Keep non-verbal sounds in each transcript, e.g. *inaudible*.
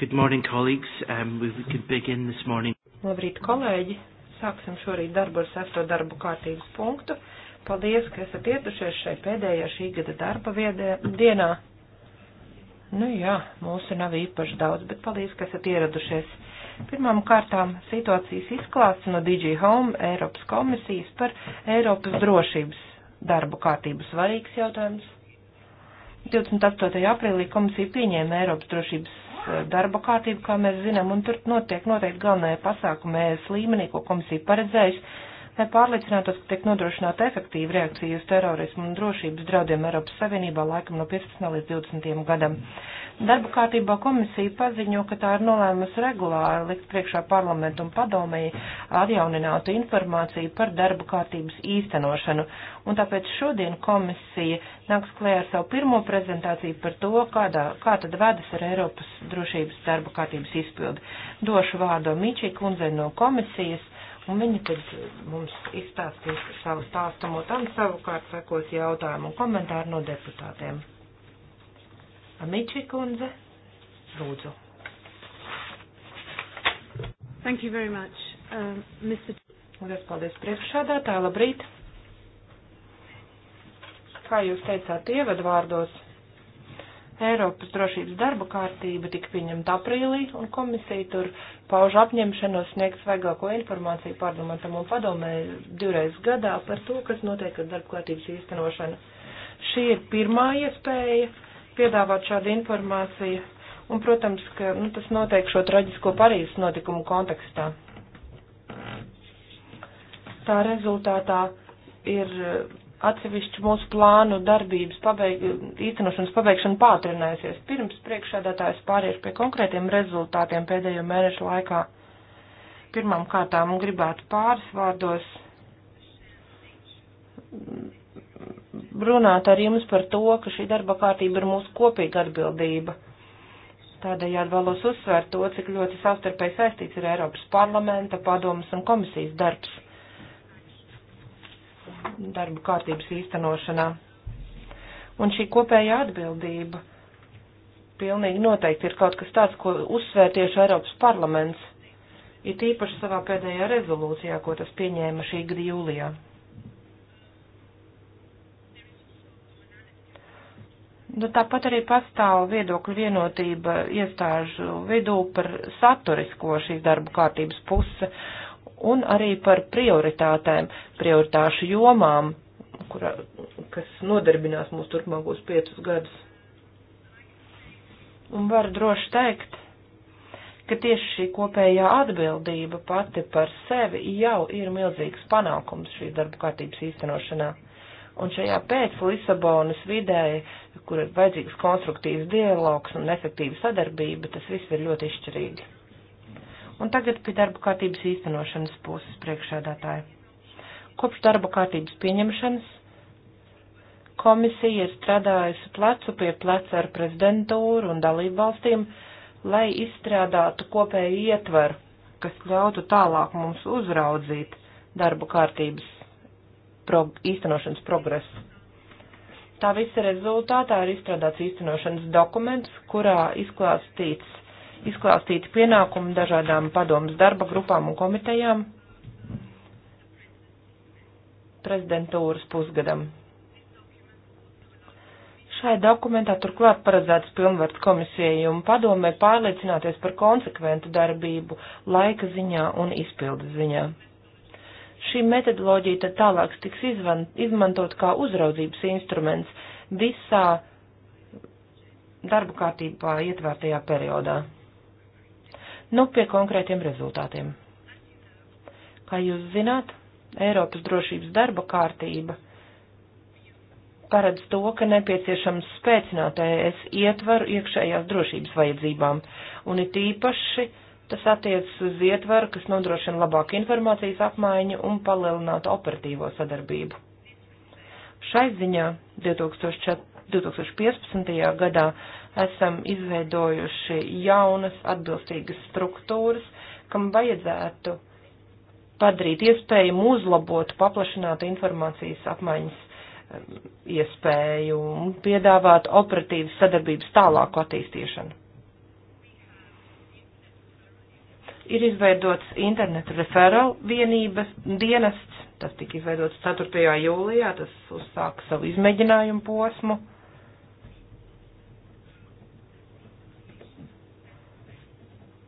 Good morning, colleagues. Um, we, we could begin this morning. Labrīt, kolēģi. Sāksim šorīt darbu ar sesto darbu kārtības punktu. Paldies, ka esat ietušies šai pēdējā šī gada darba viedē, dienā. Nu jā, mūsu nav īpaši daudz, bet paldies, ka esat ieradušies. Pirmām kārtām situācijas izklāsts no DG Home Eiropas komisijas par Eiropas drošības darbu kārtību svarīgs jautājums. 28. aprīlī komisija pieņēma Eiropas drošības darba kārtību, kā mēs zinām, un tur notiek noteikti galvenie pasākumi ES līmenī, ko komisija paredzējusi lai pārliecinātos, ka tiek nodrošināta efektīva reakcija uz terorismu un drošības draudiem Eiropas Savienībā laikam no 15. līdz 20. gadam. Darba kārtībā komisija paziņo, ka tā ir nolēmusi regulāri likt priekšā parlamentu un padomēji atjauninātu informāciju par darba kārtības īstenošanu. Un tāpēc šodien komisija nāks klējā ar savu pirmo prezentāciju par to, kādā, kā tad vedas ar Eiropas drošības darba kārtības izpildi. Došu vārdu Mičī kundzei no komisijas Un viņa tad mums izstāstīs savu stāstamo tam savukārt sakos jautājumu un komentāru no deputātiem. Amiči kundze, lūdzu. Thank you very much, uh, Mr. Lielas paldies priekšsādātā, labrīt. Kā jūs teicāt ievadvārdos? Eiropas drošības darba kārtība tika pieņemta aprīlī, un komisija tur pauž apņemšanos sniegt svaigāko informāciju parlamentam un padomē divreiz gadā par to, kas notiek ar darba kārtības īstenošanu. Šī ir pirmā iespēja piedāvāt šādu informāciju, un, protams, ka nu, tas notiek šo traģisko Parīzes notikumu kontekstā. Tā rezultātā ir atsevišķu mūsu plānu darbības pabeig, īstenošanas pabeigšana pātrinājusies. Pirms priekšādātājs pāriešu pie konkrētiem rezultātiem pēdējo mēnešu laikā. Pirmām kārtām gribētu pāris vārdos runāt ar jums par to, ka šī darba kārtība ir mūsu kopīga atbildība. Tādējādi vēlos uzsvērt to, cik ļoti savstarpēji saistīts ir Eiropas parlamenta, padomas un komisijas darbs darba kārtības īstenošanā. Un šī kopējā atbildība pilnīgi noteikti ir kaut kas tāds, ko uzsvēr tieši Eiropas parlaments, it īpaši savā pēdējā rezolūcijā, ko tas pieņēma šī gada jūlijā. Nu, tāpat arī pastāv viedokļu vienotība iestāžu vidū par saturisko šīs darba kārtības puse un arī par prioritātēm, prioritāšu jomām, kurā, kas nodarbinās mūs turpmākos piecus gadus. Un var droši teikt, ka tieši šī kopējā atbildība pati par sevi jau ir milzīgs panākums šīs darba kārtības īstenošanā. Un šajā pēc Lisabonas vidē, kur ir vajadzīgs konstruktīvs dialogs un efektīva sadarbība, tas viss ir ļoti izšķirīgi. Un tagad pie darba kārtības īstenošanas puses priekšādātāja. Kopš darba kārtības pieņemšanas komisija ir strādājusi plecu pie pleca ar prezidentūru un dalību valstīm, lai izstrādātu kopēju ietvaru, kas ļautu tālāk mums uzraudzīt darba kārtības prog īstenošanas progresu. Tā visa rezultātā ir izstrādāts īstenošanas dokuments, kurā izklāstīts izklāstīti pienākumi dažādām padomas darba grupām un komitejām prezidentūras pusgadam. Šai dokumentā turklāt paredzēts pilnvērts komisijai un padomē pārliecināties par konsekventu darbību laika ziņā un izpildes ziņā. Šī metodoloģija tad tālāk tiks izvan, izmantot kā uzraudzības instruments visā darba kārtībā ietvērtajā periodā. Nu, pie konkrētiem rezultātiem. Kā jūs zināt, Eiropas drošības darba kārtība paredz to, ka nepieciešams spēcināt ES ietvaru iekšējās drošības vajadzībām, un it īpaši tas attiecas uz ietvaru, kas nodrošina labāku informācijas apmaiņu un palielinātu operatīvo sadarbību. Šai ziņā 2004. 2015. gadā esam izveidojuši jaunas atbilstīgas struktūras, kam vajadzētu padarīt iespējumu uzlabot, paplašināt informācijas apmaiņas um, iespēju un piedāvāt operatīvas sadarbības tālāku attīstīšanu. Ir izveidots internetu referālu vienības dienests, tas tika izveidots 4. jūlijā, tas uzsāk savu izmēģinājumu posmu.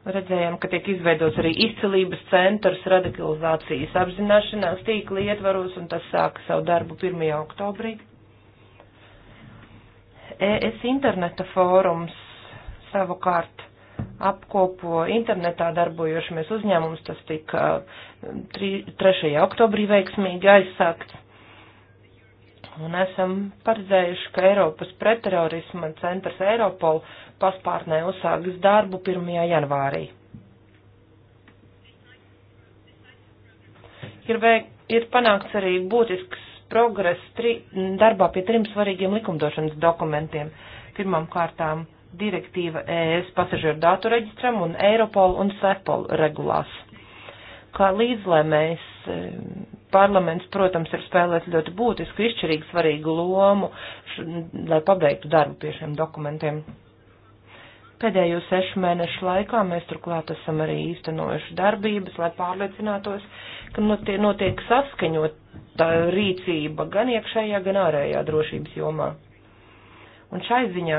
Redzējām, ka tiek izveidots arī izcelības centrs radikalizācijas apzināšanās tīkli ietvaros, un tas sāka savu darbu 1. oktobrī. ES interneta fórums savukārt apkopo internetā darbojošamies uzņēmums, tas tika 3. Eh, oktobrī veiksmīgi aizsākts. Un esam paredzējuši, ka Eiropas pretterorisma centrs Eiropol paspārnē uzsāks darbu 1. janvārī. Ir, veik, ir panākts arī būtisks progress tri, darbā pie trim svarīgiem likumdošanas dokumentiem. Pirmām kārtām direktīva ES pasažieru datu reģistram un Eiropol un Sepol regulās. Kā līdzlēmējs parlaments, protams, ir spēlējis ļoti būtisku, izšķirīgu, svarīgu lomu, š, lai pabeigtu darbu pie šiem dokumentiem. Pēdējo sešu mēnešu laikā mēs turklāt esam arī īstenojuši darbības, lai pārliecinātos, ka notiek, notiek saskaņota rīcība gan iekšējā, gan ārējā drošības jomā. Un šai ziņā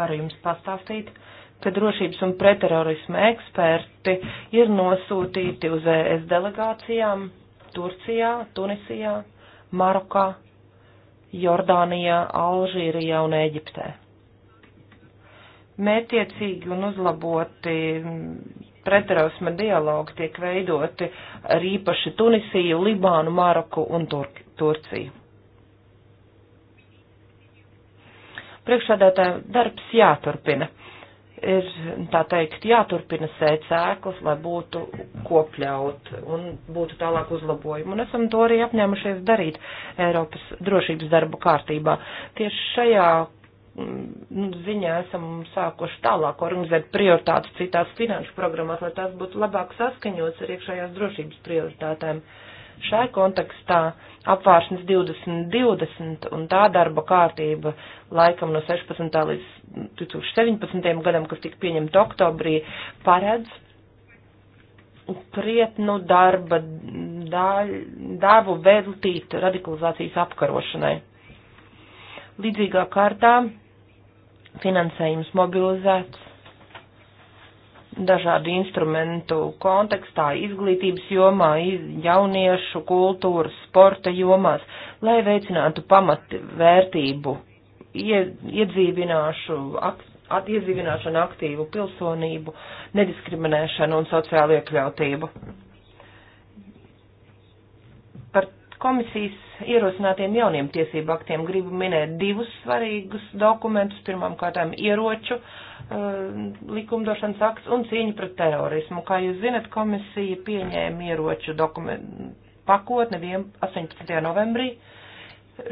varu jums pastāstīt, ka drošības un preterorisma eksperti ir nosūtīti uz ES delegācijām Turcijā, Tunisijā, Marokā, Jordānijā, Alžīrijā un Eģiptē. Mētiecīgi un uzlaboti preterausma dialogi tiek veidoti ar īpaši Tunisiju, Libānu, Maroku un Turk Turciju. Priekšsādātāja darbs jāturpina ir, tā teikt, jāturpina sēt sēklas, lai būtu kopļaut un būtu tālāk uzlabojumi. Un esam to arī apņēmušies darīt Eiropas drošības darbu kārtībā. Tieši šajā mm, nu, ziņā esam sākuši tālāk organizēt prioritātes citās finanšu programmās, lai tās būtu labāk saskaņots ar iekšējās drošības prioritātēm. Šai kontekstā uh, apvāršanas 2020 un tā darba kārtība laikam no 16. līdz 2017. gadam, kas tika pieņemta oktobrī, paredz krietnu darba darbu veltīt radikalizācijas apkarošanai. Līdzīgā kārtā finansējums mobilizēts dažādu instrumentu kontekstā, izglītības jomā, jauniešu, kultūras, sporta jomās, lai veicinātu pamatvērtību, iedzīvināšu, at, iedzīvināšanu aktīvu pilsonību, nediskriminēšanu un sociālu iekļautību. Par komisijas ierosinātiem jauniem tiesību aktiem gribu minēt divus svarīgus dokumentus. Pirmām kārtām ieroču uh, Uh, likumdošanas akts un cīņa pret terorismu. Kā jūs zinat, komisija pieņēma ieroču dokumentu pakotni 18. novembrī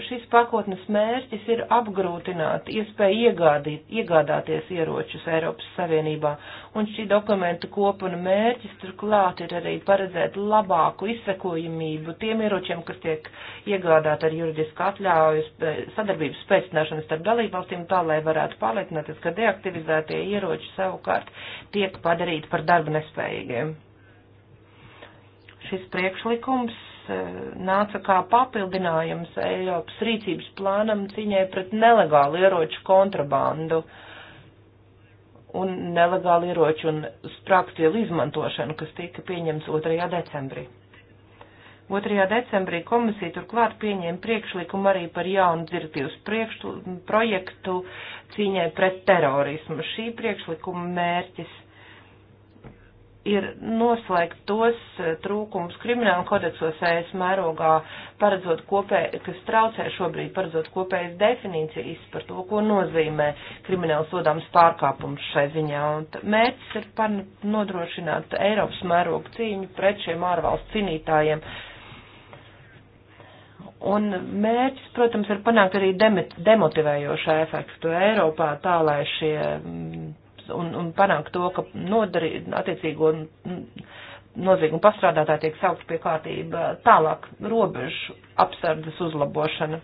šis pakotnes mērķis ir apgrūtināt iespēju iegādīt, iegādāties ieročus Eiropas Savienībā, un šī dokumenta kopuma mērķis turklāt ir arī paredzēt labāku izsekojamību tiem ieročiem, kas tiek iegādāti ar juridisku atļauju sadarbības spēcināšanu starp dalībvalstīm, tā lai varētu pārliecināties, ka deaktivizētie ieroči savukārt tiek padarīti par darba nespējīgiem. Šis priekšlikums E, nāca kā papildinājums Eiropas rīcības plānam ciņai pret nelegālu ieroču kontrabandu un nelegālu ieroču un sprākstvielu izmantošanu, kas tika pieņemts 2. decembrī. 2. decembrī komisija turklāt pieņēma priekšlikumu arī par jaunu direktīvas projektu cīņai pret terorismu. Šī priekšlikuma mērķis ir noslēgt tos eh, trūkums krimināla kodeksos ES mērogā, paredzot kopē, kas traucē šobrīd, paredzot kopējas definīcijas par to, ko nozīmē krimināla sodāms pārkāpums šai ziņā. Un mērķis ir par nodrošināt Eiropas mērogu cīņu pret šiem ārvalstu cīnītājiem. Un mērķis, protams, ir panākt arī demotivējošā efektu Eiropā tā, lai šie. Mm, un, un panākt to, ka nodari attiecīgo noziegumu pastrādātāji tiek saukt pie kārtība tālāk robežu apsardzes uzlabošana.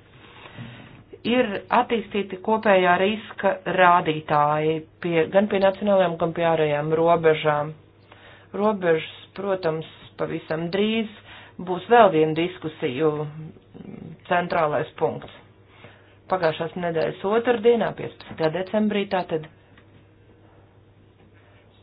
Ir attīstīti kopējā riska rādītāji pie, gan pie nacionālajām, gan pie ārējām robežām. Robežas, protams, pavisam drīz būs vēl viena diskusiju centrālais punkts. Pagājušās nedēļas otrdienā, 15. decembrī, tātad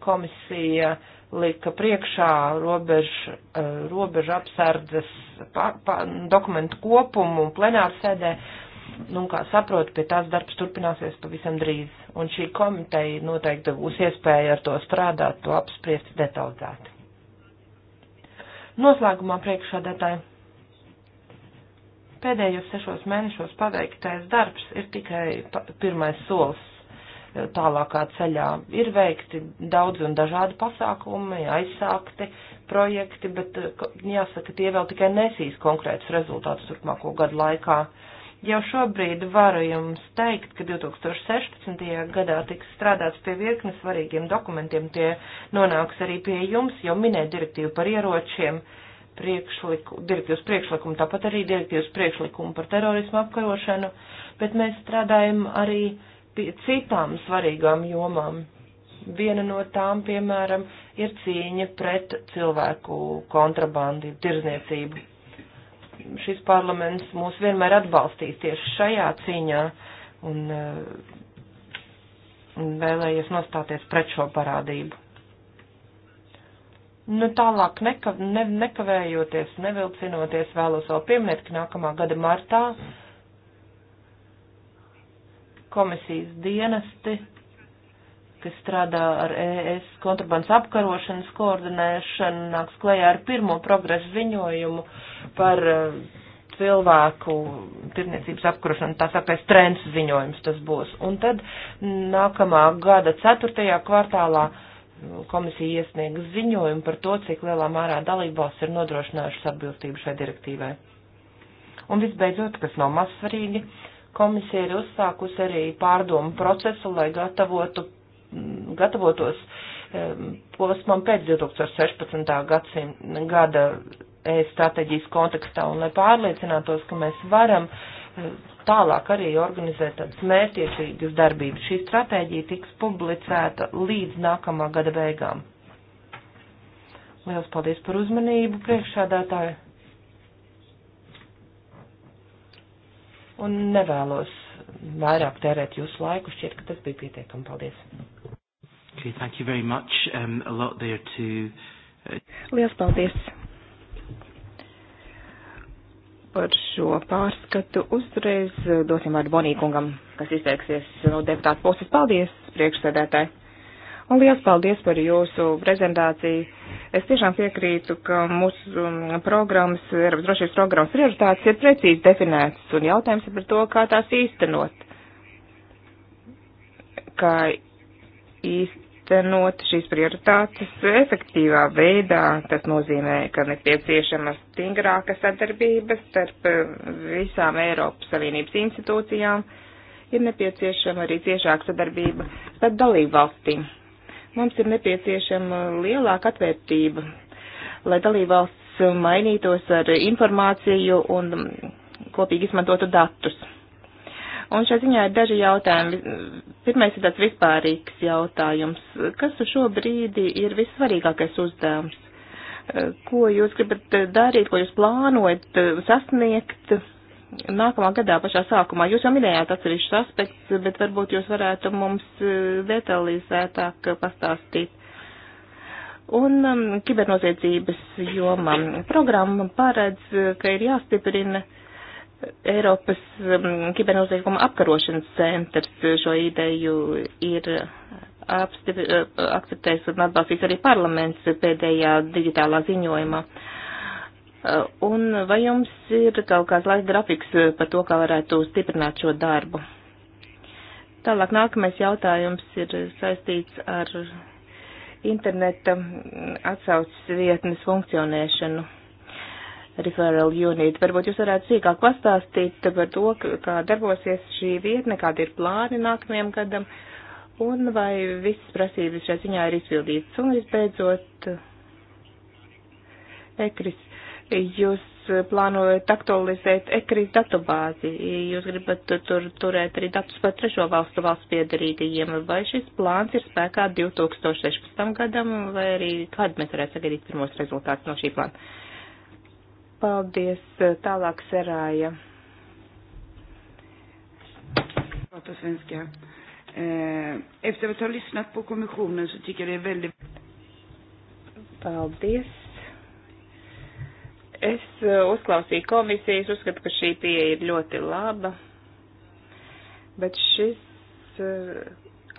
komisija lika priekšā robežu, eh, robežu apsardzes pa, pa, dokumentu kopumu un plenāru sēdē. Nu, kā saprotu, pie tās darbs turpināsies pavisam drīz, un šī komiteja noteikti būs iespēja ar to strādāt, to apspriest detalizēti. Noslēgumā priekšādātāji. Pēdējos sešos mēnešos paveiktais darbs ir tikai pirmais solis tālākā ceļā. Ir veikti daudz un dažādi pasākumi, aizsākti projekti, bet eh, jāsaka, tie vēl tikai nesīs konkrētus rezultātus turpmāko gadu laikā. Jau šobrīd varu jums teikt, ka 2016. gadā tiks strādāts pie virknes svarīgiem dokumentiem, tie nonāks arī pie jums, jau minēja direktīvu par ieročiem, priekšliku, direktīvas priekšlikumu, tāpat arī direktīvas priekšlikumu par terorismu apkarošanu, bet mēs strādājam arī uh, pie citām svarīgām jomām. Viena no tām, piemēram, ir cīņa pret cilvēku kontrabandu, tirzniecību. Šis parlaments mūs vienmēr atbalstīs tieši šajā cīņā un, eh, un vēlējies nostāties pret šo parādību. Nu, tālāk neka, ne, nekavējoties, nevilcinoties, vēlos vēl pieminēt, ka nākamā gada martā uh, komisijas dienesti, kas strādā ar ES kontrabandas apkarošanas koordinēšanu, nāks klajā ar pirmo progresu ziņojumu par eh, cilvēku tirniecības apkarošanu, tā sakais trends ziņojums tas būs. Un tad nākamā gada ceturtajā kvartālā komisija iesniegs ziņojumu par to, cik lielā mērā dalībvalsts ir nodrošinājušas atbilstību šai direktīvai. Un visbeidzot, kas nav maz svarīgi, Komisija ir uzsākusi arī pārdomu procesu, lai gatavotu, gatavotos posmam pēc 2016. Gadsim, gada e-stratēģijas kontekstā un lai pārliecinātos, ka mēs varam e, tālāk arī organizēt tādas mērķiecīgas darbības. Šī stratēģija tiks publicēta līdz nākamā gada beigām. Liels paldies par uzmanību priekšādātāju! un nevēlos vairāk tērēt jūsu laiku. Šķiet, ka tas bija pietiekami. Paldies! Okay, thank you very much. Um, a lot there to... Uh, liels paldies par šo pārskatu. Uzreiz uh, dosim vārdu Bonīkungam, kas izteiksies no deputāta puses. Paldies, priekšsēdētāji! Un liels paldies par jūsu prezentāciju! Es tiešām piekrītu, ka mūsu um, programmas, Eiropas drošības programmas prioritātes ir precīzi definētas un jautājums ir par to, kā tās īstenot. Kā īstenot šīs prioritātes efektīvā veidā, tas nozīmē, ka nepieciešama stingrāka sadarbība starp um, visām Eiropas Savienības institūcijām, ir nepieciešama arī ciešāka sadarbība starp dalību valstīm Mums ir nepieciešama lielāka atvērtība, lai dalībvalsts mainītos ar informāciju un kopīgi izmantotu datus. Un šai ziņā ir daži jautājumi. Pirmais ir tāds vispārīgs jautājums. Kas uz šo brīdi ir vissvarīgākais uzdevums? Ko jūs gribat darīt, ko jūs plānojat sasniegt? nākamā gadā pašā sākumā. Jūs jau minējāt atsevišķus aspektus, bet varbūt jūs varētu mums e, detalizētāk pastāstīt. Un um, kibernoziedzības jomā programma paredz, ka ir jāstiprina Eiropas um, kibernozieguma apkarošanas centrs. Šo ideju ir e, akceptējis un atbalstīs arī parlaments pēdējā digitālā ziņojumā. Uh, Uh, un vai jums ir kaut kāds laika grafiks uh, par to, kā varētu stiprināt šo darbu? Tālāk nākamais jautājums ir saistīts ar interneta atsaucas vietnes funkcionēšanu. Referral unit. Varbūt jūs varētu sīkāk pastāstīt par to, kā darbosies šī vietne, kādi ir plāni nākamajam gadam un vai visas prasības šajā ziņā ir izpildītas. Un visbeidzot, ekris Jūs plānojat aktualizēt ekrīt datubāzi, jūs gribat tur turēt arī datus par trešo valstu valsts piedarīgajiem, vai šis plāns ir spēkā 2016. gadam, vai arī kādu mēs varētu sagaidīt pirmos rezultātus no šī plāna? Paldies, tālāk Serāja. prata svenska. Eh, efter att ha lyssnat på kommissionen så tycker jag det är väldigt... Paldies. Es eh, uzklausīju komisijas, uzskatu, ka šī pieeja ir ļoti laba, bet šis eh,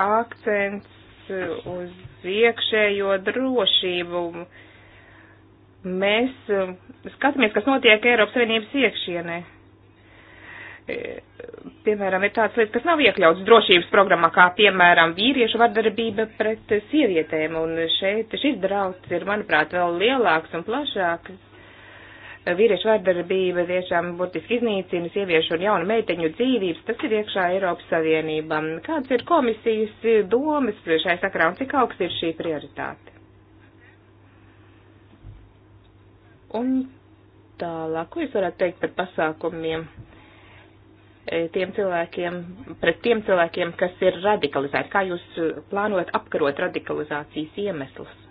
akcents eh, uz iekšējo drošību. Mēs skatāmies, kas notiek Eiropas Savienības iekšienē piemēram, ir tāds lietas, kas nav iekļauts drošības programmā, kā piemēram vīriešu vardarbība pret sievietēm, un šeit šis drauds ir, manuprāt, vēl lielāks un plašāks, vīriešu vārdarbība tiešām burtiski iznīcina sieviešu un jaunu meiteņu dzīvības. Tas ir iekšā Eiropas Savienībā. Kāds ir komisijas domas šai sakrā un cik augsts ir šī prioritāte? Un tālāk, ko jūs varētu teikt par pasākumiem? E, tiem cilvēkiem, pret tiem cilvēkiem, kas ir radikalizēti, kā jūs plānojat apkarot radikalizācijas iemeslus?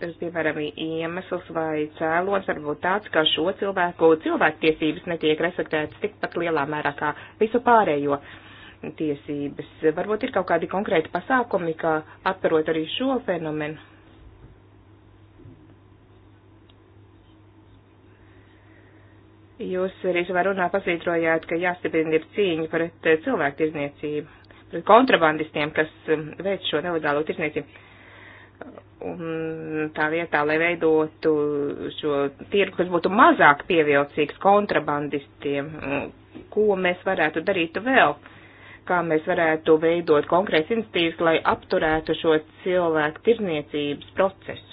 piemēram, iemesls vai cēlons var būt tāds, ka šo cilvēku cilvēktiesības netiek respektētas tikpat lielā mērā kā visu pārējo tiesības. Varbūt ir kaut kādi konkrēti pasākumi, kā apkarot arī šo fenomenu. Jūs arī savā runā pasvītrojāt, ka jāstiprina ir cīņa pret cilvēku tirzniecību, pret kontrabandistiem, kas um, veic šo nelegālo tirzniecību Un tā vietā, lai veidotu šo tirgu, kas būtu mazāk pievilcīgs kontrabandistiem, ko mēs varētu darīt vēl, kā mēs varētu veidot konkrēts institīvs, lai apturētu šo cilvēku tirzniecības procesu.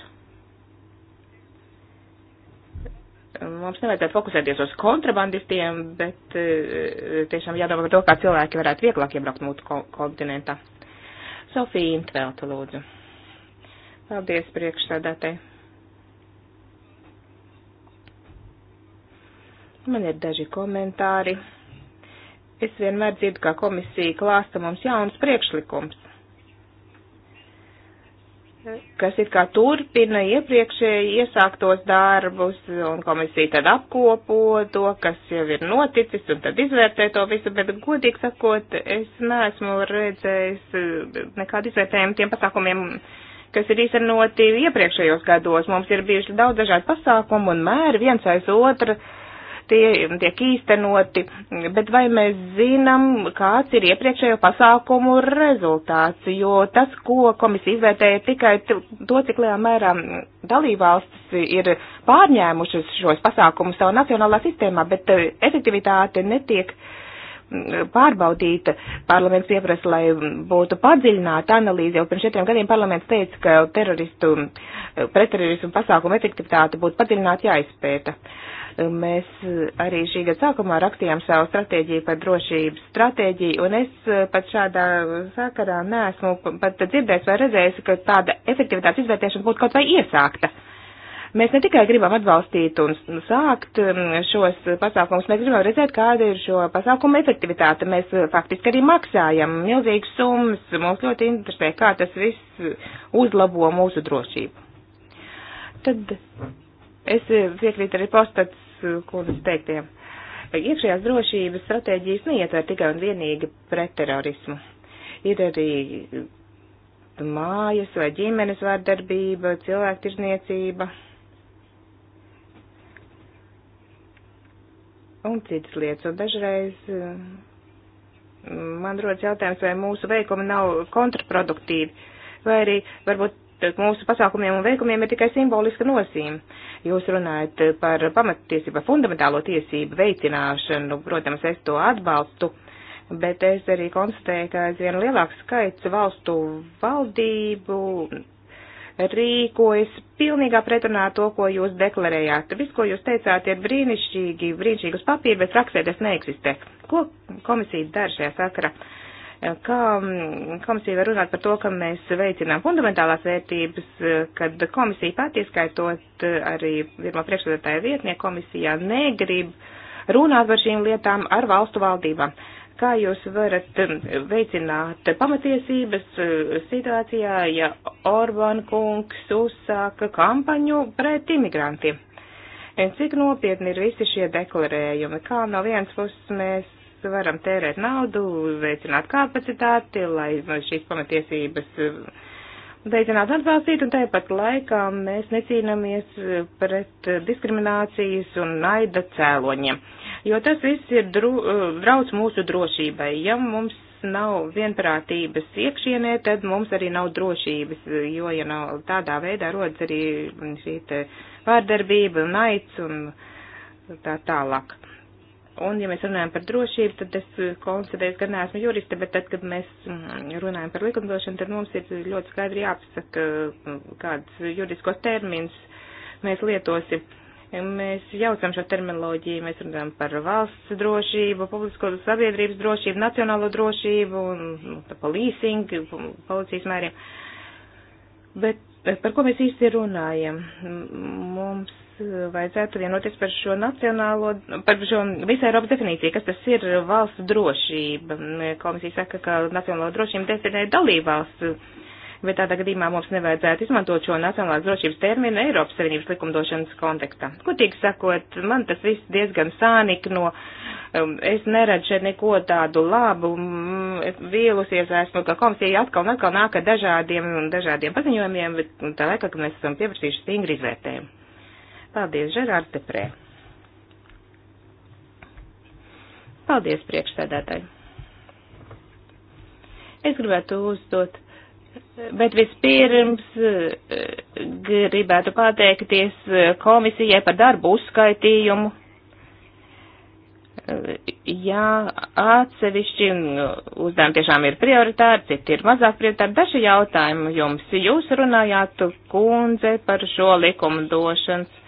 Mums nevajadzētu fokusēties uz kontrabandistiem, bet eh, tiešām jādomā par to, kā cilvēki varētu vieglāk iebraukt mūsu kontinentā. Sofija Intvelta, lūdzu. Paldies priekšsēdētē. Man ir daži komentāri. Es vienmēr dzirdu, kā komisija klāsta mums jauns priekšlikums, kas it kā turpina iepriekšēji iesāktos darbus, un komisija tad apkopo to, kas jau ir noticis, un tad izvērtē to visu, bet godīgi sakot, es neesmu redzējis eh, nekādu izvērtējumu tiem pasākumiem, uh, kas ir īstenoti iepriekšējos gados. Mums ir bijuši daudz dažādu pasākumu un mēri viens aiz otru tie tiek īstenoti, bet vai mēs zinām, kāds ir iepriekšējo pasākumu rezultāts, jo tas, ko komisija izvērtēja tikai to, cik lielā mērā dalībvalstis ir pārņēmušas šos pasākumus savā nacionālā sistēmā, bet eh, efektivitāte netiek uh, pārbaudīta. Parlaments pieprasa, lai būtu padziļināta analīze. Jau pirms četriem gadiem parlaments teica, ka teroristu, pretterorismu pasākumu efektivitāte būtu padziļināta jāizpēta. Mēs arī šī gada sākumā rakstījām savu stratēģiju par drošības stratēģiju, un es pat šādā sakarā neesmu pat dzirdējis vai redzējis, ka tāda efektivitātes izvērtēšana būtu kaut vai iesākta. Uh, Mēs ne tikai gribam atbalstīt un sākt um, šos pasākumus, mēs gribam redzēt, kāda ir šo pasākumu efektivitāte. Mēs uh, faktiski arī maksājam milzīgas summas. Mums ļoti interesē, kā tas viss uzlabo mūsu drošību. Tad es uh, piekrītu arī postats uh, kundas teiktiem. Iekšējās drošības stratēģijas neietver tikai un vienīgi pret terorismu. Ir arī mājas vai ģimenes vārdarbība, cilvēktirzniecība. un citas lietas. Un dažreiz eh, man rodas jautājums, vai mūsu veikumi nav kontraproduktīvi, vai arī varbūt mūsu pasākumiem un veikumiem ir tikai simboliska nozīme. Jūs runājat par pamattiesību, par fundamentālo tiesību veicināšanu, protams, es to atbalstu, bet es arī konstatēju, ka aizvien lielāks skaits valstu valdību rīkojas pilnīgā pretrunā to, ko jūs deklarējāt. Viss, ko jūs teicāt, ir brīnišķīgi, brīnišķīgi uz papīra, bet praksē tas neeksistē. Ko komisija dara šajā sakarā? Kā mm, komisija var runāt par to, ka mēs veicinām fundamentālās vērtības, kad komisija pati, skaitot arī pirmā priekšsēdētāja vietnieku komisijā, negrib runāt par šīm lietām ar valstu valdībām. Uh, kā jūs varat um, veicināt pamatiesības uh, situācijā, ja Orbán kungs uzsāka kampaņu pret imigrantiem? Un cik nopietni ir visi šie deklarējumi? Kā no vienas puses mēs varam tērēt naudu, veicināt kapacitāti, lai šīs pamatiesības uh, veicināt atbalstīt, un tāpat laikā mēs necīnāmies uh, pret diskriminācijas un naida cēloņiem. Uh, jo tas viss ir dru, drauds eh, mūsu drošībai. Ja mums nav vienprātības iekšienē, tad mums arī nav drošības, jo, ja nav tādā veidā rodas arī šī te pārdarbība, naids un tā tālāk. Un, ja mēs runājam par drošību, tad es konstatēju, ka neesmu juriste, bet tad, kad mēs mm, runājam par likumdošanu, tad mums ir ļoti skaidri jāpasaka, mm, kādas juridiskos termins mēs lietosim. Mēs jaucam šo terminoloģiju, mēs runājam par valsts drošību, publisko sabiedrības drošību, nacionālo drošību, un, nu, pa leasingu, policijas mēriem. Bet eh, par ko mēs īsti runājam? Mums eh, vajadzētu vienoties par šo nacionālo, par šo visai Eiropas definīciju, kas tas ir valsts drošība. Komisija saka, ka nacionālo drošību definē dalībvalsts bet tādā gadījumā mums nevajadzētu izmantot šo nacionālās drošības terminu Eiropas Savienības likumdošanas kontekstā. Kutīgi sakot, man tas viss diezgan sānikno, um, es neredzu šeit neko tādu labu, mm, vīlusies esmu, ka komisija atkal un atkal nāk ar dažādiem un dažādiem paziņojumiem, bet nu, tā laikā, ka mēs esam pieprasījuši stingri izvērtējumu. Paldies, Žerārs Deprē. Paldies, priekšsēdētāji. Es gribētu uzdot Bet vispirms eh, gribētu pateikties eh, komisijai par darbu uzskaitījumu. Eh, jā, atsevišķi uzdevumi tiešām ir prioritāri, citi ir mazāk prioritāri. Daži jautājumi jums. Jūs runājāt, kundze, par šo likumdošanas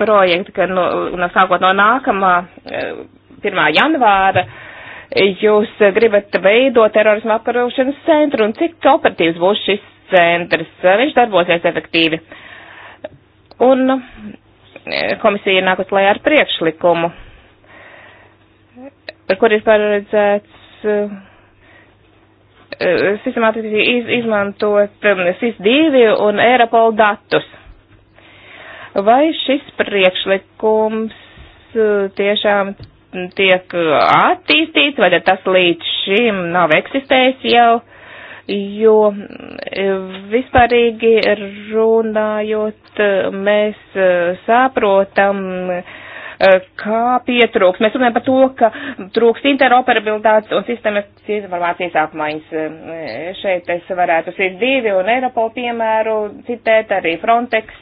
projektu, ka no, no sākot no nākamā 1. janvāra jūs gribat veidot terorismu apkarošanas centru un cik operatīvs būs šis centrs, viņš darbosies efektīvi. Un e, komisija nākot lai ar priekšlikumu, kur ir paredzēts e, e, sistemātiski iz, izmantot SIS-2 un Eiropol datus. Vai šis priekšlikums tiešām tiek uh, attīstīts, vai tas līdz šim nav eksistējis jau, jo mm, vispārīgi runājot, uh, mēs uh, saprotam, kā pietrūks. Mēs runājam par to, ka trūks interoperabilitātes un sistēmas informācijas apmaiņas. Šeit es varētu SIS2 un Eiropol piemēru citēt, arī Frontex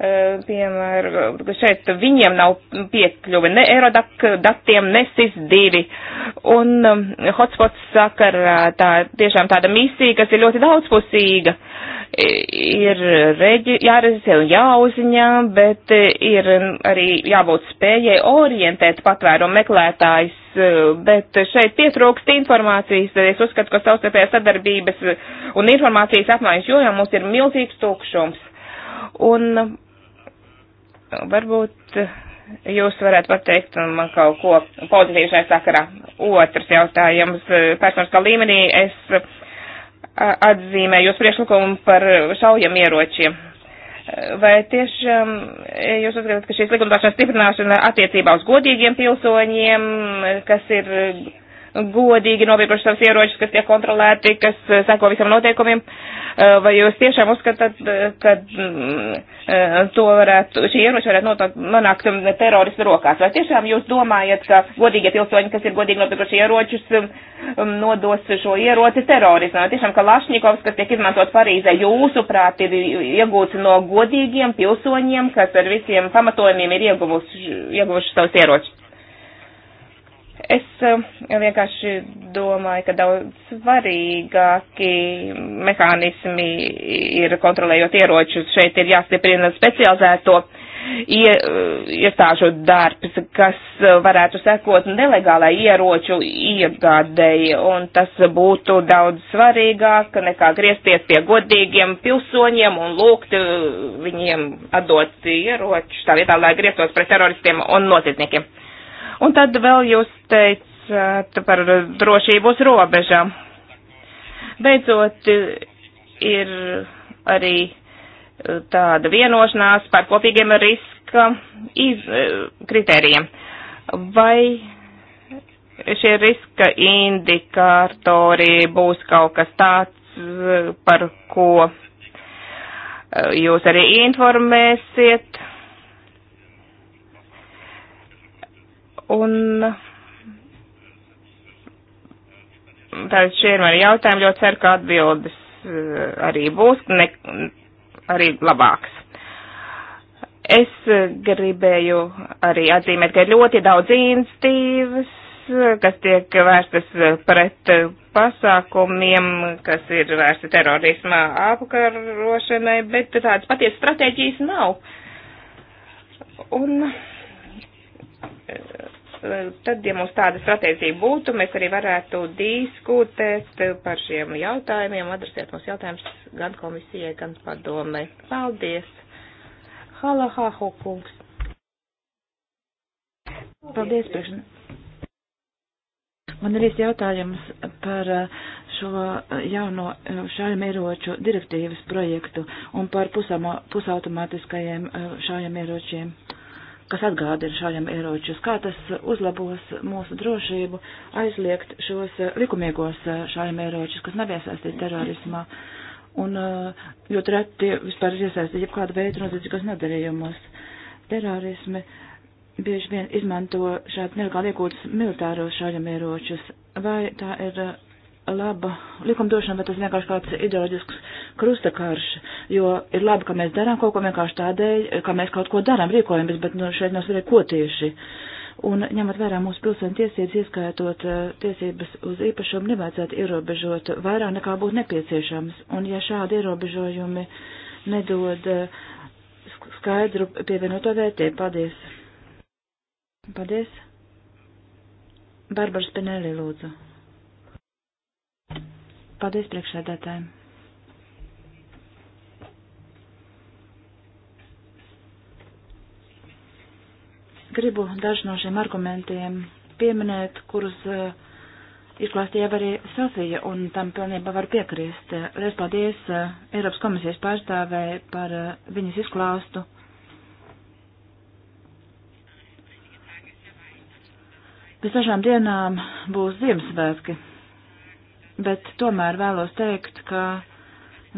Eh, piemēram, šeit viņiem nav piekļuvi ne Eurodak datiem, ne SIS-2. Un um, hotspots sakarā tā tiešām tāda misija, kas ir ļoti daudzpusīga, ir reģi, jārezē un jāuziņā, bet eh, ir arī jābūt spējai orientēt patvērumu meklētājs, eh, bet šeit pietrūkst informācijas. Es uzskatu, ka savstarpējā sadarbības un informācijas apmaiņas jojām mums ir milzīgs tūkšums Un uh, varbūt uh, jūs varētu pateikt man kaut ko pozitīvu šajā sakarā. Otrs jautājums uh, personiskā līmenī es atzīmēju jūs priekšlikumu par šaujam ieročiem. Vai tiešām jūs uzskatāt, ka šīs likumdošanas stiprināšana attiecībā uz godīgiem pilsoņiem, kas ir godīgi nopirkuši savus ieročus, kas tiek kontrolēti, kas eh, seko visam noteikumiem. Eh, vai jūs tiešām uzskatāt, eh, ka to varētu, šī ieroča varētu nonākt mm, teroristu rokās? Vai tiešām jūs domājat, ka godīgie pilsoņi, kas ir godīgi nopirkuši ieročus, mm, mm, nodos šo ieroci terorismam? Tiešām, ka Lašņikovs, kas tiek izmantot Parīzē, jūsuprāt, ir iegūts no godīgiem pilsoņiem, kas ar visiem pamatojumiem ir ieguvuši, ieguvuši savus ieročus? Es eh, vienkārši domāju, ka daudz svarīgāki mehānismi ir kontrolējot ieročus. Šeit ir jāstiprina specializēto ie, eh, iestāžu darbs, kas varētu sekot nelegālai ieroču iegādēji, un tas būtu daudz svarīgāk nekā griezties pie godīgiem pilsoņiem un lūgt eh, viņiem atdot ieročus, tā vietā, lai grieztos pret teroristiem un noziedzniekiem. Un tad vēl jūs teicāt par drošību uz robežām. Beidzot, ir arī tāda vienošanās par kopīgiem riska iz, kritērijiem. Vai šie riska indikātori būs kaut kas tāds, par ko eh, jūs arī informēsiet? Un tātad šie ir mani jautājumi, ļoti ceru, ka atbildes eh, arī būs, ne, arī labāks. Es eh, gribēju arī atzīmēt, ka ir ļoti daudz institīvas, eh, kas tiek vērstas pret pasākumiem, kas ir vērsti terorismā apkarošanai, bet tādas patiesas stratēģijas nav. Un Eh, tad, ja mums tāda stratēģija būtu, mēs arī varētu diskutēt par šiem jautājumiem, adresēt mums jautājumus gan komisijai, gan padomē. Paldies! Halahāhu kungs! Paldies, priekšnieks! Man ir īsti jautājums par eh, šo jauno eh, šaujamieroču direktīvas projektu un par pusautomātiskajiem šaujamieročiem kas atgādina šādiem ieročus, kā tas uzlabos mūsu drošību, aizliegt šos eh, likumīgos eh, šādiem ieročus, kas nav iesaistīti terorismā, un eh, ļoti reti vispār ir iesaistīti jebkāda veida noziedzīgos nodarījumos. Terorismi bieži vien izmanto šādu nelegāli iegūtus militāros šādiem ieročus, vai tā ir laba likumdošana, bet tas vienkārši kāds ideoloģisks krustakarš, jo ir labi, ka mēs darām kaut ko vienkārši tādēļ, ka mēs kaut ko darām, rīkojamies, bet nu, šeit nav svarīgi, ko tieši. Un ņemot vērā mūsu pilsēņu tiesības, ieskaitot eh, tiesības uz īpašumu, nevajadzētu ierobežot vairāk nekā būtu nepieciešams. Un ja šādi ierobežojumi nedod eh, skaidru pievienoto vērtību, paldies. Paldies. Barbara Spinelli, lūdzu. Paldies priekšsēdētājiem. Gribu dažu no šiem argumentiem pieminēt, kurus uh, izklāstīja arī Sofija, un tam pilnībā var piekrist. Lies paldies uh, Eiropas komisijas pārstāvēji par uh, viņas izklāstu. Pēc dažām dienām būs Ziemassvētki bet tomēr vēlos teikt, ka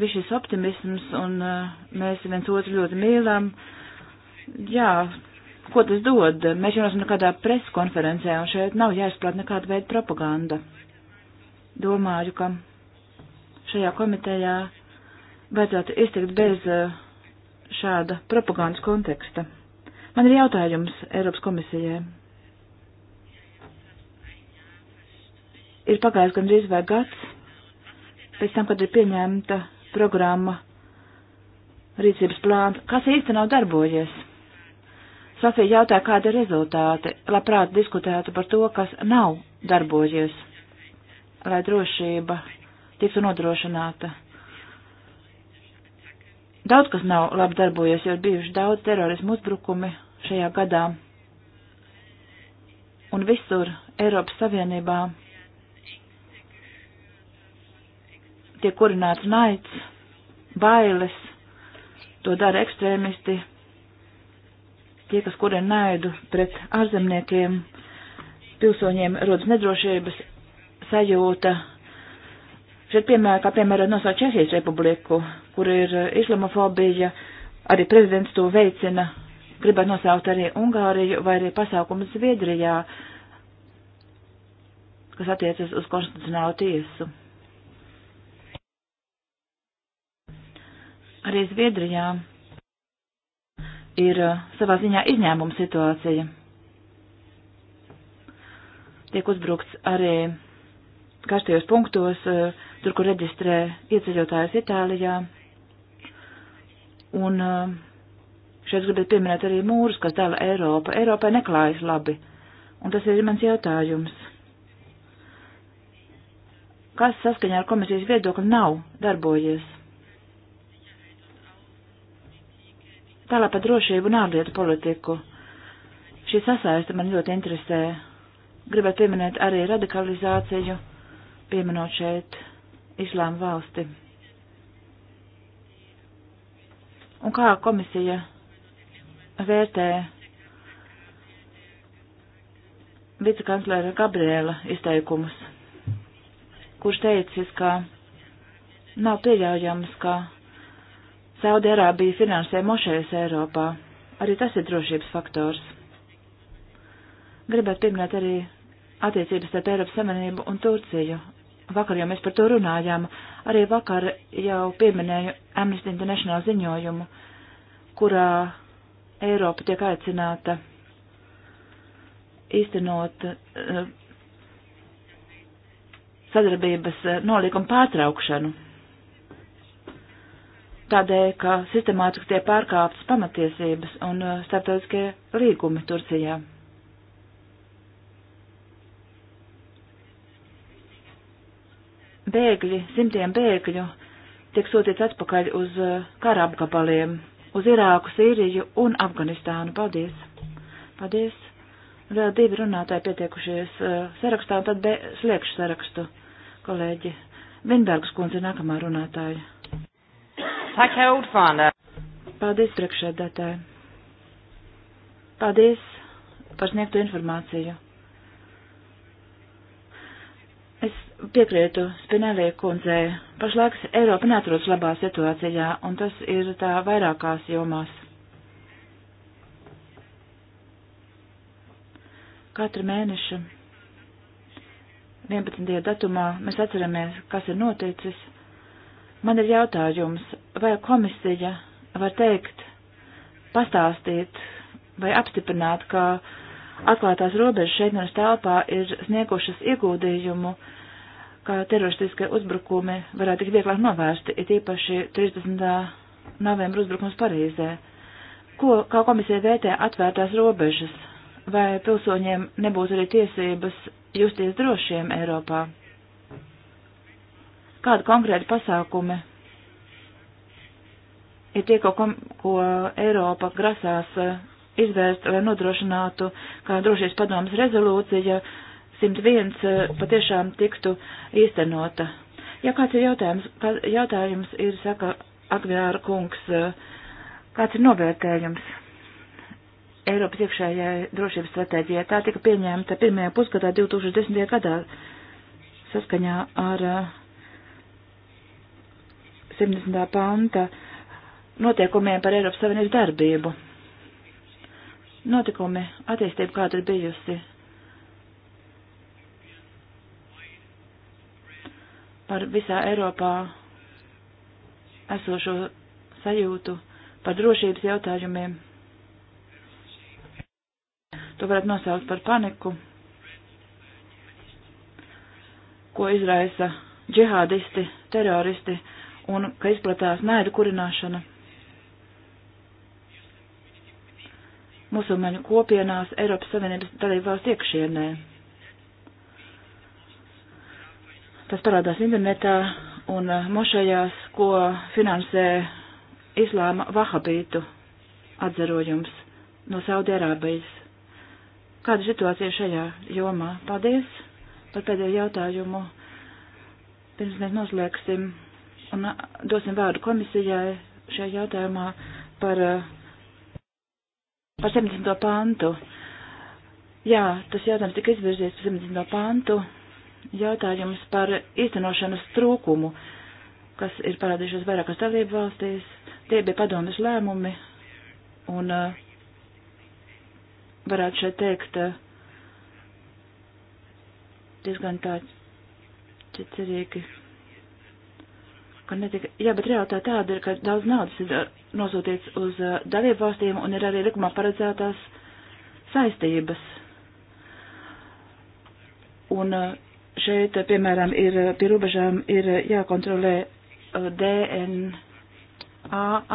viss šis optimisms un eh, mēs viens otru ļoti mīlam, jā, ko tas dod? Mēs jau esam nekādā preskonferencē un šeit nav jāizplāt nekāda veida propaganda. Domāju, ka šajā komitejā vajadzētu iztikt bez eh, šāda propagandas konteksta. Man ir jautājums Eiropas komisijai. ir pagājis gandrīz vai gads pēc tam, kad ir pieņemta programma rīcības plāns, kas īsti nav darbojies. Sofija jautāja, kāda ir rezultāti, labprāt diskutētu par to, kas nav darbojies, lai drošība tiktu nodrošināta. Daudz kas nav labi darbojies, jo ir bijuši daudz terorismu uzbrukumi šajā gadā. Un visur Eiropas Savienībā tiek kurināts naids, bailes, to dara ekstrēmisti, tie, kas kurina naidu pret ārzemniekiem, pilsoņiem rodas nedrošības sajūta. Šeit piemēra, kā piemēra nosauc Čehijas republiku, kur ir islamofobija, arī prezidents to veicina, gribētu nosaukt arī Ungāriju vai arī pasākumus Zviedrijā, kas attiecas uz konstitucionālo tiesu. Arī Zviedrijā ir uh, savā ziņā izņēmuma situācija. Tiek uzbrukts arī karstajos punktos, uh, tur, kur reģistrē ieceļotājus Itālijā. Un uh, šeit gribētu pieminēt arī mūrus, kas dala Eiropu. Eiropai neklājas labi. Un tas ir mans jautājums. Kas saskaņā ar komisijas viedokli nav darbojies? Tālāk par drošību un ārlietu politiku. Šī sasaiste man ļoti interesē. Gribētu pieminēt arī radikalizāciju, pieminot šeit islāma valsti. Un kā komisija vērtē vicekanclera Gabriela izteikumus, kurš teicis, ka nav pieļaujams, ka Saudi-Arābija finansē mošējus Eiropā. Arī tas ir drošības faktors. Gribētu pieminēt arī attiecības starp Eiropas Savienību un Turciju. Vakar jau mēs par to runājām. Arī vakar jau pieminēju Amnesty International ziņojumu, kurā Eiropa tiek aicināta īstenot eh, sadarbības eh, nolīgumu pārtraukšanu tādēļ, ka sistemātiski tiek pārkāptas pamatiesības un uh, starptautiskie līgumi Turcijā. Bēgļi, simtiem bēgļu tiek sūtīts atpakaļ uz uh, kara apgabaliem, uz Irāku, Sīriju un Afganistānu. Paldies! Paldies! Vēl divi runātāji pietiekušies uh, sarakstā un tad slēgšu sarakstu, kolēģi. Vinbergas kundze nākamā runātāja. Tack, herr ordförande. Paldies, priekšsēdētāji. Paldies par sniegto informāciju. Es piekrītu Spinelī kundzei. Pašlaik Eiropa neatrodas labā situācijā, un tas ir tā vairākās jomās. Katru mēnešu 11. datumā mēs atceramies, kas ir noticis Man ir jautājums, vai komisija var teikt, pastāstīt vai apstiprināt, ka atklātās robežas Schengenas telpā ir sniegušas ieguldījumu, kā teroristiskie uzbrukumi varētu tik vieglāk novērsti, ir īpaši 30. novembra uzbrukums Parīzē. Ko, kā komisija vērtē atvērtās robežas, vai pilsoņiem nebūtu arī tiesības justies drošiem Eiropā? Kādi konkrēti pasākumi ir tie, ko, ko Eiropa grasās eh, izvērst, lai nodrošinātu, kā drošības padomas rezolūcija 101 eh, patiešām tiktu īstenota? Ja kāds ir jautājums, kā, jautājums ir, saka Agvēra kungs, eh, kāds ir novērtējums? Eiropas iekšējai drošības stratēģijai. Tā tika pieņemta pirmajā pusgadā 2010. gadā saskaņā ar uh, 70. panta noteikumiem par Eiropas Savienības darbību. Notikumi, attīstība kāda ir bijusi. Par visā Eiropā esošo sajūtu, par drošības jautājumiem. To varētu nosaukt par paniku, ko izraisa džihādisti, teroristi un ka izplatās naidu kurināšana. Musulmaņu kopienās Eiropas Savienības dalībvalsts iekšienē. Tas parādās internetā un eh, mošajās, ko finansē islāma vahabītu atzarojums no Saudi-Arābijas. Kāda situācija šajā jomā? Paldies par pēdējo jautājumu. Pirms mēs noslēgsim un uh, dosim vārdu komisijai šajā jautājumā par, uh, par 17. pantu. Jā, tas jautājums tika izvirzies par 17. pantu. Jautājums par īstenošanas trūkumu, kas ir parādījušies vairākās dalību valstīs. Tie bija padomjas lēmumi un uh, varētu šeit teikt diezgan tāds cerīgi ka netika, jā, bet realitāte tāda ir, ka daudz naudas ir uh, nosūtīts uz uh, dalību valstīm un ir arī likumā paredzētās saistības. Un uh, šeit, piemēram, ir pie robežām ir jākontrolē DNA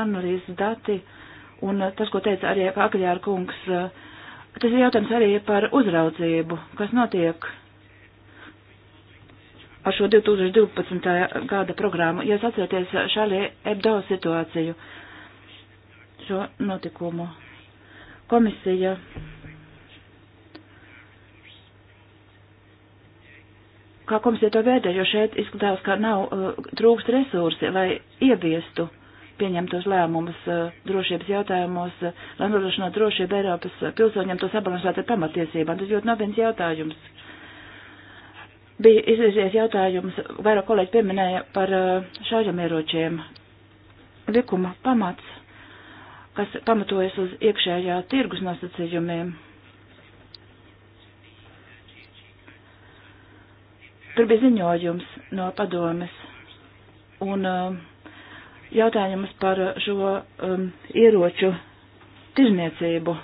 analīzes dati, un tas, ko teica arī Akaļāra kungs, tas ir jautājums arī par uzraudzību, kas notiek ar šo 2012. gada programmu. Ja jūs atceraties Šalī Ebdo situāciju, šo notikumu, komisija kā komisija to vērtē, jo šeit izskatās, ka nav uh, trūkst resursi, lai ieviestu pieņemtos lēmumus uh, drošības jautājumos, uh, lai nodrošinātu drošību Eiropas pilsoņiem to sabalansēt ar pamatiesībām. Tas ļoti nopietns jautājums bija izvirzies jautājums, vairāk kolēģi pieminēja par uh, šaujamieročiem. Likuma pamats, kas pamatojas uz iekšējā tirgus nosacījumiem. Tur bija ziņojums no padomes un uh, jautājums par šo um, ieroču tirzniecību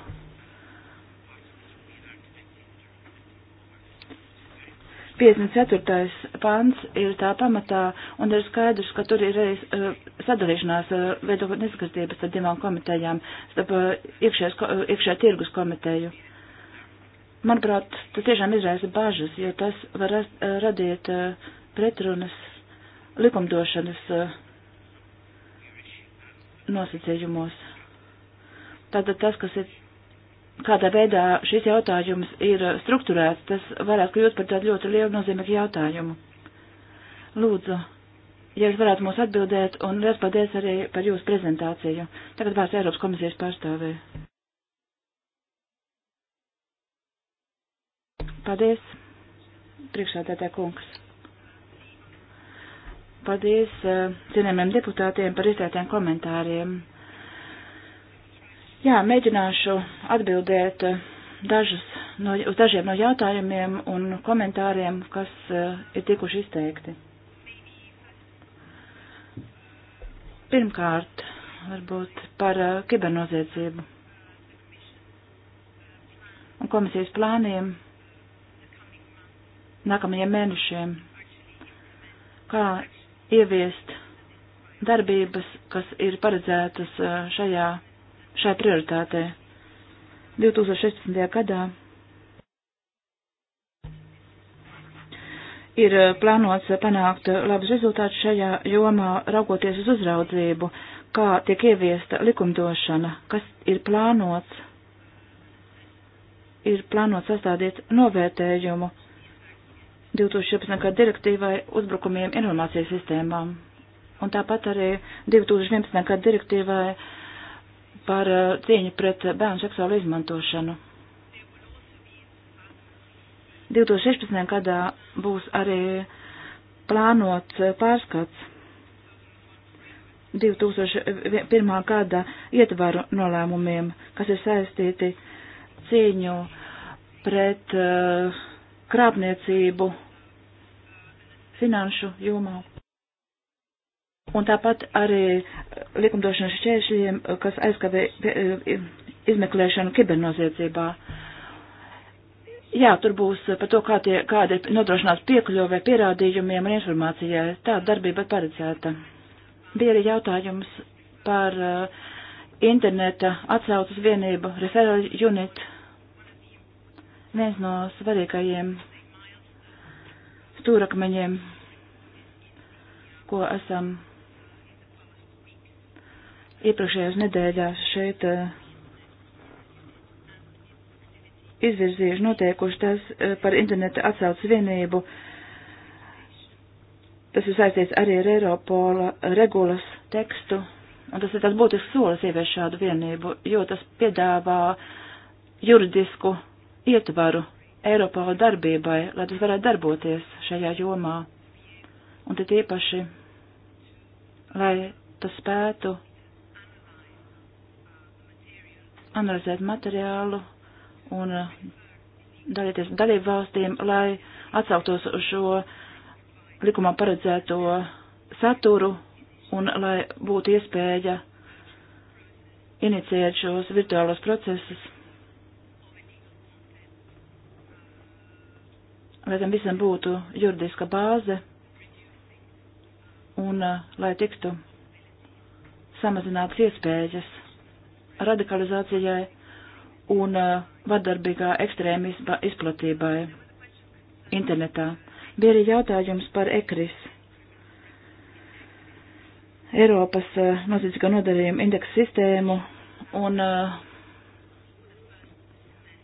54. pants ir tā pamatā, un ir skaidrs, ka tur ir arī eh, sadalīšanās eh, veidot neskatības ar divām komitejām, starp eh, iekšējā tirgus komiteju. Manuprāt, tas tiešām izraisa bažas, jo tas var radīt pretrunas likumdošanas nosacījumos. Tātad tas, kas ir kādā veidā šis jautājums ir strukturēts, tas varētu kļūt par tādu ļoti lielu nozīmīgu jautājumu. Lūdzu, ja jūs varētu mums atbildēt, un liels paldies arī par jūsu prezentāciju. Tagad vārds Eiropas komisijas pārstāvē. Paldies, priekšādētē kungs. Paldies eh, cienējumiem deputātiem par izteiktiem komentāriem. Jā, mēģināšu atbildēt eh, dažus no, uz dažiem no jautājumiem un komentāriem, kas uh, ir tikuši izteikti. Pirmkārt, varbūt par uh, kibernoziedzību un komisijas plāniem nākamajiem mēnešiem, kā ieviest darbības, kas ir paredzētas uh, šajā šai prioritātei. 2016. gadā ir eh, plānots panākt labus rezultātus šajā jomā, raugoties uz uzraudzību, kā tiek ieviesta likumdošana, kas ir plānots, ir plānots sastādīt novērtējumu 2014. gada direktīvai uzbrukumiem informācijas sistēmām. Un tāpat arī 2011. gada direktīvai par eh, cieņu pret bērnu seksuālu izmantošanu. 2016. gadā būs arī plānots eh, pārskats 2001. gada ietvaru nolēmumiem, kas ir saistīti cīņu pret eh, krāpniecību finanšu jomā. Un tāpat arī eh, likumdošanas šķēršļiem, eh, kas aizkavē eh, izmeklēšanu kibernoziedzībā. Jā, tur būs par to, kā tie, kāda ir nodrošinās piekļuvē pierādījumiem un informācijai. Tā darbība ir paredzēta. Bija arī jautājums par uh, interneta atsaucas vienību referral unit. Viens no svarīgajiem stūrakmeņiem, ko esam iepriekšējās nedēļās šeit eh, izvirzījuši noteikuši tas eh, par interneta atsaucas vienību. Tas ir saistīts arī ar Eiropola regulas tekstu, un tas ir tāds būtisks solis ievies šādu vienību, jo tas piedāvā juridisku ietvaru Eiropola darbībai, lai tas varētu darboties šajā jomā. Un tad īpaši, lai tas spētu analizēt materiālu un uh, dalīties dalību valstīm, lai atsauktos uz šo likumā paredzēto saturu un lai būtu iespēja inicijēt šos virtuālos procesus, lai tam visam būtu juridiska bāze un uh, lai tiktu samazinātas iespējas radikalizācijai un eh, vardarbīgā ekstrēmisma izplatībai internetā. Bija arī jautājums par ekris. Eiropas uh, eh, noziedzīgo nodarījumu indeksu sistēmu un uh,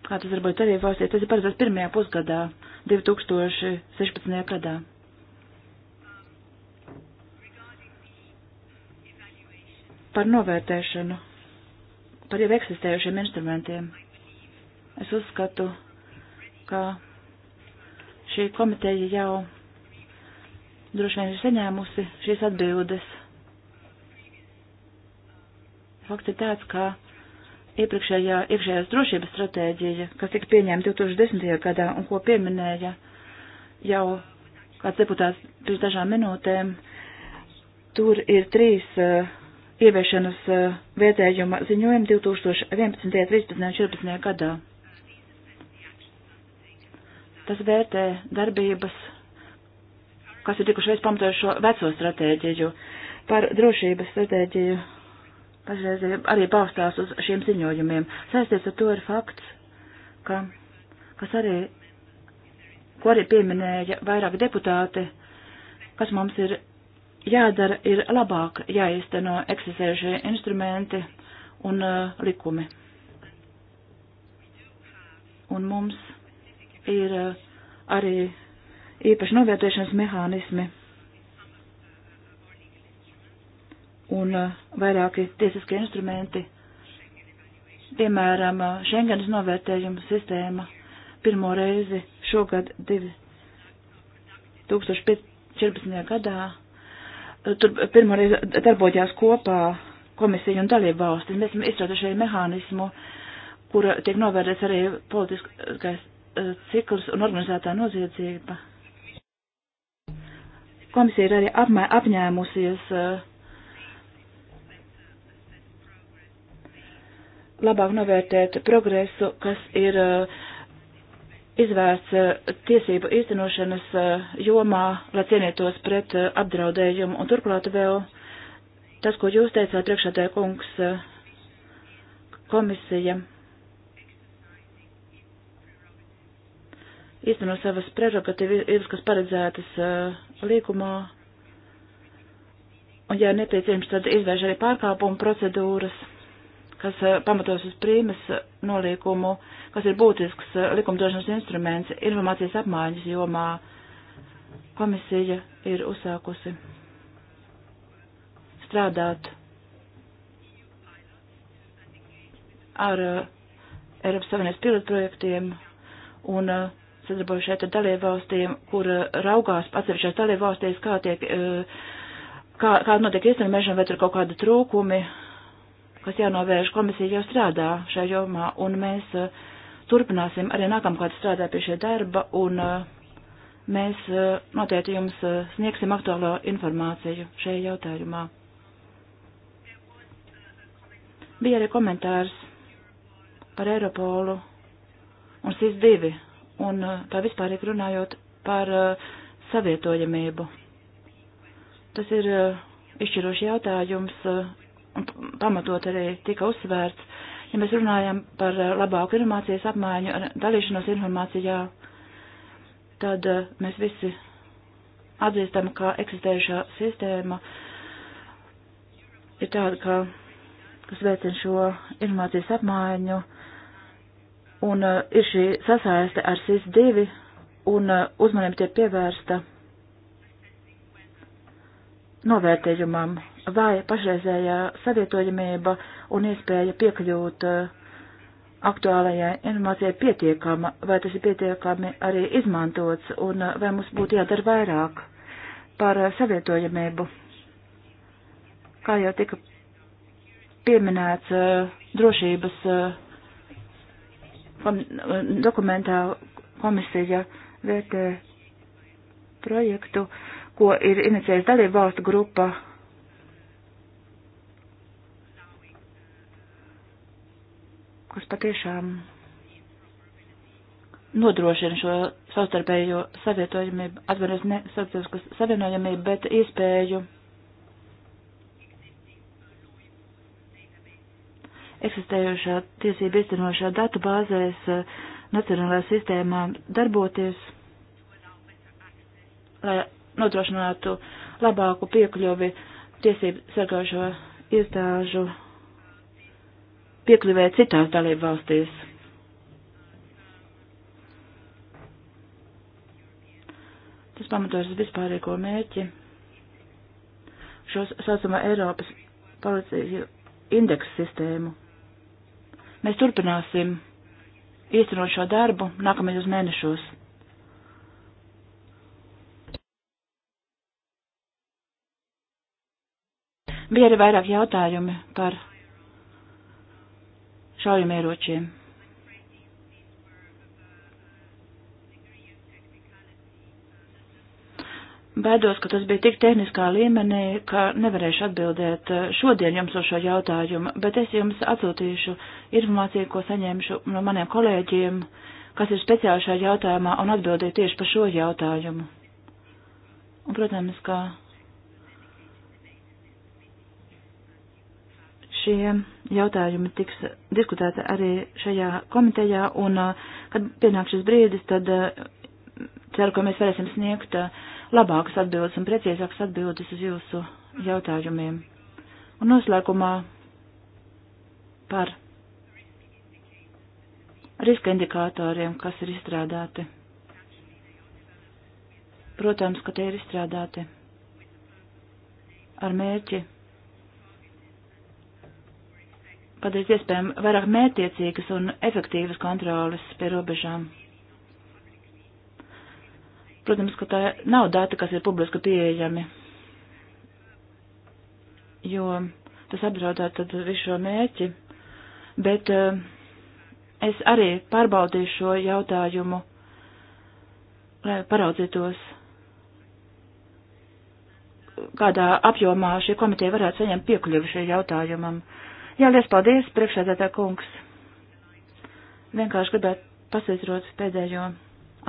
kā tas varbūt arī valstī, tas ir paredzēts pirmajā pusgadā, 2016. gadā. Par novērtēšanu par jau eksistējušiem instrumentiem. Es uzskatu, ka šī komiteja jau droši vien ir saņēmusi šīs atbildes. Fakts ir tāds, ka iepriekšējā iekšējās drošības stratēģija, kas tika pieņemta 2010. gadā un ko pieminēja jau kāds deputāts pirms dažām minūtēm, tur ir trīs uh, ieviešanas eh, vietējuma ziņojumu 2011. 13. un 14. gadā. Tas vērtē darbības, kas ir tikušais pamatojušo veco stratēģiju par drošības stratēģiju. Pašreiz arī paustās uz šiem ziņojumiem. Saistīts ar to ir fakts, ka, kas arī, ko arī pieminēja vairāk deputāti, kas mums ir jādara, ir labāk jāizteno eksistējušie instrumenti un uh, likumi. Un mums ir uh, arī īpaši novērtēšanas mehānismi un uh, vairāki tiesiskie instrumenti, piemēram, uh, Schengenas novērtējuma sistēma pirmo reizi šogad 2014. gadā tur pirmoreiz darbojās kopā komisija un dalība valstis. Mēs esam izstrādājuši mehānismu, kura tiek novērēts arī politiskais eh, cikls un organizētā noziedzība. Komisija ir arī apmē, apņēmusies eh, labāk novērtēt progresu, kas ir uh, izvērsts eh, tiesību īstenošanas eh, jomā, lai cienītos pret eh, apdraudējumu. Un turklāt vēl tas, ko jūs teicāt, priekšādē kungs komisija īsteno savas prerogatīvas, kas paredzētas līgumā. Un, ja nepieciešams, tad izvērš arī pārkāpumu procedūras kas eh, pamatos uz prīmas eh, nolīkumu, kas ir būtisks eh, likumdošanas instruments informācijas apmaiņas jomā, komisija ir uzsākusi strādāt ar Eiropas Savienības pilotprojektiem un sadarboju šeit ar dalībvalstīm, kur raugās atsevišķās dalībvalstīs, kā tiek, kā, kā notiek īstenībā, vai tur kaut kādi trūkumi, kas jānovērš komisija jau strādā šajā jomā, un mēs uh, turpināsim arī nākamkārt strādāt pie šie darba, un uh, mēs uh, noteikti jums sniegsim aktuālo informāciju šajā jautājumā. Bija arī komentārs par Eiropolu un SIS-2, un tā vispārīgi runājot par savietojamību. Tas ir izšķiroši jautājums un pamatot arī tika uzsvērts, ja mēs runājam par eh, labāku informācijas apmaiņu, dalīšanos informācijā, tad eh, mēs visi atzīstam, ka eksistējušā sistēma ir tāda, ka, kas veicina šo informācijas apmaiņu, un uh, ir šī sasaiste ar SIS-2, un uh, uzmanība tiek pievērsta novērtējumam vai pašreizējā savietojamība un iespēja piekļūt eh, aktuālajai informācijai pietiekama, vai tas ir pietiekami arī izmantots, un eh, vai mums būtu jādara vairāk par eh, savietojamību. Kā jau tika pieminēts drošības dokumentā komisija vērtē projektu, ko ir inicējis dalību valstu grupa kas patiešām nodrošina šo savstarpējo savietojamību, atvainojos ne savstarpējo savienojamību, bet iespēju eksistējošā tiesība izcinošā datu bāzēs eh, nacionālajā sistēmā darboties, lai nodrošinātu labāku piekļuvi tiesību sargājušo iestāžu piekļuvē citās dalību valstīs. Tas pamatojas uz vispārīgo mērķi. Šos saucamo Eiropas policiju indeksu sistēmu. Mēs turpināsim īstenot šo darbu nākamajos mēnešos. Bija arī vairāk jautājumi par šaujamieročiem. Baidos, ka tas bija tik tehniskā līmenī, ka nevarēšu atbildēt šodien jums uz šo jautājumu, bet es jums atsūtīšu informāciju, ko saņemšu no maniem kolēģiem, kas ir speciāli šajā jautājumā un atbildēju tieši par šo jautājumu. Un, protams, ka šie jautājumi tiks diskutēti arī šajā komitejā, un uh, kad pienāk šis brīdis, tad uh, ceru, ka mēs varēsim sniegt uh, labākas atbildes un precīzākas atbildes uz jūsu jautājumiem. Un noslēgumā par riska indikātoriem, kas ir izstrādāti. Protams, ka tie ir izstrādāti ar mērķi padarīt iespējami vairāk mērķiecīgas un efektīvas kontrolas pie robežām. Protams, ka tā nav dati, kas ir publiski pieejami, jo tas apdraudētu tad visu šo mērķi, bet uh, es arī pārbaudīšu šo jautājumu, lai paraudzītos, kādā apjomā šī komiteja varētu saņemt piekļuvi šajam jautājumam. Uh, Jā, liels paldies, priekšsēdētā kungs. Vienkārši gribētu pasveicrot pēdējo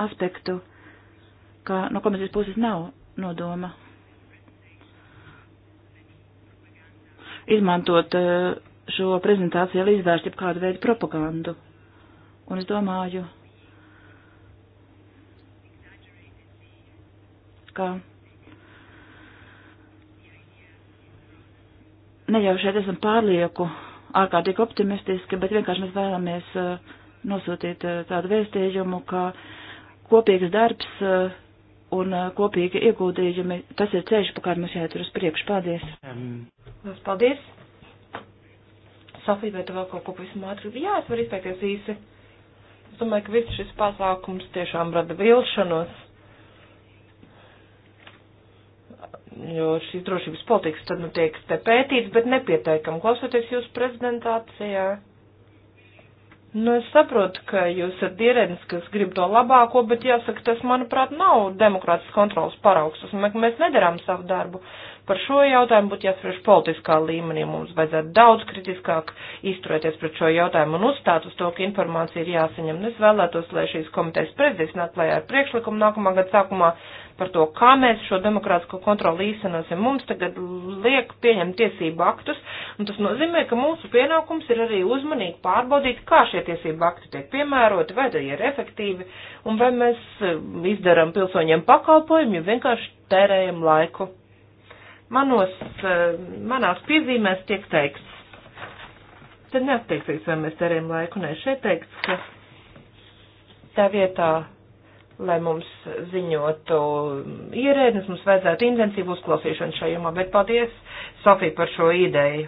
aspektu, ka no komisijas puses nav nodoma izmantot eh, šo prezentāciju, lai izvērstu jebkādu veidu propagandu. Un es domāju, ka ne jau šeit esam pārlieku ārkārtīgi optimistiski, bet vienkārši mēs vēlamies eh, nosūtīt eh, tādu vēstījumu, ka kopīgs darbs eh, un kopīgi ieguldījumi, tas ir ceļš, pa kādu mums jāiet uz priekšu. Paldies! Um. Paldies! Sofija, vai tu vēl kaut ko pavisam ātri? Jā, es varu izteikties īsi. Es domāju, ka viss šis pasākums tiešām rada vilšanos jo šīs drošības politikas tad nu tiek te pētīts, bet nepieteikam. Klausoties jūsu prezentācijā, nu es saprotu, ka jūs esat ierēdnis, kas grib to labāko, bet jāsaka, tas manuprāt nav demokrātas kontrolas paraugs. Es domāju, ka mēs nedarām savu darbu. Par šo jautājumu būtu jāspriež politiskā līmenī. Mums vajadzētu daudz kritiskāk izturēties pret šo jautājumu un uzstāt uz to, ka informācija ir jāsaņem. Es vēlētos, lai šīs komitejas prezidents nāk klajā ar priekšlikumu nākamā gada sākumā par to, kā mēs šo demokrātisko kontroli īstenosim. Mums tagad liek pieņemt tiesību aktus, un tas nozīmē, ka mūsu pienākums ir arī uzmanīgi pārbaudīt, kā šie tiesību akti tiek piemēroti, vai tie ir efektīvi, un vai mēs eh, izdaram pilsoņiem pakalpojumu, jo vienkārši tērējam laiku. Manos, eh, manās piezīmēs tiek teikts, tad neatteiksies, vai mēs tērējam laiku, nē, šeit teikts, ka tā vietā lai mums ziņotu ierēdnes, mums vajadzētu intensīvu uzklausīšanu šajā jomā, bet paldies, Sofija, par šo ideju.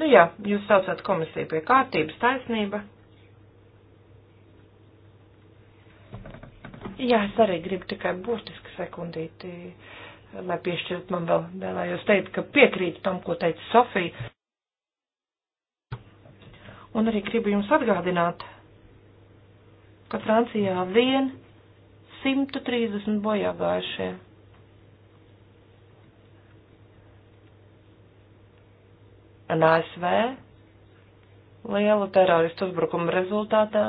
Nu jā, jūs saucat komisiju pie kārtības taisnība. Jā, es arī gribu tikai būtiski sekundīti, lai piešķirt man vēl vēlējos teikt, ka piekrītu tam, ko teica Sofija. Un arī gribu jums atgādināt, ka Francijā vien 130 bojā gājušie. Un ASV liela teroristu uzbrukuma rezultātā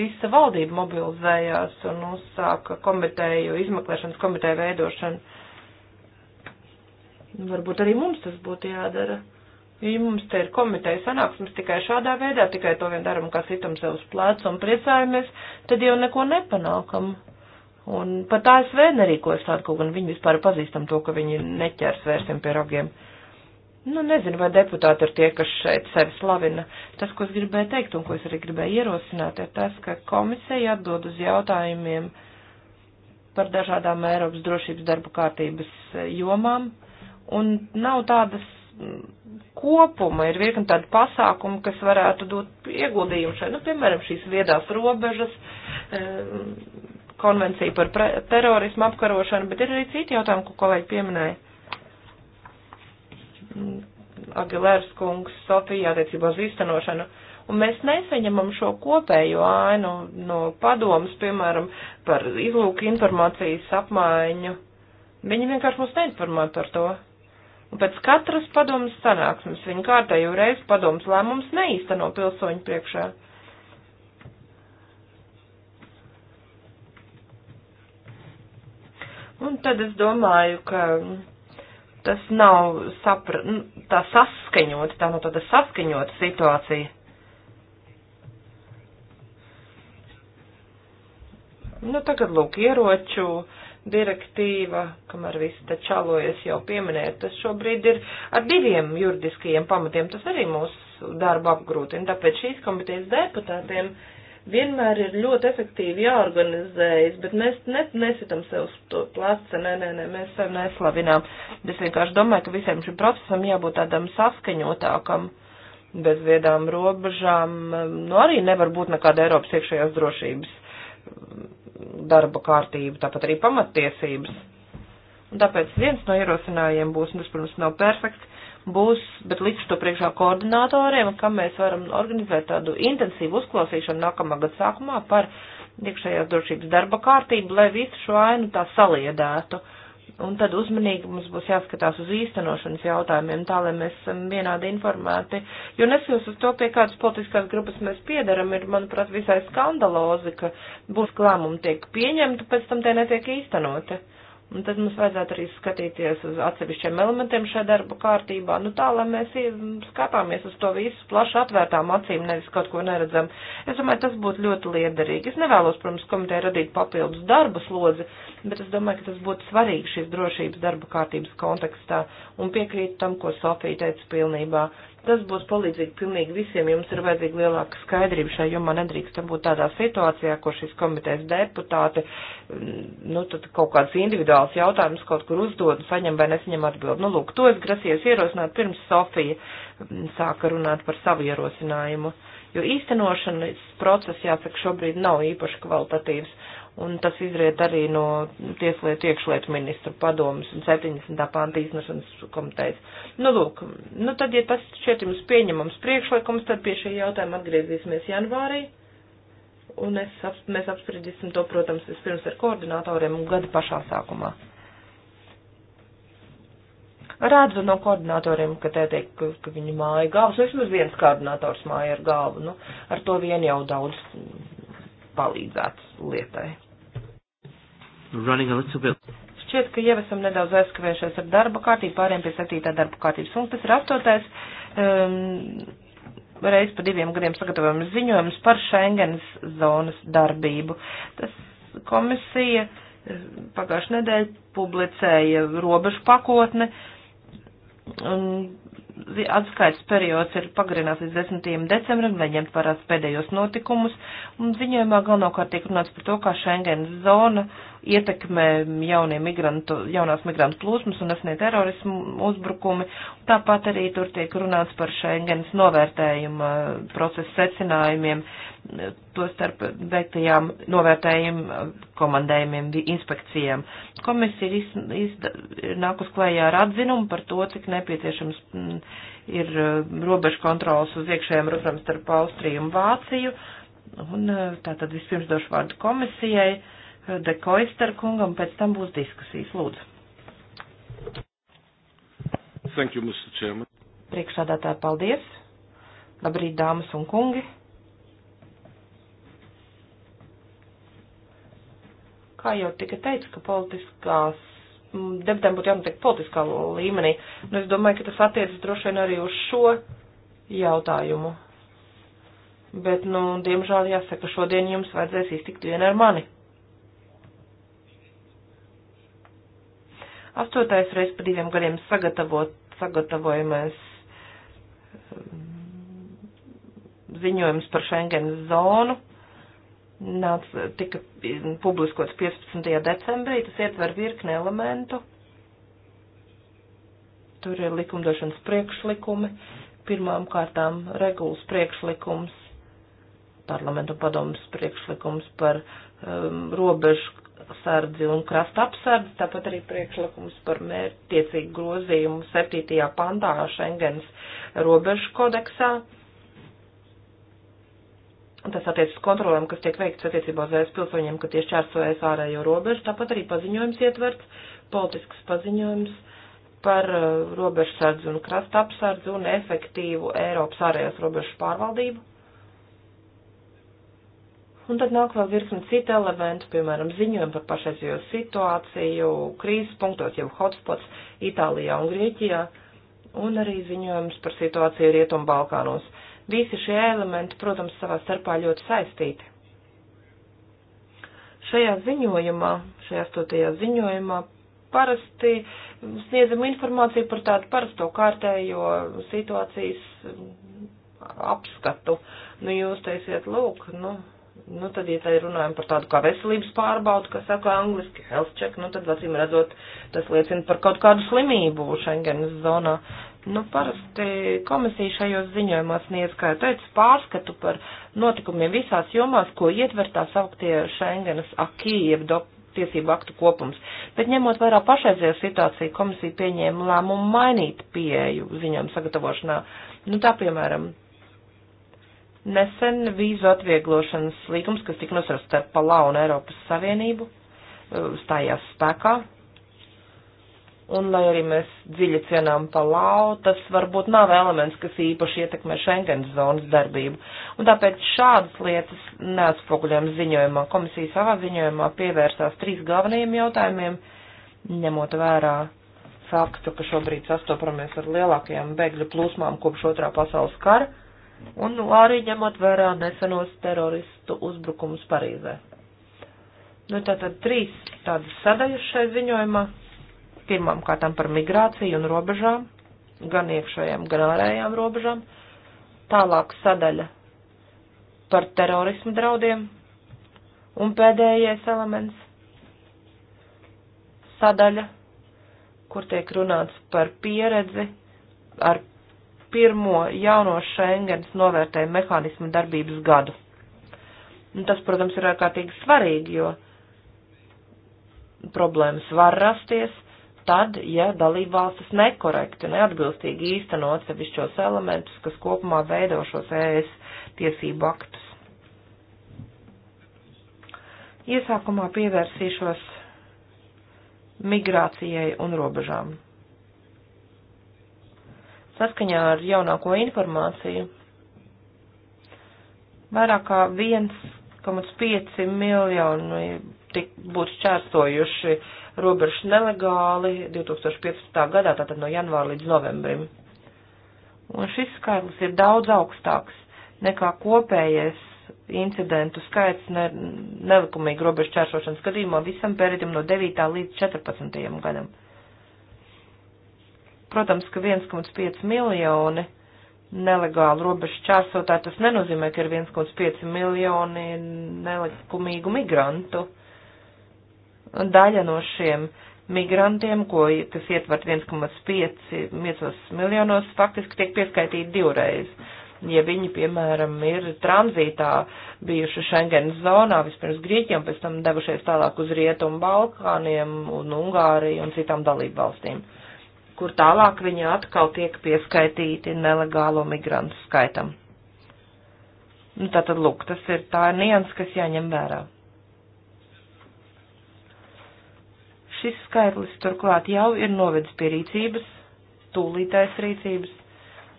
visa valdība mobilizējās un uzsāka komiteju, izmeklēšanas komiteju veidošanu. Varbūt arī mums tas būtu jādara. Ja mums te ir komiteja sanāksmes tikai šādā veidā, tikai to vien daram, kā sitam sev uz plecu un priecājamies, tad jau neko nepanākam. Un pat ASV nerīkojas tādu, kaut gan viņi vispār pazīstam to, ka viņi neķers vērsim pie rogiem. Nu, nezinu, vai deputāti ir tie, kas šeit sevi slavina. Tas, ko es gribēju teikt un ko es arī gribēju ierosināt, ir tas, ka komisija atbild uz jautājumiem par dažādām Eiropas drošības darba kārtības eh, jomām, un nav tādas kopuma ir virkni tādu pasākumu, kas varētu dot ieguldījumu šai, nu, piemēram, šīs viedās robežas, ehm, konvencija par terorismu apkarošanu, bet ir arī citi jautājumi, ko kolēģi pieminēja. Mm, Agilērs kungs, Sofija attiecībā uz īstenošanu. Un mēs nesaņemam šo kopējo ainu no padomas, piemēram, par izlūku informācijas apmaiņu. Viņi vienkārši mūs neinformē par to. Un pēc katras padomas sanāksmes viņa kārtējo reizi padomas lēmums neīsteno pilsoņu priekšā. Un tad es domāju, ka tas nav sapra, tā saskaņot, tā nav tāda saskaņota situācija. Nu, tagad lūk ieroču direktīva, kamēr visi te čalojas jau pieminēt, tas šobrīd ir ar diviem juridiskajiem pamatiem. Tas arī mūsu darbu apgrūtina. Tāpēc šīs komitejas deputātiem vienmēr ir ļoti efektīvi jāorganizējas, bet mēs net, nesitam sev uz to pleca, nē, nē, nē, mēs sev neslavinām. Es vienkārši domāju, ka visiem šim procesam jābūt tādam saskaņotākam bez viedām robežām, nu arī nevar būt nekāda Eiropas iekšējās drošības darba kārtību, tāpat arī pamattiesības. Un tāpēc viens no ierosinājumiem būs, un tas, protams, nav perfekts, būs, bet liks to priekšā koordinātoriem, ka mēs varam organizēt tādu intensīvu uzklausīšanu nākamā gada sākumā par iekšējās drošības darba kārtību, lai visu šo ainu tā saliedētu. Uh, Un tad uzmanīgi mums būs jāskatās uz īstenošanas jautājumiem, tā lai mēs esam vienādi informēti. Jo neskatoties uz to, pie kādas politiskās grupas mēs piedaram, ir, manuprāt, visai skandalozi, ka būs lēmumi tiek pieņemti, pēc tam tie netiek īstenoti. Uh, Un tad mums vajadzētu arī skatīties uz atsevišķiem elementiem šajā darba kārtībā, nu tā, lai mēs skatāmies uz to visu plaši atvērtām acīm, nevis kaut ko neredzam. Es domāju, tas būtu ļoti liederīgi. Es nevēlos, protams, komitē radīt papildus darba slodzi, bet es domāju, ka tas būtu svarīgi šīs drošības darba kārtības kontekstā un piekrītu tam, ko Sofija teica pilnībā. Tas būs palīdzīgi pilnīgi visiem. Jums ir vajadzīga lielāka skaidrība šai jomā. Nedrīkstam būt tādā situācijā, ko šis komitejas deputāti, mm, nu, tad kaut kāds individuāls jautājums kaut kur uzdod, saņem vai nesaņem atbildi. Nu, lūk, to es grasījos ierosināt pirms Sofija mm, sāka runāt par savu ierosinājumu. Jo īstenošanas process, jāsaka, šobrīd nav īpaši kvalitatīvs un tas izriet arī no tieslietu iekšlietu ministra padomas un 70. pānta iznašanas komitejas. Nu, lūk, nu tad, ja tas šķiet jums pieņemams priekšlikums, tad pie šī jautājuma atgriezīsimies janvārī, un es, mēs apspriedīsim to, protams, vispirms ar koordinatoriem un gada pašā sākumā. Redzu no koordinatoriem, ka te tiek, ka, ka viņi māja galvas, nu, vismaz viens koordinators māja ar galvu, nu, ar to vien jau daudz palīdzētu lietai. Šķiet, ka jau esam nedaudz aizskavējušies ar darba kārtību, pāriem pie septītā darba kārtības punkta, tas ir astotais. Um, reiz pa diviem gadiem sagatavojam ziņojumus par Schengens zonas darbību. Tas komisija eh, pagājušajā nedēļā publicēja robežu pakotne. Un atskaits periods ir pagarināts līdz 10. decembrim, lai ņemtu vērā pēdējos notikumus. Un ziņojumā galvenokārt tiek runāts par to, kā Schengens zona ietekmē jaunie migrantu, jaunās migrantu plūsmas un nesnie terorismu uzbrukumi. Tāpat arī tur tiek runāts par Schengens novērtējuma procesa secinājumiem, to starp veiktajām novērtējuma komandējumiem, inspekcijām. Komisija ir, iz, iz, ir nākus klējā ar atzinumu par to, cik nepieciešams mm, ir mm, robežu kontrols uz iekšējiem robežām starp Austriju un Vāciju. Un mm, tātad vispirms došu vārdu komisijai Dekoister kungam, pēc tam būs diskusijas. Lūdzu. Thank you, Mr. Chairman. Priekšādātāji, paldies. Labrīt, dāmas un kungi. Kā jau tika teikts, ka politiskās debatēm būtu jānotiek politiskā līmenī. Nu, es domāju, ka tas attiecas droši vien arī uz šo jautājumu. Bet, nu, diemžēl jāsaka, šodien jums vajadzēs iztikt vien ar mani. Astotais reiz pa diviem gadiem sagatavot, sagatavojamais um, ziņojums par Schengenas zonu nāc, tika publiskots 15. decembrī, tas ietver virkni elementu. Tur ir likumdošanas priekšlikumi, pirmām kārtām regulas priekšlikums, parlamentu padomas priekšlikums par uh, um, robežu sardzi un krasta apsardzi, tāpat arī priekšlikums par mērķtiecīgu grozījumu 7. pantā Schengens robežu kodeksā. Tas attiecas uz kontrolēm, kas tiek veikts attiecībā uz ES pilsoņiem, ka tieši čērsojas ārējo robežu. Tāpat arī paziņojums ietverts, politisks paziņojums par uh, robežsardzi un krasta apsardzi un efektīvu Eiropas ārējās robežu pārvaldību Un tad nāk vēl virkni citu elementu, piemēram, ziņojumi par pašreizējo situāciju, krīzes punktos, jau hotspots Itālijā un Grieķijā, un arī ziņojums par situāciju Rietumu Balkānos. Visi šie elementi, protams, savā starpā ļoti saistīti. Šajā ziņojumā, šajā astotajā ziņojumā parasti sniedzam informāciju par tādu parasto kārtējo situācijas apskatu. Nu, jūs teisiet, lūk, nu, nu tad, ja tā ir runājama par tādu kā veselības pārbaudu, kas saka angliski health check, nu tad, acīm redzot, tas liecina par kaut kādu slimību Schengenas zonā. Nu, parasti komisija šajos ziņojumos sniedz, kā jau teicu, pārskatu par notikumiem visās jomās, ko ietver tā sauktie Schengenas akī, jeb dok tiesību aktu kopums, bet ņemot vērā pašreizējo situāciju, komisija pieņēma lēmumu mainīt pieeju ziņojumu sagatavošanā. Nu, tā, piemēram, Nesen vīzu atvieglošanas līgums, kas tika nosaucts starp Palau un Eiropas Savienību, uh, stājās spēkā. Un, lai arī mēs dziļi cienām Palau, tas varbūt nav elements, kas īpaši ietekmē Schengens zonas darbību. Un tāpēc šādas lietas neatspoguļojam ziņojumā. Komisija savā ziņojumā pievērsās trīs galvenajiem jautājumiem, ņemot vērā faktu, ka šobrīd sastopamies ar lielākajām bēgļu plūsmām kopš otrā pasaules kara un nu, arī ņemot vērā nesenos teroristu uzbrukumus Parīzē. Nu, tātad trīs tādas sadaļas šai ziņojumā. Pirmām kārtām par migrāciju un robežām, gan iekšējām, gan ārējām robežām. Tālāk sadaļa par terorismu draudiem. Un pēdējais elements sadaļa, kur tiek runāts par pieredzi ar pirmo jauno Schengens novērtēju mehānismu darbības gadu. Un tas, protams, ir ārkārtīgi svarīgi, jo problēmas var rasties tad, ja dalībvalstis nekorekti, neatbilstīgi īsteno atsevišķos elementus, kas kopumā veido šos ES tiesību aktus. Iesākumā pievērsīšos migrācijai un robežām saskaņā ar jaunāko informāciju. Vairāk kā 1,5 miljoni tik būtu šķērsojuši robežu nelegāli 2015. gadā, tātad no janvāra līdz novembrim. Un šis skaitlis ir daudz augstāks nekā kopējais incidentu skaits ne, nelikumīgi robežu čēršošanas gadījumā visam periodam no 9. līdz 14. gadam. Protams, ka 1,5 miljoni nelegāli robežu čārsotā, tas nenozīmē, ka ir 1,5 miljoni nelikumīgu migrantu. Daļa no šiem migrantiem, ko, kas ietvert 1,5 miljonos, faktiski tiek pieskaitīti divreiz. Ja viņi, piemēram, ir tranzītā bijuši Schengen zonā, vispirms Grieķiem, pēc tam devušies tālāk uz Rietumu Balkāniem un Ungāriju un citām dalību valstīm. Uh, kur tālāk viņi atkal tiek pieskaitīti nelegālo migrantu skaitam. Nu, tātad, lūk, tas ir tā nians, kas jāņem vērā. Šis skaitlis turklāt jau ir novedis pie rīcības, tūlītais rīcības,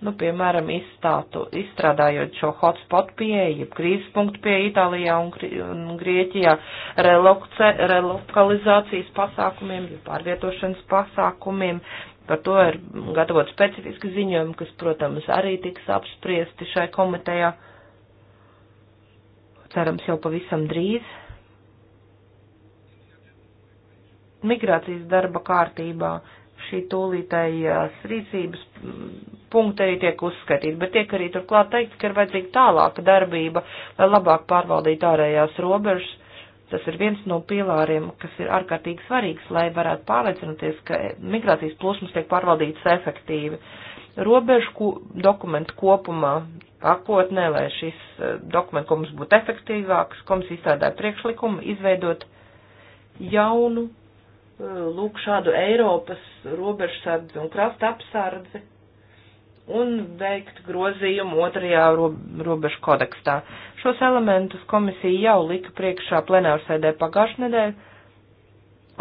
nu, piemēram, izstātu, izstrādājot šo hotspot pieeju, krīzes punktu pieeja Itālijā un, un Grieķijā, relokce, relokalizācijas pasākumiem, pārvietošanas pasākumiem, Par to ir gatavot specifiski ziņojumi, kas, protams, arī tiks apspriesti šai komitejā. Cerams, jau pavisam drīz. Migrācijas darba kārtībā šī tūlītējās rīcības mm, punkti arī tiek uzskatīti, bet tiek arī turklāt teikts, ka ir vajadzīga tālāka darbība, lai labāk pārvaldītu ārējās robežas Tas ir viens no pilāriem, kas ir ārkārtīgi svarīgs, lai varētu pārliecināties, ka migrācijas plūsmas tiek pārvaldītas efektīvi. Robežu ko, dokumentu kopumā pakotnē, lai šis eh, dokumentu kopums būtu efektīvāks, komisija izstrādāja priekšlikumu izveidot jaunu, eh, lūk, šādu Eiropas robežsardzi un krasta apsardzi un veikt grozījumu otrajā robežu kodekstā. Šos elementus komisija jau lika priekšā plenārsēdē pagājušajā nedēļā,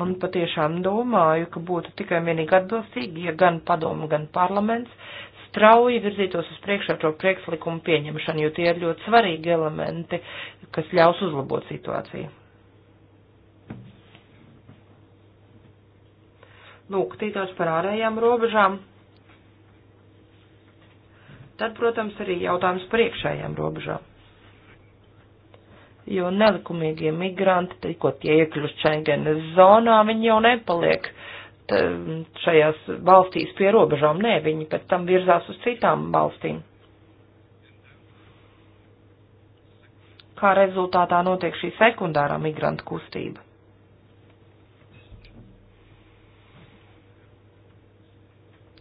un patiešām domāju, ka būtu tikai vienīgi atbilstīgi, ja gan padomu, gan parlaments strauji virzītos uz priekšā šo priekšlikumu pieņemšanu, jo tie ir ļoti svarīgi elementi, kas ļaus uzlabot situāciju. Lūk, tītās par ārējām robežām. Tad, protams, arī jautājums par iekšējām robežām. Jo nelikumīgie migranti, tikko tie iekļūst Schengenes zonā, viņi jau nepaliek t, šajās valstīs pie robežām. Nē, viņi pēc tam virzās uz citām valstīm. Kā rezultātā notiek šī sekundārā migrantu kustība.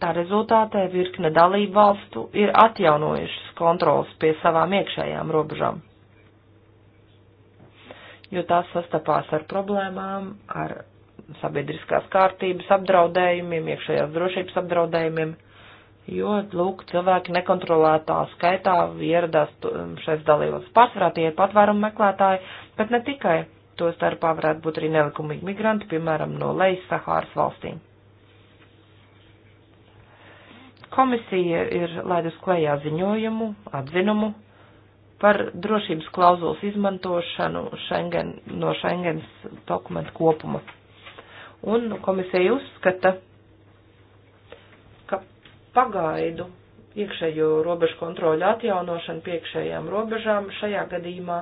Tā rezultātē virkne dalību valstu ir atjaunojušas kontrolas pie savām iekšējām robežām, jo tās sastapās ar problēmām, ar sabiedriskās kārtības apdraudējumiem, iekšējās drošības apdraudējumiem, jo, lūk, cilvēki nekontrolētā skaitā ieradās um, šais dalībās. Pārsvarā tie ir patvērumu meklētāji, bet ne tikai. To starpā varētu būt arī nelikumīgi migranti, piemēram, no Lejas Sahāras valstīm. Komisija ir laidus klējā ziņojumu, atzinumu par drošības klauzulas izmantošanu Schengen, no Schengens dokumentu kopuma. Un komisija uzskata, ka pagaidu iekšējo robežu kontroļu atjaunošana piekšējām robežām šajā gadījumā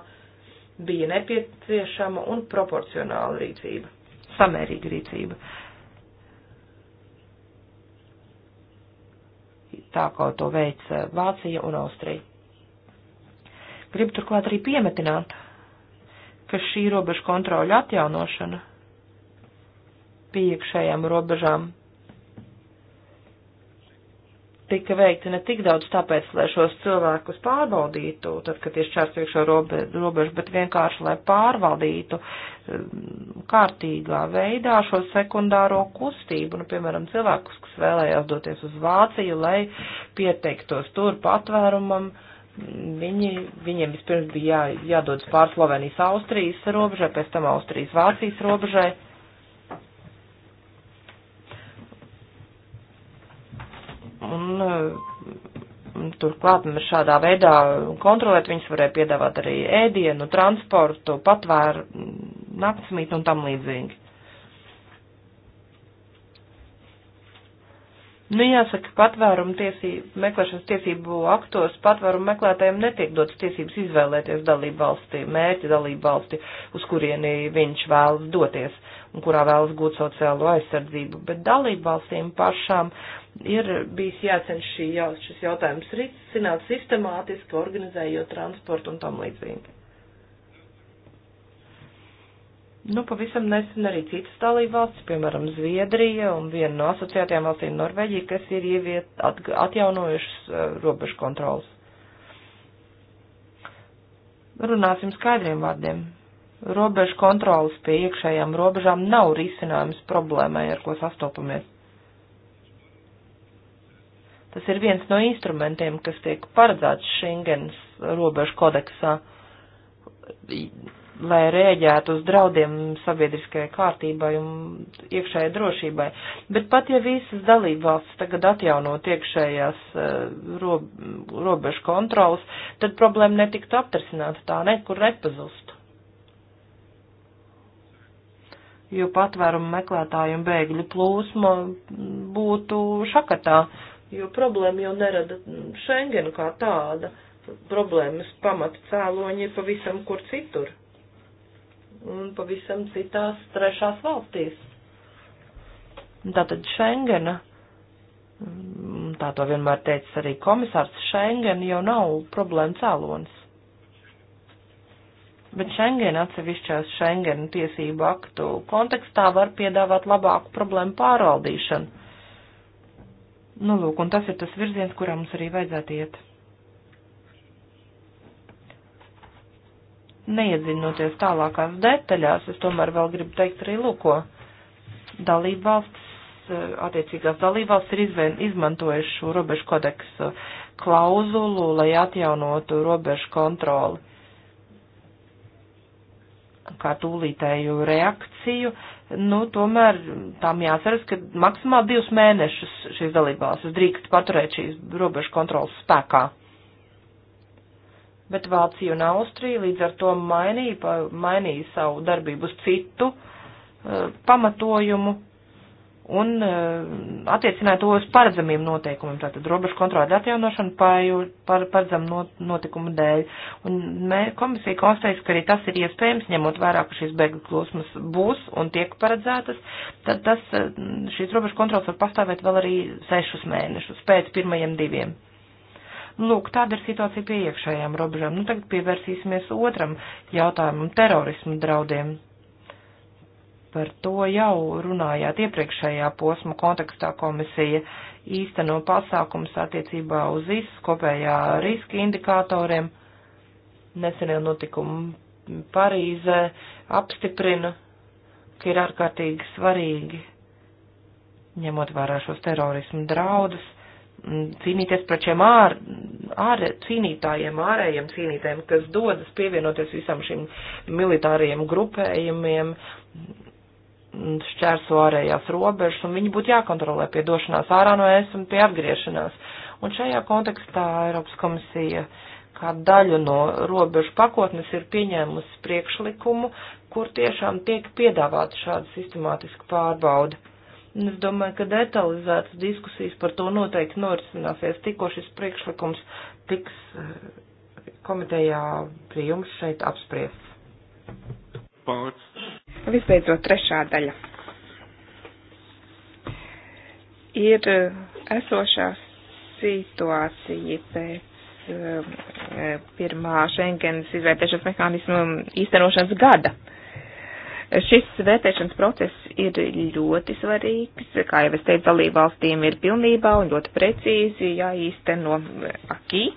bija nepieciešama un proporcionāla rīcība, samērīga rīcība. Uh, tā kā to veic eh, Vācija un Austrija. Gribu turklāt arī piemetināt, ka šī robežu kontroļa atjaunošana pie iekšējām robežām tika veikta ne tik daudz tāpēc, lai šos cilvēkus pārbaudītu, tad, kad tieši čārs priekšā robežu, bet vienkārši, lai pārvaldītu um, kārtīgā veidā šo sekundāro kustību, nu, piemēram, cilvēkus, kas vēlējās doties uz Vāciju, lai pieteiktos tur patvērumam. Viņi, viņiem vispirms bija jā, jādodas pār Slovenijas Austrijas robežai, pēc tam Austrijas Vācijas robežai. Eh, un turklāt šādā veidā kontrolēt viņus varēja piedāvāt arī ēdienu, transportu, patvēru, naktsmītu un tam līdzīgi. Nu, jāsaka, patvērumu tiesību, meklēšanas tiesību aktos patvērumu meklētājiem netiek dotas tiesības izvēlēties dalību valsti, mērķi dalību valsti, uz kurieni viņš vēlas doties un kurā vēlas gūt sociālo aizsardzību, bet dalību valstīm pašām uh, ir bijis jāceņš šī, jau, šis jautājums risināt sistemātiski, organizējot transportu un tam līdzīgi. Nu, pavisam nesen arī citas dalībvalstis, piemēram, Zviedrija un viena no asociētajām valstīm Norvēģija, kas ir ieviet at, atjaunojušas uh, robežu kontrolas. Runāsim skaidriem vārdiem. Robežu kontrolas pie iekšējām robežām nav risinājums problēmai, ar ko sastopamies Tas ir viens no instrumentiem, kas tiek paredzēts Schengens robežu kodeksā, lai rēģētu uz draudiem sabiedriskajai kārtībai un iekšējai drošībai. Bet pat ja visas dalībvalstis tagad atjaunot iekšējās eh, ro robežu kontrolas, tad problēma netiktu aptrasināta, tā nekur nepazustu. Jo patvērumu meklētāju un bēgļu plūsma būtu šakatā jo problēma jau nerada Schengen kā tāda. Problēmas pamata cēloņi ir pavisam kur citur. Un pavisam citās trešās valstīs. Tātad Schengena, mm, tā to vienmēr teica arī komisārs, Schengen jau nav problēma cēlonis. Bet Schengen atsevišķos Schengen tiesību aktu kontekstā var piedāvāt labāku problēmu pārvaldīšanu Nu, lūk, un tas ir tas virziens, kurā mums arī vajadzētu iet. Neiedzinoties tālākās detaļās, es tomēr vēl gribu teikt arī lūko. Dalība valsts eh, attiecīgās dalībvalsts ir izmantojuši šo robežu kodeksu klauzulu, lai atjaunotu robežu kontroli kā tūlītēju reakciju, nu, tomēr tām jāceras, ka maksimāli divus mēnešus šīs dalībvalstis drīkst paturēt šīs robežu kontrolas spēkā. Bet Vācija un Austrija līdz ar to mainīja, mainīja savu darbību uz citu uh, pamatojumu, un e, attiecināja to uz paredzamiem noteikumiem, tātad robežu kontroli atjaunošanu par paredzamu not, notikumu dēļ. Un mē, komisija konstatējas, ka arī tas ir iespējams, ņemot vērā, ka šīs bēgļu plūsmas būs un tiek paredzētas, tad tas, e, šīs robežu kontrols var pastāvēt vēl arī sešus mēnešus pēc pirmajiem diviem. Lūk, tāda ir situācija pie iekšējām robežām. Nu, tagad pievērsīsimies otram jautājumam - terorismu draudiem. Par to jau runājāt iepriekšējā posma kontekstā komisija īsteno pasākums attiecībā uz izskopējā riska indikatoriem. Nesenie notikumi Parīzē apstiprina, ka ir ārkārtīgi svarīgi, ņemot vērā šos terorismu draudus, cīnīties pret šiem ār, ār, cīnītājiem, ārējiem cīnītājiem, kas dodas pievienoties visam šim militāriem grupējumiem, šķērso ārējās robežas, un viņi būtu jākontrolē pie došanās ārā no es un pie atgriešanās. Un šajā kontekstā Eiropas komisija kā daļu no robežu pakotnes ir pieņēmusi priekšlikumu, kur tiešām tiek piedāvāta šāda sistemātiska pārbauda. Un es domāju, ka detalizētas diskusijas par to noteikti norisināsies, tikko šis priekšlikums tiks eh, komitejā pie jums šeit apspriests. Pārts. Visbeidzot, trešā daļa ir eh, esošā situācija pēc eh, eh, pirmā Schengens izvērtēšanas mehānismu īstenošanas gada. Šis vērtēšanas process ir ļoti svarīgs, kā jau es teicu, dalībvalstīm ir pilnībā un ļoti precīzi jāīsteno akī.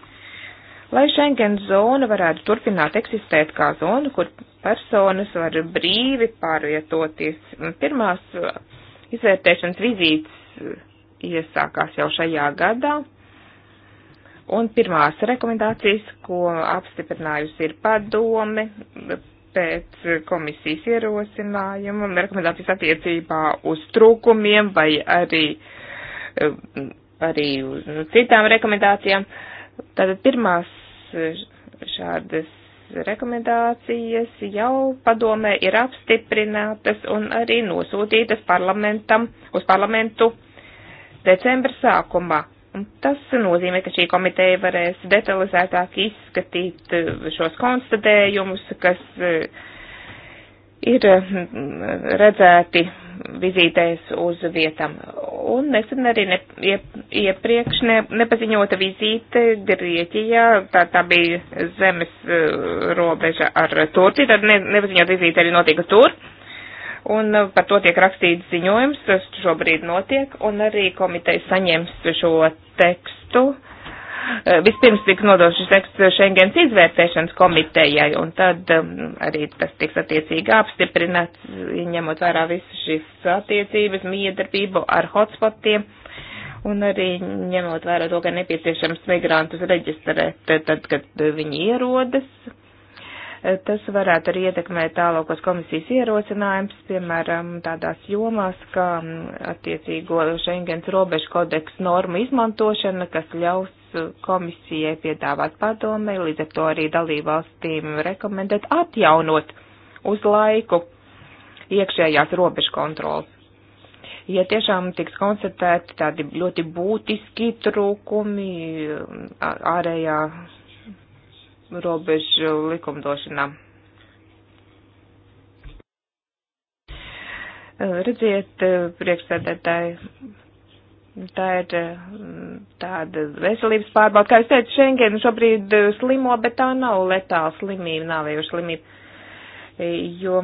Lai Schengen zona varētu turpināt eksistēt kā zona, kur personas var brīvi pārvietoties, pirmās uh, izvērtēšanas vizītes uh, iesākās jau šajā gadā. Un pirmās rekomendācijas, ko apstiprinājusi ir padome uh, pēc komisijas ierosinājuma, rekomendācijas attiecībā uz trūkumiem vai arī, arī uz nu, citām rekomendācijām. Uh, Tātad pirmās eh, šādas rekomendācijas jau padomē ir apstiprinātas un arī nosūtītas parlamentam uz parlamentu decembra sākumā. Un tas nozīmē, ka šī komiteja varēs detalizētāk izskatīt eh, šos konstatējumus, kas eh, ir mm, redzēti vizītēs uz vietām. Un nesen arī ne, ie, iepriekš ne, nepaziņota vizīte Grieķijā, tā, tā bija zemes uh, robeža ar Turciju, tad ne, nepaziņota vizīte arī notika tur. Un uh, par to tiek rakstīts ziņojums, tas šobrīd notiek, un arī komiteja saņems šo tekstu. Uh, Eh, vispirms tika nodots šis teksts Schengens izvērtēšanas komitejai, un tad um, arī tas tiks attiecīgi apstiprināts, ņemot vērā visas šīs attiecības, miedarbību ar hotspotiem, un arī ņemot vērā to, ka nepieciešams migrantus reģistrēt, eh, tad, kad viņi ierodas. Eh, tas varētu arī ietekmēt tālākos komisijas ierosinājums, piemēram, tādās jomās, kā mm, attiecīgo Schengens robežu kodeksu normu izmantošana, kas ļaus komisijai piedāvāt padomē, līdz ar to arī dalībvalstīm rekomendēt atjaunot uz laiku iekšējās robežu kontrolas. Ja tiešām tiks konstatēti tādi ļoti būtiski trūkumi um, ārējā robežu likumdošanā. Redziet, priekšsēdētāji, Tā ir eh, tāda veselības pārbauda. Kā es teicu, Schengen šobrīd eh, slimo, bet tā nav letāla slimība, nāvējuša slimība. Eh, jo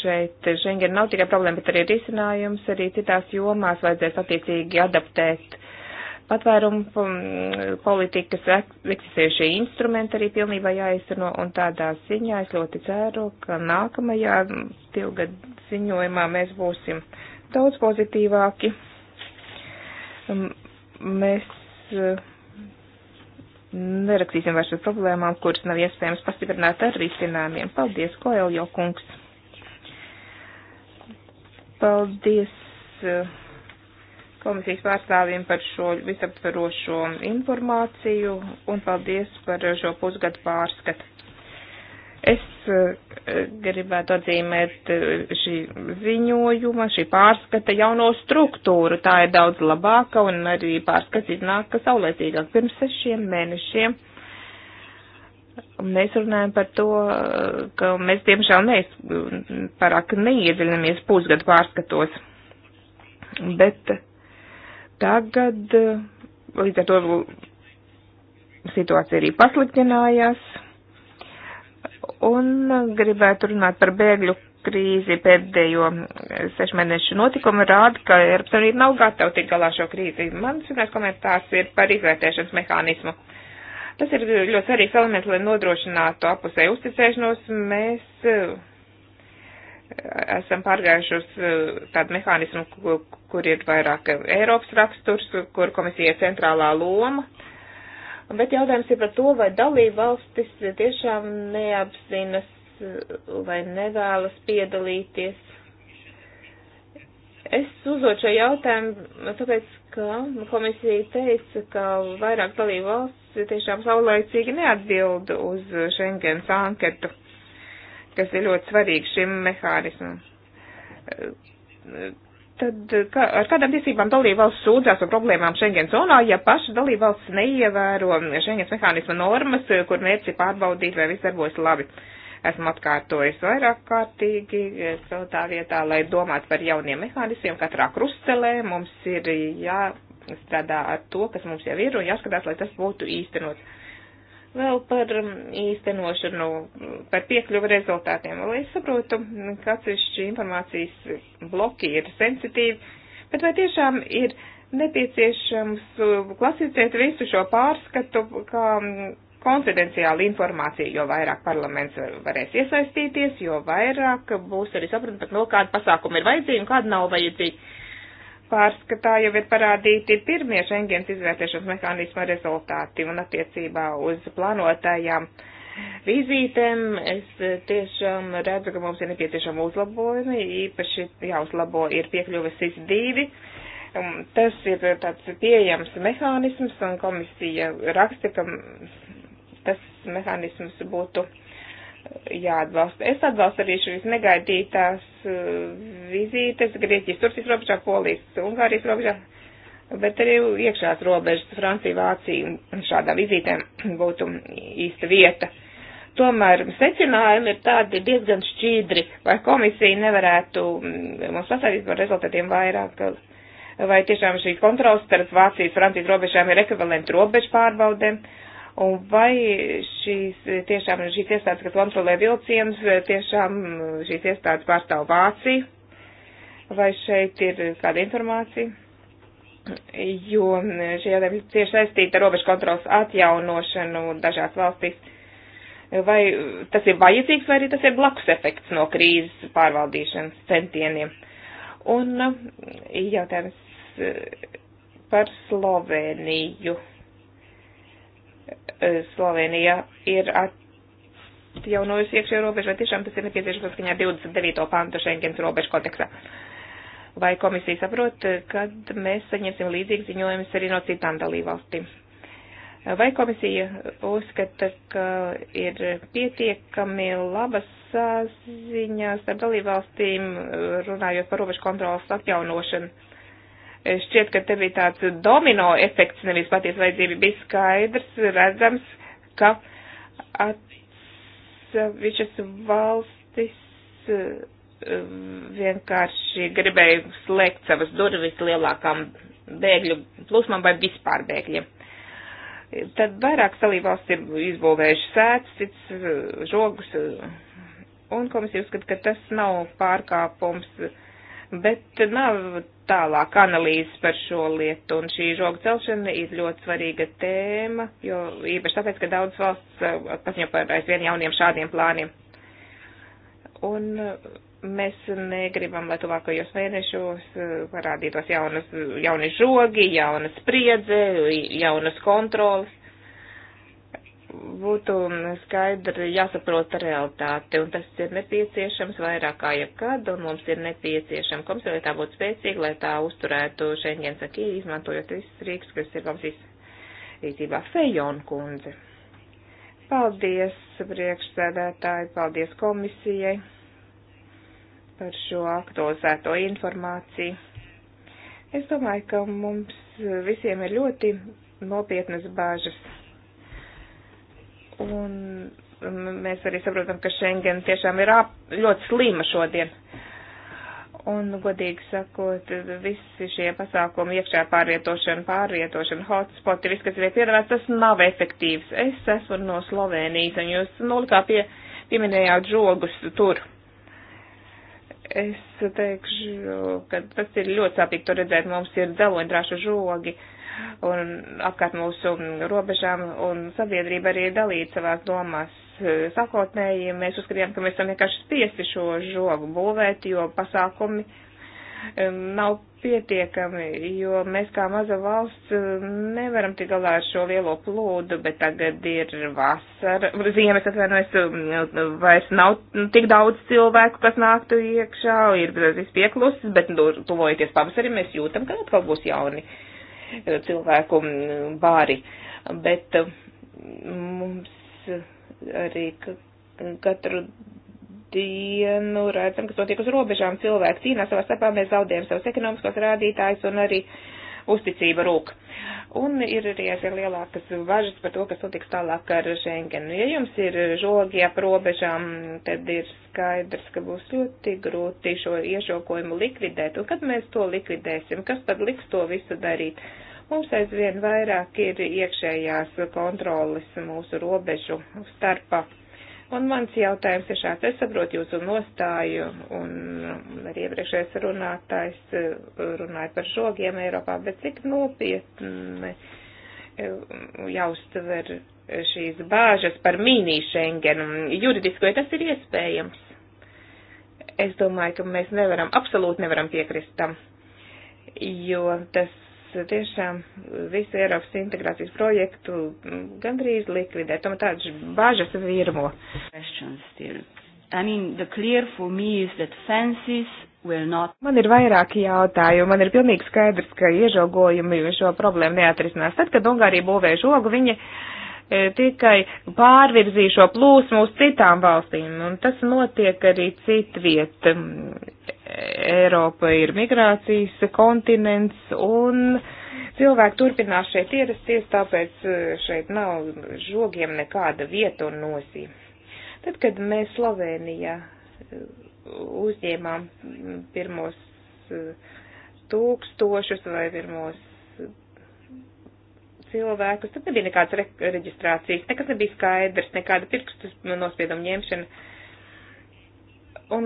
šeit Schengen nav tikai problēma, bet arī risinājums. Arī citās jomās vajadzēs attiecīgi adaptēt patvērumu mm, politikas eksistējušie instrumenti arī pilnībā jāizsano. Un tādā ziņā es ļoti ceru, ka nākamajā mm, divgad ziņojumā mēs būsim daudz pozitīvāki Mēs e, nerakstīsim vairs par problēmām, kuras nav iespējams pastiprināt ar risinājumiem. Paldies, Koeljo kungs! Paldies e, komisijas pārstāvjiem par šo visaptverošo informāciju un paldies par šo pusgadu pārskatu. Es eh, gribētu atzīmēt eh, šī ziņojuma, šī pārskata jauno struktūru. Tā ir daudz labāka un arī pārskats iznāk saulēcīgāk. Pirms sešiem mēnešiem mēs runājam par to, ka mēs tiemžēl nees, parāk neiedziļinamies pusgadu pārskatos. Bet tagad eh, līdz ar to situācija arī pasliktinājās un gribētu runāt par bēgļu krīzi pēdējo sešu mēnešu notikumu rāda, ka Eiropas Savienība nav gatava tikt galā šo krīzi. Mans pirmais komentārs ir par izvērtēšanas mehānismu. Tas ir ļoti svarīgs elements, lai nodrošinātu apusēju uzticēšanos. Mēs eh, esam pārgājuši uz eh, tādu mehānismu, kur ir vairāk Eiropas raksturs, kur komisija ir centrālā loma. Uh, bet jautājums ir par to, vai dalība valstis tiešām neapzinas uh, vai nevēlas piedalīties. Es uzdot šo jautājumu, tāpēc, ka komisija teica, ka vairāk dalību valsts tiešām saulaicīgi neatbild uz Schengens anketu, kas ir ļoti svarīgi šim mehānismam Tad kā, ar kādām tiesībām dalībvalsts sūdzās par problēmām Schengen zonā, ja paša dalībvalsts neievēro Schengens mehānisma normas, kur mērķi pārbaudīt, vai viss darbojas labi? Esmu atkārtojis vairāk kārtīgi, ka tā vietā, lai domātu par jauniem mehānismiem, katrā krustcelē mums ir jāstrādā ar to, kas mums jau ir, un jāskatās, lai tas būtu īstenots Vēl par um, īstenošanu, par piekļuvu rezultātiem. Lai es saprotu, kāds ir šī informācijas bloki ir sensitīvi, bet vai tiešām ir nepieciešams uh, klasificēt visu šo pārskatu kā um, konfidenciālu informāciju, jo vairāk parlaments varēs iesaistīties, jo vairāk būs arī saprotams, no kāda pasākuma ir vajadzīga un kāda nav vajadzīga pārskatā jau ir parādīti pirmie Schengens izvērtēšanas mehānisma rezultāti un attiecībā uz plānotājām vizītēm. Es eh, tiešām redzu, ka mums ir nepieciešama uzlabojumi, īpaši jāuzlabo ir piekļuves SIS-2. Um, tas ir tāds pieejams mehānisms un komisija raksta, ka tas mehānisms būtu jāatbalsta. Es atbalstu arī šīs negaidītās uh, vizītes Grieķijas, Turcijas robežā, Polijas, Ungārijas robežā, bet arī iekšās robežas Francija, Vācija un šādā vizītē *clears throat* būtu īsta vieta. Tomēr secinājumi ir tādi diezgan šķīdri, vai komisija nevarētu mm, mums pasādīt par rezultātiem vairāk, vai tiešām šī kontrols starp Vācijas, Francijas robežām ir ekvivalenta robežu pārbaudēm, Un vai šīs tiešām šīs iestādes, kas kontrolē vilcienus, tiešām šīs iestādes pārstāv Vāciju? Vai šeit ir kāda informācija? Jo šie jautājumi cieši saistīti ar robežu kontrolas atjaunošanu dažās valstīs. Vai tas ir vajadzīgs, vai arī tas ir blakus efekts no krīzes pārvaldīšanas centieniem? Un uh, jautājums uh, par Sloveniju E, Slovenija ir atjaunojusi iekšējo robežu, vai tiešām tas ir nepieciešams saskaņā 29. pantu Schengens robežu kodeksā. Vai komisija saprot, kad mēs saņemsim līdzīgas ziņojumus arī no citām dalībvalstīm? Vai komisija uzskata, ka ir pietiekami labas saziņas ar dalībvalstīm runājot par robežu kontrolas atjaunošanu? Šķiet, ka te bija tāds domino efekts, nevis patiesa vajadzība bija skaidrs, redzams, ka atsevišķas valstis eh, vienkārši gribēja slēgt savas durvis lielākām bēgļu plūsmām vai vispār bēgļiem. Tad vairākas dalībvalsts ir izbūvējuši sēcits, eh, žogus, eh, un komisija uzskata, ka tas nav pārkāpums uh, bet nav tālāk analīzes par šo lietu, un šī žoga celšana ir ļoti svarīga tēma, jo īpaši tāpēc, ka daudz valsts uh, paziņo par aizvien jauniem šādiem plāniem. Un uh, mēs negribam, lai tuvākajos mēnešos uh, parādītos jaunas, jaunas žogi, jaunas spriedze, jaunas kontrolas būtu skaidri jāsaprota realitāte, un tas ir nepieciešams vairāk kā jebkad, un mums ir nepieciešama komisija, lai tā būtu spēcīga, lai tā uzturētu Schengens akī, izmantojot visas rīks, kas ir mums izrīcībā Fejon kundze. Paldies priekšsēdētāji, paldies komisijai par šo aktualizēto informāciju. Es domāju, ka mums visiem ir ļoti nopietnas bāžas Un um, mēs arī saprotam, ka Schengen tiešām ir ap, ļoti slima šodien. Un, godīgi sakot, visi šie pasākumi, iekšā pārvietošana, pārvietošana, hotspoti, viss, kas ir piedāvāts, tas nav efektīvs. Es esmu no Slovenijas, un jūs, nu, kā pie, pieminējāt žogus tur. Es teikšu, ka tas ir ļoti sāpīgi tur redzēt, mums ir dzeloņdrāšu žogi. Uh, un apkārt mūsu robežām, un sabiedrība arī ir dalīta savās domās. Sākotnēji mēs uzskatījām, ka mēs esam vienkārši spiesti šo žogu būvēt, jo pasākumi um, nav pietiekami, jo mēs kā maza valsts um, nevaram tik galā ar šo lielo plūdu, bet tagad ir vasara, ziemas atvainojas, um, vairs nav tik daudz cilvēku, kas nāktu iekšā, ir viss pieklusis, bet nu, tuvojoties pavasarim, mēs jūtam, ka atkal būs jauni. Uh, cilvēku mm, bāri. Bet mm, mums arī katru dienu redzam, kas notiek uz robežām. Cilvēki cīnās savā starpā, mēs zaudējam savus ekonomiskos rādītājus un arī uh, uzticība rūk. Un ir arī aizvien lielākas bažas par to, kas notiks tālāk ar Schengenu. Ja jums ir žogi ap robežām, tad ir skaidrs, ka būs ļoti grūti šo iežokojumu likvidēt. Un kad mēs to likvidēsim, kas tad liks to visu darīt? Mums aizvien vairāk ir iekšējās kontrolas mūsu robežu starpā Un mans jautājums ir šāds. Es saprotu jūsu nostāju, un arī iepriekšējais runātājs eh, runāja par žogiem Eiropā, bet cik nopietni eh, jāuztver šīs bāžas par mīnī Schengenu juridisko, ja tas ir iespējams. Es domāju, ka mēs nevaram, absolūti nevaram piekrist tam, jo tas tiešām visu Eiropas integrācijas projektu gandrīz likvidē. Tomēr tādas bažas virmo. I mean, the clear for me is that fences Man ir vairāki jautājumi. Man ir pilnīgi skaidrs, ka iežogojumi šo problēmu neatrisinās. Tad, kad Ungārija būvēja žogu, viņa e, tikai pārvirzīja šo plūsmu uz citām valstīm, un tas notiek arī citviet. Eiropa ir migrācijas kontinents un cilvēki turpinās šeit ierasties, tāpēc e, šeit nav žogiem nekāda vieta un nozīme. Tad, kad mēs Slovenijā e, uzņēmām pirmos e, tūkstošus vai pirmos cilvēkus, tad nebija nekādas re reģistrācijas, nekas nebija skaidrs, nekāda pirkstu nospiedumu ņemšana. Un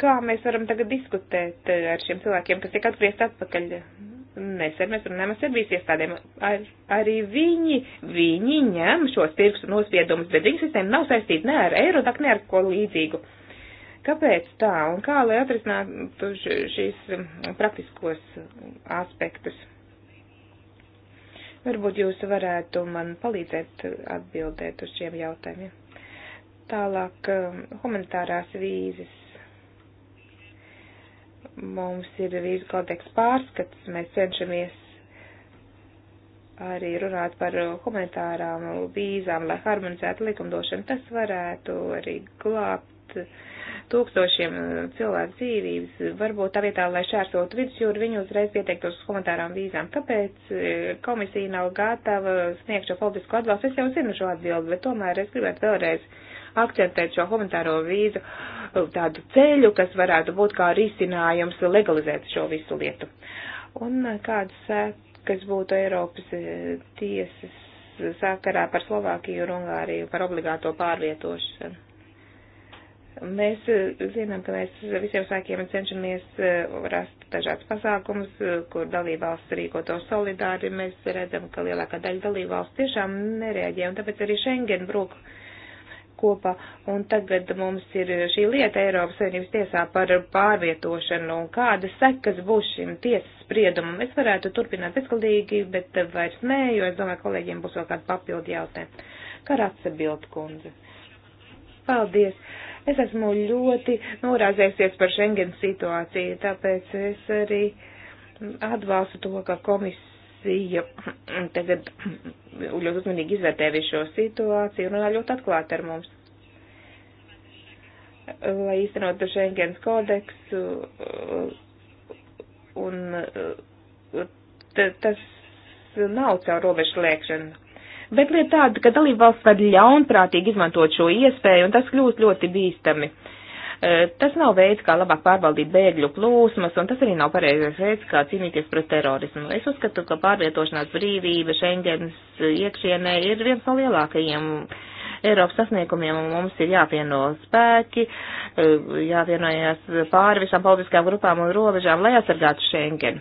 Kā mēs varam tagad diskutēt eh, ar šiem cilvēkiem, kas tiek atgriezt atpakaļ? Nesen mēs runājam ar Serbijas iestādēm. Ar, arī viņi, viņi ņem šos tirgus nospiedumus, bet viņu sistēma nav saistīta ne ar Eirodak, ne ar ko līdzīgu. Kāpēc tā un kā, lai atrisinātu šīs praktiskos aspektus? Varbūt jūs varētu man palīdzēt atbildēt uz šiem jautājumiem. Tālāk, eh, humanitārās vīzes Mums ir vīzu kodeks pārskats, mēs cenšamies arī runāt par humanitārām vīzām, lai harmonizētu likumdošanu. Tas varētu arī glābt tūkstošiem cilvēku dzīvības. Varbūt tā vietā, lai šķērsotu vidusjūru, viņi uzreiz pieteiktos uz humanitārām vīzām. Kāpēc eh, komisija nav gatava sniegt šo politisko atbalstu? Es jau zinu šo atbildi, bet tomēr es gribētu vēlreiz akcentēt šo humanitāro vīzu uh, tādu ceļu, kas varētu būt kā risinājums legalizēt šo visu lietu. Un uh, kādas, kas būtu Eiropas uh, tiesas sakarā par Slovākiju un Ungāriju, par obligāto pārvietošanu? Mēs zinām, ka mēs visiem spēkiem cenšamies rast dažādas pasākumas, kur dalībvalsts rīko to solidāri. Mēs redzam, ka lielākā daļa dalībvalsts tiešām nereaģē, un tāpēc arī Schengen brūk kopā. Un tagad mums ir šī lieta Eiropas Savienības tiesā par pārvietošanu. Kādas sekas būs šim tiesas spriedumam? Es varētu turpināt bezgaldīgi, bet vairs nē, jo es domāju, kolēģiem būs vēl kāda papildu jautājuma. Karatsa Bildkundze. Paldies! Es esmu ļoti norāzēsies par Schengen situāciju, tāpēc es arī atbalstu to, ka komisija komisija tagad ļoti uzmanīgi izvērtē visu šo situāciju un runā ļoti atklāti ar mums. Lai īstenotu Schengens kodeksu un uh, tas nav caur robežu lēkšanu. Bet lieta tāda, ka dalībvalsts var ļaunprātīgi izmantot šo iespēju un tas kļūst ļoti bīstami. Uh, Eh, tas nav veids, kā labāk pārvaldīt bēgļu plūsmas, un tas arī nav pareizais veids, kā cīnīties pret terorismu. Es uzskatu, ka pārvietošanās brīvība Schengens iekšienē ir viens no lielākajiem Eiropas sasniegumiem mums ir jāpieno spēki, eh, jāvienojas pāri visām politiskām grupām un robežām, lai aizsargātu Schengenu.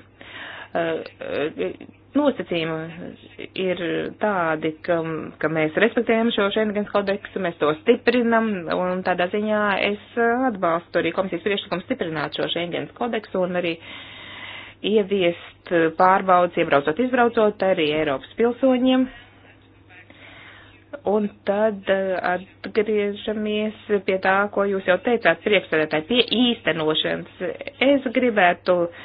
Eh, nosacījumi ir tādi, ka, ka mēs respektējam šo Schengens kodeksu, mēs to stiprinam, un tādā ziņā es atbalstu arī komisijas priekšlikumu stiprināt šo Schengens kodeksu un arī ieviest pārbaudas, iebraucot, izbraucot arī Eiropas pilsoņiem. Un tad eh, atgriežamies pie tā, ko jūs jau teicāt, priekšsēdētāji, pie īstenošanas. Es gribētu uh,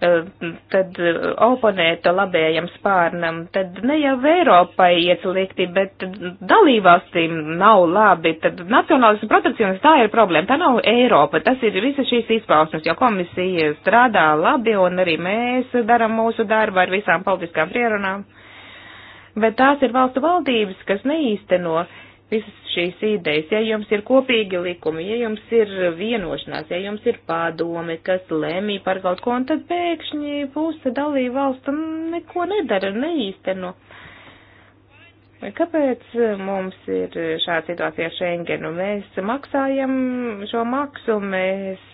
Eh, tad eh, oponēta labējam spārnam, tad ne jau Eiropai iet slikti, bet dalībvalstīm nav labi, tad nacionālisms protekcionisms tā ir problēma, tā nav Eiropa, tas ir visa šīs izpausmes, jo komisija strādā labi un arī mēs daram mūsu darbu ar visām politiskām prierunām, bet tās ir valstu valdības, kas neīsteno. No visas šīs idejas, ja jums ir kopīgi likumi, ja jums ir vienošanās, ja jums ir pārdomi, kas lēmī par kaut ko, un tad pēkšņi puse dalību valstu neko nedara, neīsteno. Kāpēc mums ir šāda situācija ar Schengenu? Mēs maksājam šo maksu, mēs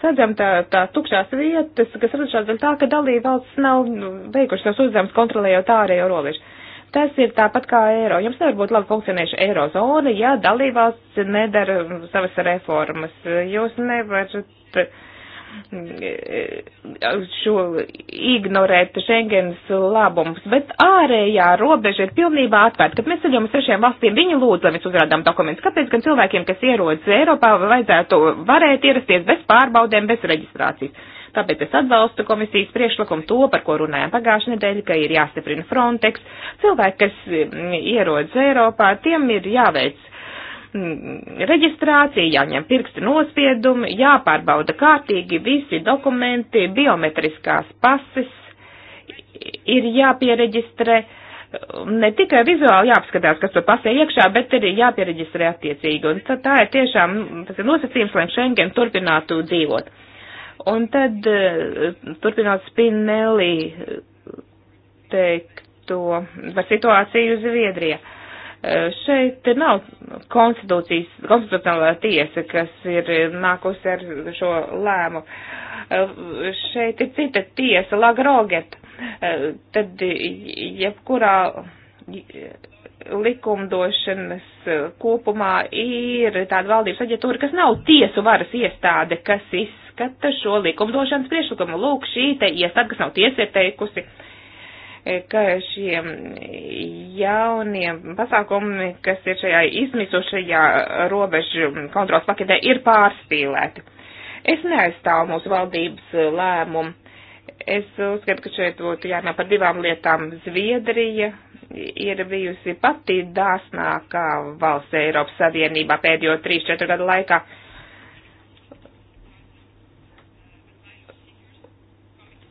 sadzam tā, tās tukšās vietas, kas radušās vēl tā, ka dalība valsts nav veikuši savus uzdevumus kontrolējot ārējo robežu. Tas ir tāpat kā eiro. Jums nevar būt labi funkcionējuša eirozona, ja dalībvalsts nedara savas reformas. Jūs nevarat mm, šo ignorēt Schengens labumus, bet ārējā robeža ir pilnībā atvērta. Kad mēs ceļojam uz trešajām valstīm, viņi lūdz, lai mēs uzrādām dokumentus. Kāpēc gan cilvēkiem, kas ierodas Eiropā, vajadzētu varēt ierasties bez pārbaudēm, bez reģistrācijas? Tāpēc es atbalstu komisijas priekšlikumu to, par ko runājām pagājušajā nedēļā, ka ir jāstiprina Frontex. Cilvēki, kas mm, ierodas Eiropā, tiem ir jāveic mm, reģistrācija, jāņem pirksta nospiedumi, jāpārbauda kārtīgi visi dokumenti, biometriskās pases, ir jāpiereģistrē ne tikai vizuāli jāapskatās, kas to pasē iekšā, bet arī jāpiereģistrē attiecīgi. Un tā, tā ir tiešām tas ir nosacījums, lai Schengen turpinātu dzīvot. Un tad eh, turpinot Spinelli eh, teikto par situāciju Zviedrijā. Eh, šeit nav konstitūcijas, konstitucionālā tiesa, kas ir nākusi ar šo lēmu. Šeit ir cita tiesa, Lagroget. Tad jebkurā likumdošanas kopumā ir tāda valdības aģentūra, kas nav tiesu varas iestāde, kas iz izskata šo likumdošanas priešlikumu. Lūk, šī te iestāde, kas nav tiesa, ir teikusi, e, ka šiem jauniem pasākumi, kas ir šajā izmisušajā robežu kontrols paketē, ir pārspīlēti. Es neaizstāvu mūsu valdības lēmumu. Es uzskatu, ka šeit būtu jārunā par divām lietām. Zviedrija ir bijusi pati dāsnākā valsts Eiropas Savienībā pēdējo 3-4 gadu laikā.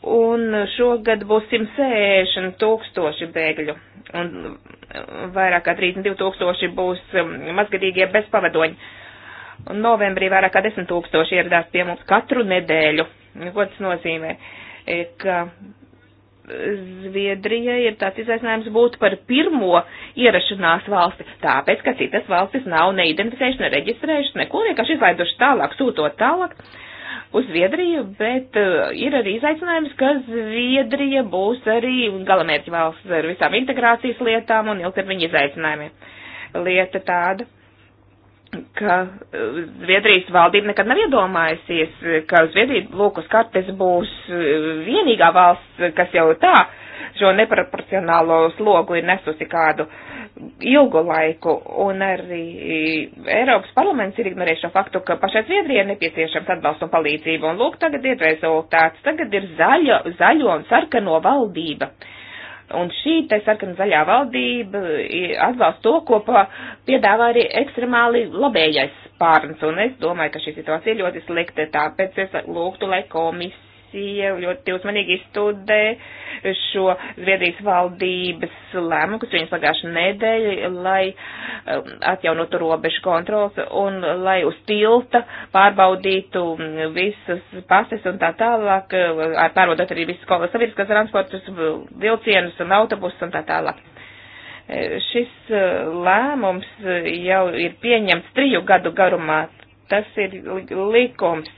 Un šogad būs 160 tūkstoši bēgļu, un vairāk kā 32 tūkstoši būs um, mazgadīgie bez pavadoņa. Un novembrī vairāk kā 10 tūkstoši ieradās pie mums katru nedēļu. Ko tas nozīmē? E, ka Zviedrijai ir tāds izaicinājums būt par pirmo ierašanās valsti, tāpēc, ka citas valstis nav neidentificējuši, nereģistrējuši, neko vienkārši izlaiduši tālāk, sūtot tālāk. Uh, uz Zviedriju, bet eh, ir arī izaicinājums, ka Zviedrija būs arī galamērķi valsts ar visām integrācijas lietām un ilgtermiņa izaicinājumiem. Lieta tāda, ka eh, Zviedrijas valdība nekad nav iedomājusies, ka Zviedrija, lūk, uz kartes būs eh, vienīgā valsts, kas jau tā šo neproporcionālo slogu ir nesusi kādu ilgu laiku, un arī Eiropas parlaments ir ignorējis šo faktu, ka pašai Zviedrijai nepieciešams atbalsts un palīdzība, un lūk, tagad ir rezultāts, tagad ir zaļo, zaļo un sarkano valdība. Un šī te sarkana zaļā valdība atbalsta to, ko pa, piedāvā arī ekstremāli labējais spārns. Un es domāju, ka šī situācija ir ļoti slikta, tāpēc es lūgtu, lai komis, komisija ļoti uzmanīgi izstudē šo Zviedrijas valdības lēmumu, kas viņas pagājušajā nedēļa, lai um, atjaunotu robežu kontrols un lai uz tilta pārbaudītu um, visas pases un tā tālāk, uh, pārbaudot arī visus sabiedriskās transportus, vilcienus un autobusus un tā tālāk uh, šis uh, lēmums jau ir pieņemts triju gadu garumā. Tas ir likums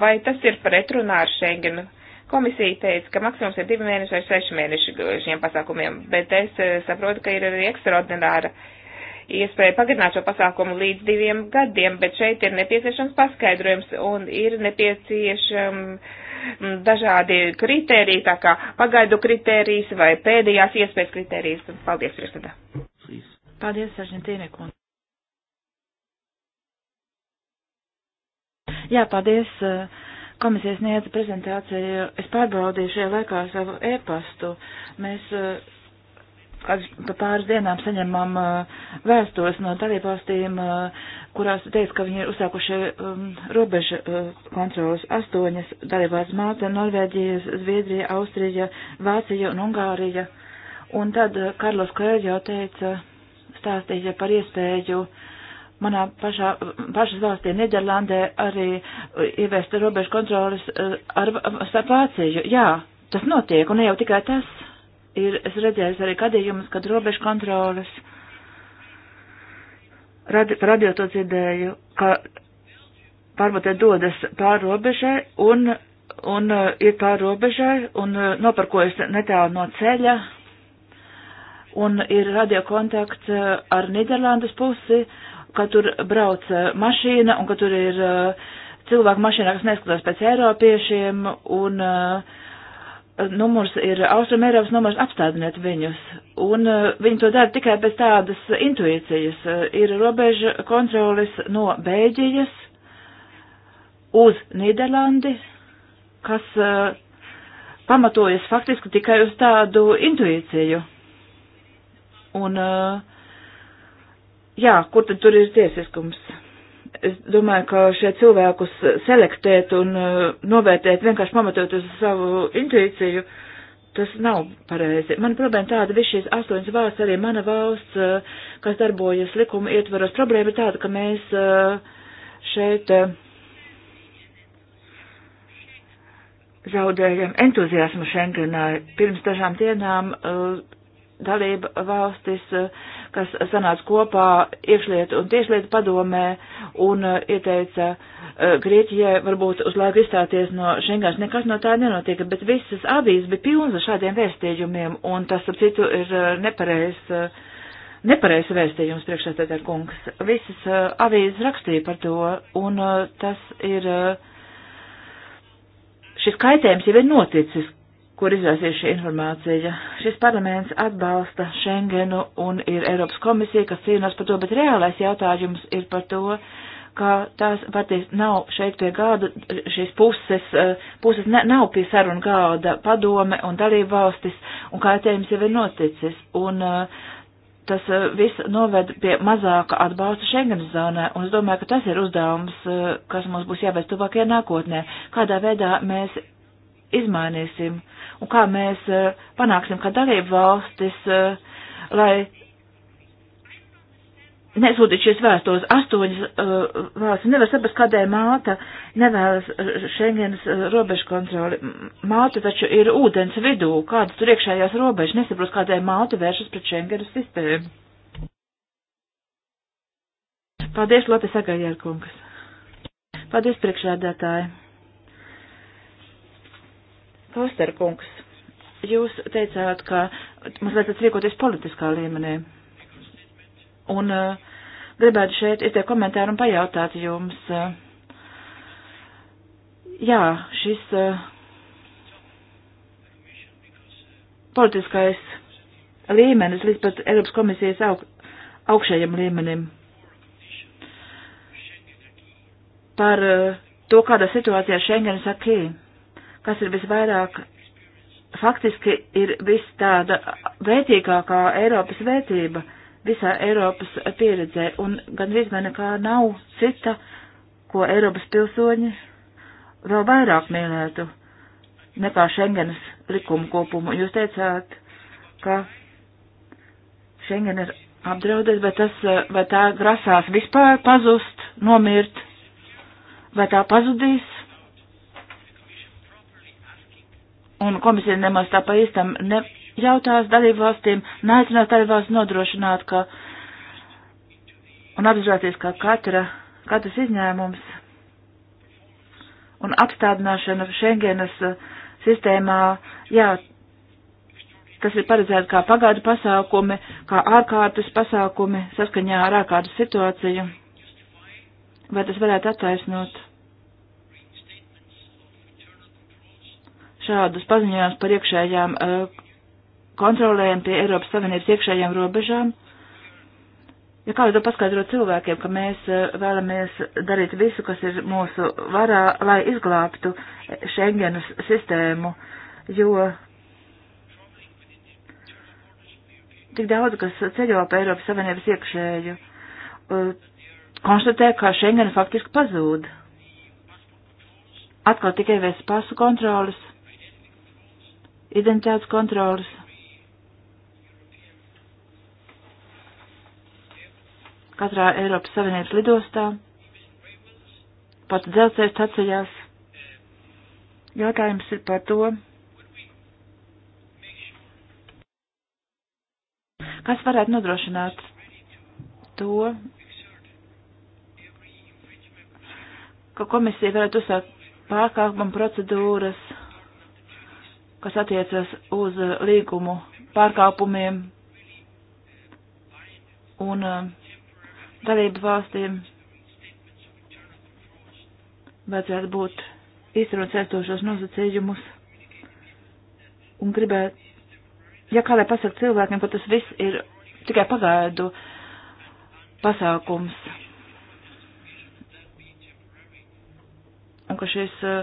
vai tas ir pretrunā ar Schengenu? Komisija teica, ka maksimums ir divi mēneši vai seši mēneši šiem pasākumiem, bet es eh, saprotu, ka ir arī ekstraordināra iespēja pagarināt šo pasākumu līdz diviem gadiem, bet šeit ir nepieciešams paskaidrojums un ir nepieciešams mm, dažādi kriteriji, tā kā pagaidu kriterijas vai pēdējās iespējas kriterijas. Paldies, priekšstādā. Paldies, Saržantīne, kundze. Jā, paldies. Eh, komisijas niedza prezentāciju. Es pārbaudīju šajā laikā savu e-pastu. Mēs eh, pa pāris dienām saņemam eh, vēstos no dalībvalstīm, kurās teica, ka viņi ir uzsākuši um, robežu kontrolas astoņas dalībvalsts Malta, Norvēģija, Zviedrija, Austrija, Vācija un Ungārija. Un tad Karlos Kēļ jau teica, stāstīja par iespēju uh, manā pašā, pašas valstī Nederlandē arī ieviest robežu kontrolas eh, ar, starp Vāciju. Jā, tas notiek, un ne jau tikai tas. Ir, es redzēju arī gadījumus, kad robežu kontrolas radi, radio to dzirdēju, ka pārmutē dodas pār robežai un, un eh, ir pār robežai un eh, noparkojas netālu no ceļa un ir radio kontakts ar Nīderlandes pusi. Uh, ka tur brauc eh, mašīna un ka tur ir eh, cilvēki mašīnā, kas neskatās pēc Eiropiešiem un uh, numurs ir Austrum Eiropas numurs apstādināt viņus. Un uh, viņi to dara tikai pēc tādas intuīcijas. Uh, ir robeža kontrolis no Bēļģijas uz Nīderlandi, kas uh, pamatojas faktiski tikai uz tādu intuīciju. Un uh, Jā, kur tad tur ir tiesiskums? Es domāju, ka šie cilvēkus selektēt un uh, novērtēt vienkārši pamatot uz savu intuīciju, tas nav pareizi. Man problēma tāda, viss šīs astoņas valsts, arī mana valsts, uh, kas darbojas likuma ietvaros, problēma ir tāda, ka mēs uh, šeit zaudējam entuziasmu Schengenai. Pirms dažām dienām dalība valstis uh, kas sanāca kopā iekšlietu un tieslietu padomē un uh, ieteica uh, Grieķijai varbūt uz laiku izstāties no Šengāns. Nekas no tā nenotika, bet visas avīzes bija pilnas ar šādiem vēstījumiem, un tas, ap citu, ir uh, nepareiz, uh, nepareiz vēstījums priekšsētētā kungs. Visas uh, avīzes rakstīja par to, un uh, tas ir. Uh, Šis kaitējums jau ir noticis, kur izraisīs šī informācija. Šis parlaments atbalsta Schengenu un ir Eiropas komisija, kas cīnās par to, bet reālais jautājums ir par to, ka tās partijas nav šeit pie gāda, šīs puses, eh, puses ne, nav pie saruna gāda padome un dalība valstis, un kā tējums jau ir noticis. Un, eh, Tas eh, viss noved pie mazāka atbalsta Schengenas zonē, un es domāju, ka tas ir uzdevums, kas mums būs jāveic tuvākajā nākotnē. Kādā veidā mēs izmainīsim un kā mēs eh, panāksim, ka dalību valstis, eh, lai nesūtīt šīs vēstules. Astoņas uh, eh, valsts nevar saprast, kādēļ māte nevēlas Schengenas robežu kontroli. Māte taču ir ūdens vidū, kādas tur iekšējās robežas, nesaprost, kādēļ māte vēršas pret Schengenas sistēmu. Paldies, Lotis Agajērkungs. Paldies, priekšādātāji. Fosterkungs, jūs teicāt, ka mums vajadzētu rīkoties politiskā līmenī. Un uh, gribētu šeit izteikt komentāru un pajautāt jums. Uh, jā, šis uh, politiskais līmenis līdz pat Eiropas komisijas aug, augšējiem līmenim par uh, to, kādā situācijā Schengen sakīja kas ir visvairāk, faktiski ir viss tāda vērtīgākā Eiropas vērtība visā Eiropas pieredzē, un gandrīz vai nekā nav cita, ko Eiropas pilsoņi vēl vairāk mīlētu nekā Schengenas likumu kopumu. Jūs teicāt, ka Schengen ir apdraudēts, vai, tas, vai tā grasās vispār pazust, nomirt, vai tā pazudīs? un komisija nemaz tā pa īstam nejautās dalībvalstīm, neaicinās dalībvalsts nodrošināt, ka un apzināties, ka katra, katrs izņēmums un apstādināšana Schengenas uh, sistēmā, jā, tas ir paredzēts kā pagaidu pasākumi, kā ārkārtas pasākumi saskaņā ar ārkārtas situāciju. Vai tas varētu attaisnot? šādus paziņojumus par iekšējām eh, kontrolēm pie Eiropas Savienības iekšējām robežām. Ja kā to paskaidrot cilvēkiem, ka mēs eh, vēlamies darīt visu, kas ir mūsu varā, lai izglābtu Schengenas sistēmu, jo tik daudz, kas ceļo pa Eiropas Savienības iekšēju, eh, konstatē, ka Schengena faktiski pazūd. Atkal tikai vēs pasu kontrolas identitātes kontrolas. Katrā Eiropas Savienības lidostā, pat dzelzceļa stacijās. Jautājums ir par to, kas varētu nodrošināt to, ka komisija varētu uzsākt pārkāpuma procedūras kas attiecas uz uh, līgumu pārkāpumiem un uh, dalību valstīm vajadzētu būt īstenot saistošos nosacījumus un gribētu, ja kādai pasaka cilvēkiem, ka tas viss ir tikai pagaidu pasākums un ka šis uh,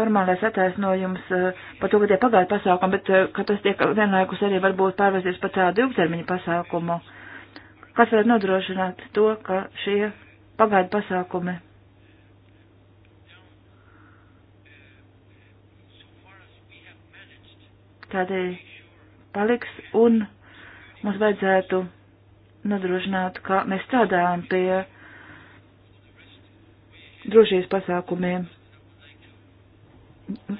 formālais attaisnojums eh, par to, ka tie pagāja pasākumi, bet eh, ka tas tiek vienlaikus arī varbūt pārvērsies par tādu ilgtermiņu pasākumu. Kas var nodrošināt to, ka šie pagāja pasākumi tādi paliks un mums vajadzētu nodrošināt, ka mēs strādājam pie drošības pasākumiem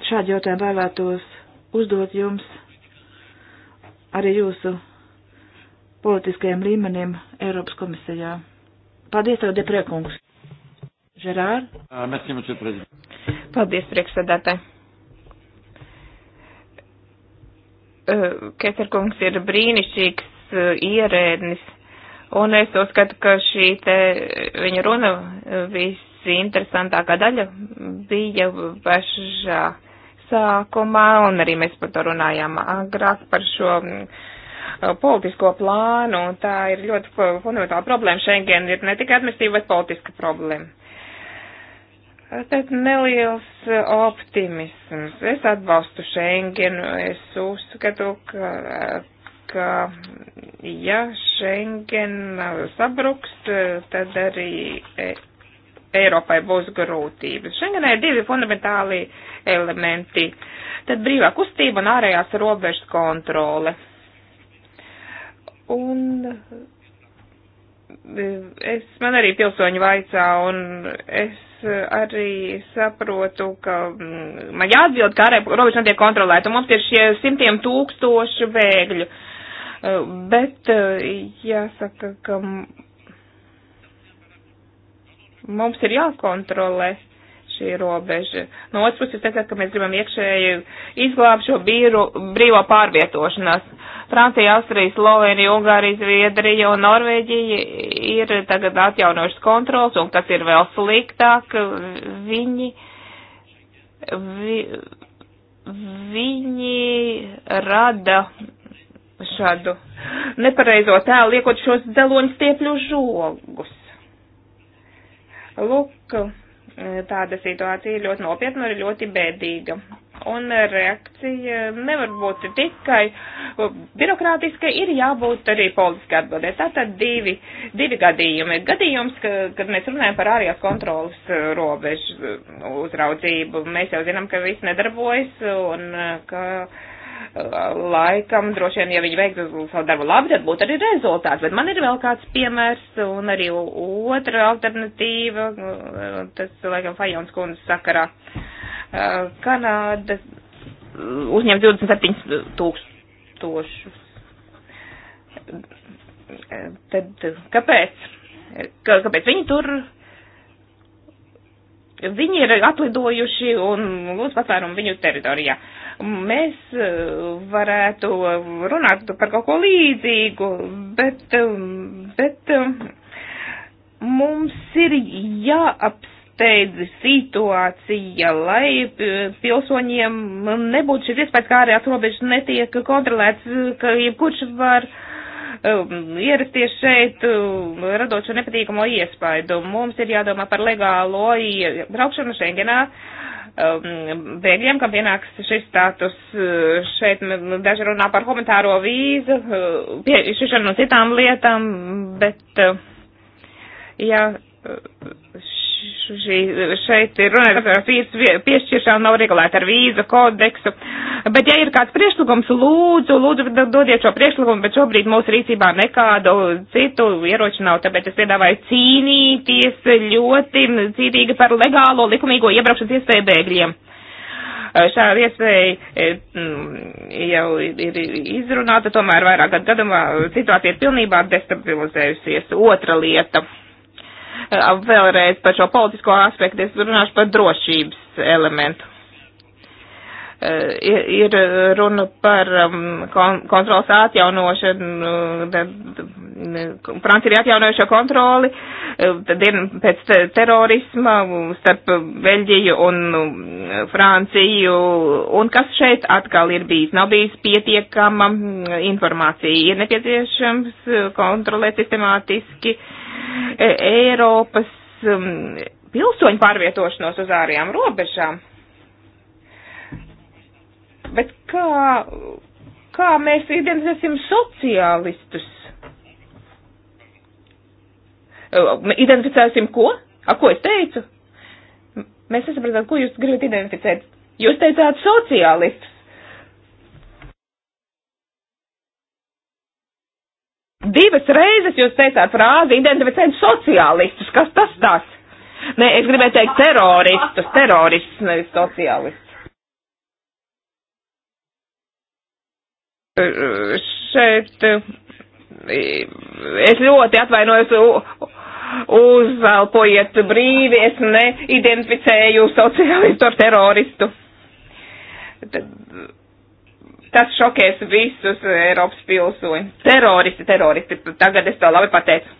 šādi jautājumi vēlētos uzdot jums arī jūsu politiskajiem līmenim Eiropas komisijā. Paldies, tev, depriekungs. Žerār. Merci, monsieur prezident. Paldies, priekšsēdētāji. Keterkungs ir brīnišķīgs ierēdnis, un es uzskatu, ka šī te viņa runa vis visinteresantākā daļa bija pašā sākumā, un arī mēs par to runājām agrāk par šo mm, politisko plānu, un tā ir ļoti fundamentāla problēma. Schengen ir ne tikai atmestība, bet politiska problēma. Tad neliels optimisms. Es atbalstu Schengenu. Es uzskatu, ka, ka ja Schengen sabruks, tad arī Eiropai būs grūtības. Šengenē ir divi fundamentāli elementi. Tad brīvā kustība un ārējās robežas kontrole. Un e, es, man arī pilsoņi vaicā, un es arī saprotu, ka mm, man jāatbild, ka ārējā robeža netiek kontrolēta, un mums ir šie simtiem tūkstoši bēgļu. E, bet e, jāsaka, ka mums ir jākontrolē šī robeža. No otras puses, tagad, ka mēs gribam iekšēji izglābt šo bīru, brīvo pārvietošanās. Francija, Austrija, Slovenija, Ungārija, Zviedrija un Norvēģija ir tagad atjaunojušas kontrols, un kas ir vēl sliktāk, viņi, vi, viņi rada šādu nepareizo tēlu, liekot šos deloņu stiepļu žogus Lūk, e, tāda situācija ir ļoti nopietna un ļoti bēdīga. Un reakcija nevar būt tikai birokrātiska, ir jābūt arī politiski atbildē. Tātad divi, divi gadījumi. Gadījums, ka, kad mēs runājam par ārējās kontrolas e, robežu uzraudzību, mēs jau zinām, ka viss nedarbojas un e, ka. Uh, laikam, droši vien, ja viņi veiktu savu darbu labi, tad būtu arī rezultāts. Bet man ir vēl kāds piemērs un arī otra alternatīva, tas, laikam, Fajons kundzes sakarā. Kanāda uzņem 27 tūkstošus. Tad kāpēc? Kāpēc viņi tur Viņi ir atlidojuši un lūdz patvērumu viņu teritorijā. Mēs eh, varētu runāt par kaut ko līdzīgu, bet, eh, bet eh, mums ir jāapsteidz situācija, lai pilsoņiem nebūtu šis iespējas, kā arī atrobežas netiek kontrolēts, ka jebkurš var. Uh, Um, ierasties šeit, um, radot šo nepatīkamo iespaidu. Mums ir jādomā par legālo braukšanu Schengenā um, bēgļiem, kam pienāks šis status. Uh, šeit daži runā par humanitāro vīzu, uh, piešķiršanu no citām lietām, bet, uh, ja šī, šeit ir runa par piešķiršanu, nav regulēta ar vīzu kodeksu. Bet, ja ir kāds priekšlikums, lūdzu, lūdzu, dodiet šo priekšlikumu, bet šobrīd mūsu rīcībā nekādu citu ieroču nav, tāpēc es piedāvāju cīnīties ļoti cītīgi par legālo likumīgo iebraukšanas iespēju bēgļiem. Šāda iespēja e, mm, jau ir izrunāta, tomēr vairāk gadu gadumā situācija ir pilnībā destabilizējusies. Otra lieta. Vēlreiz par šo politisko aspektu es runāšu par drošības elementu. Ir, ir runa par um, kontrolas atjaunošanu, um, Francija ir atjaunojuša kontroli um, dienu pēc terorisma starp Beļģiju un Franciju. Un kas šeit atkal ir bijis? Nav bijis pietiekama informācija. Ir nepieciešams uh, kontrolēt sistemātiski. Uh, E, Eiropas um, pilsoņu pārvietošanos uz ārējām robežām. Bet kā, kā mēs identificēsim sociālistus? E, identificēsim ko? A, ko es teicu? Mēs nesapratām, ko jūs gribat identificēt. Jūs teicāt sociālistus. Divas reizes jūs teicāt frāzi identificēt sociālistus. Kas tas tas? Nē, es gribēju teikt teroristus, teroristus, nevis sociālistus. Šeit es ļoti atvainojos, uzvelpojiet brīvi, es neidentificēju sociālistu ar teroristu. Tad, Tas šokēs visus Eiropas pilsoņus. Teroristi, teroristi, tagad es to labi pateicu.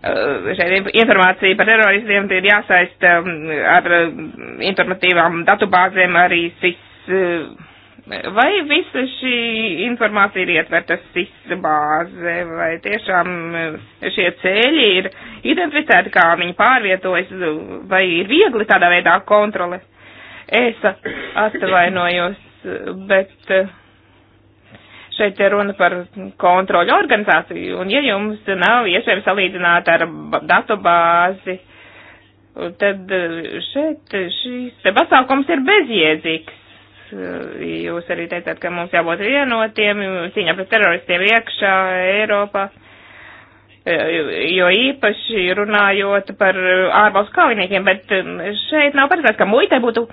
Eh, šeit informācija par teroristiem ir jāsaista eh, ar eh, informatīvām datubāzēm arī SIS. Vai visa šī informācija ir ietverta SIS bāze, vai tiešām šie ceļi ir identificēti, kā viņi pārvietojas, vai ir viegli tādā veidā kontrole? Es atvainojos, bet eh, šeit ir runa par kontroļu organizāciju, un ja jums nav iespējams salīdzināt ar datubāzi, tad eh, šeit šīs te pasākums ir bezjēdzīgs. Eh, jūs arī teicāt, ka mums jābūt vienotiem, cīņā pret teroristiem iekšā Eiropā. Uh, Eh, jo īpaši runājot par eh, ārvalstu kaujiniekiem, bet mm, šeit nav paredzēts, ka muitai būtu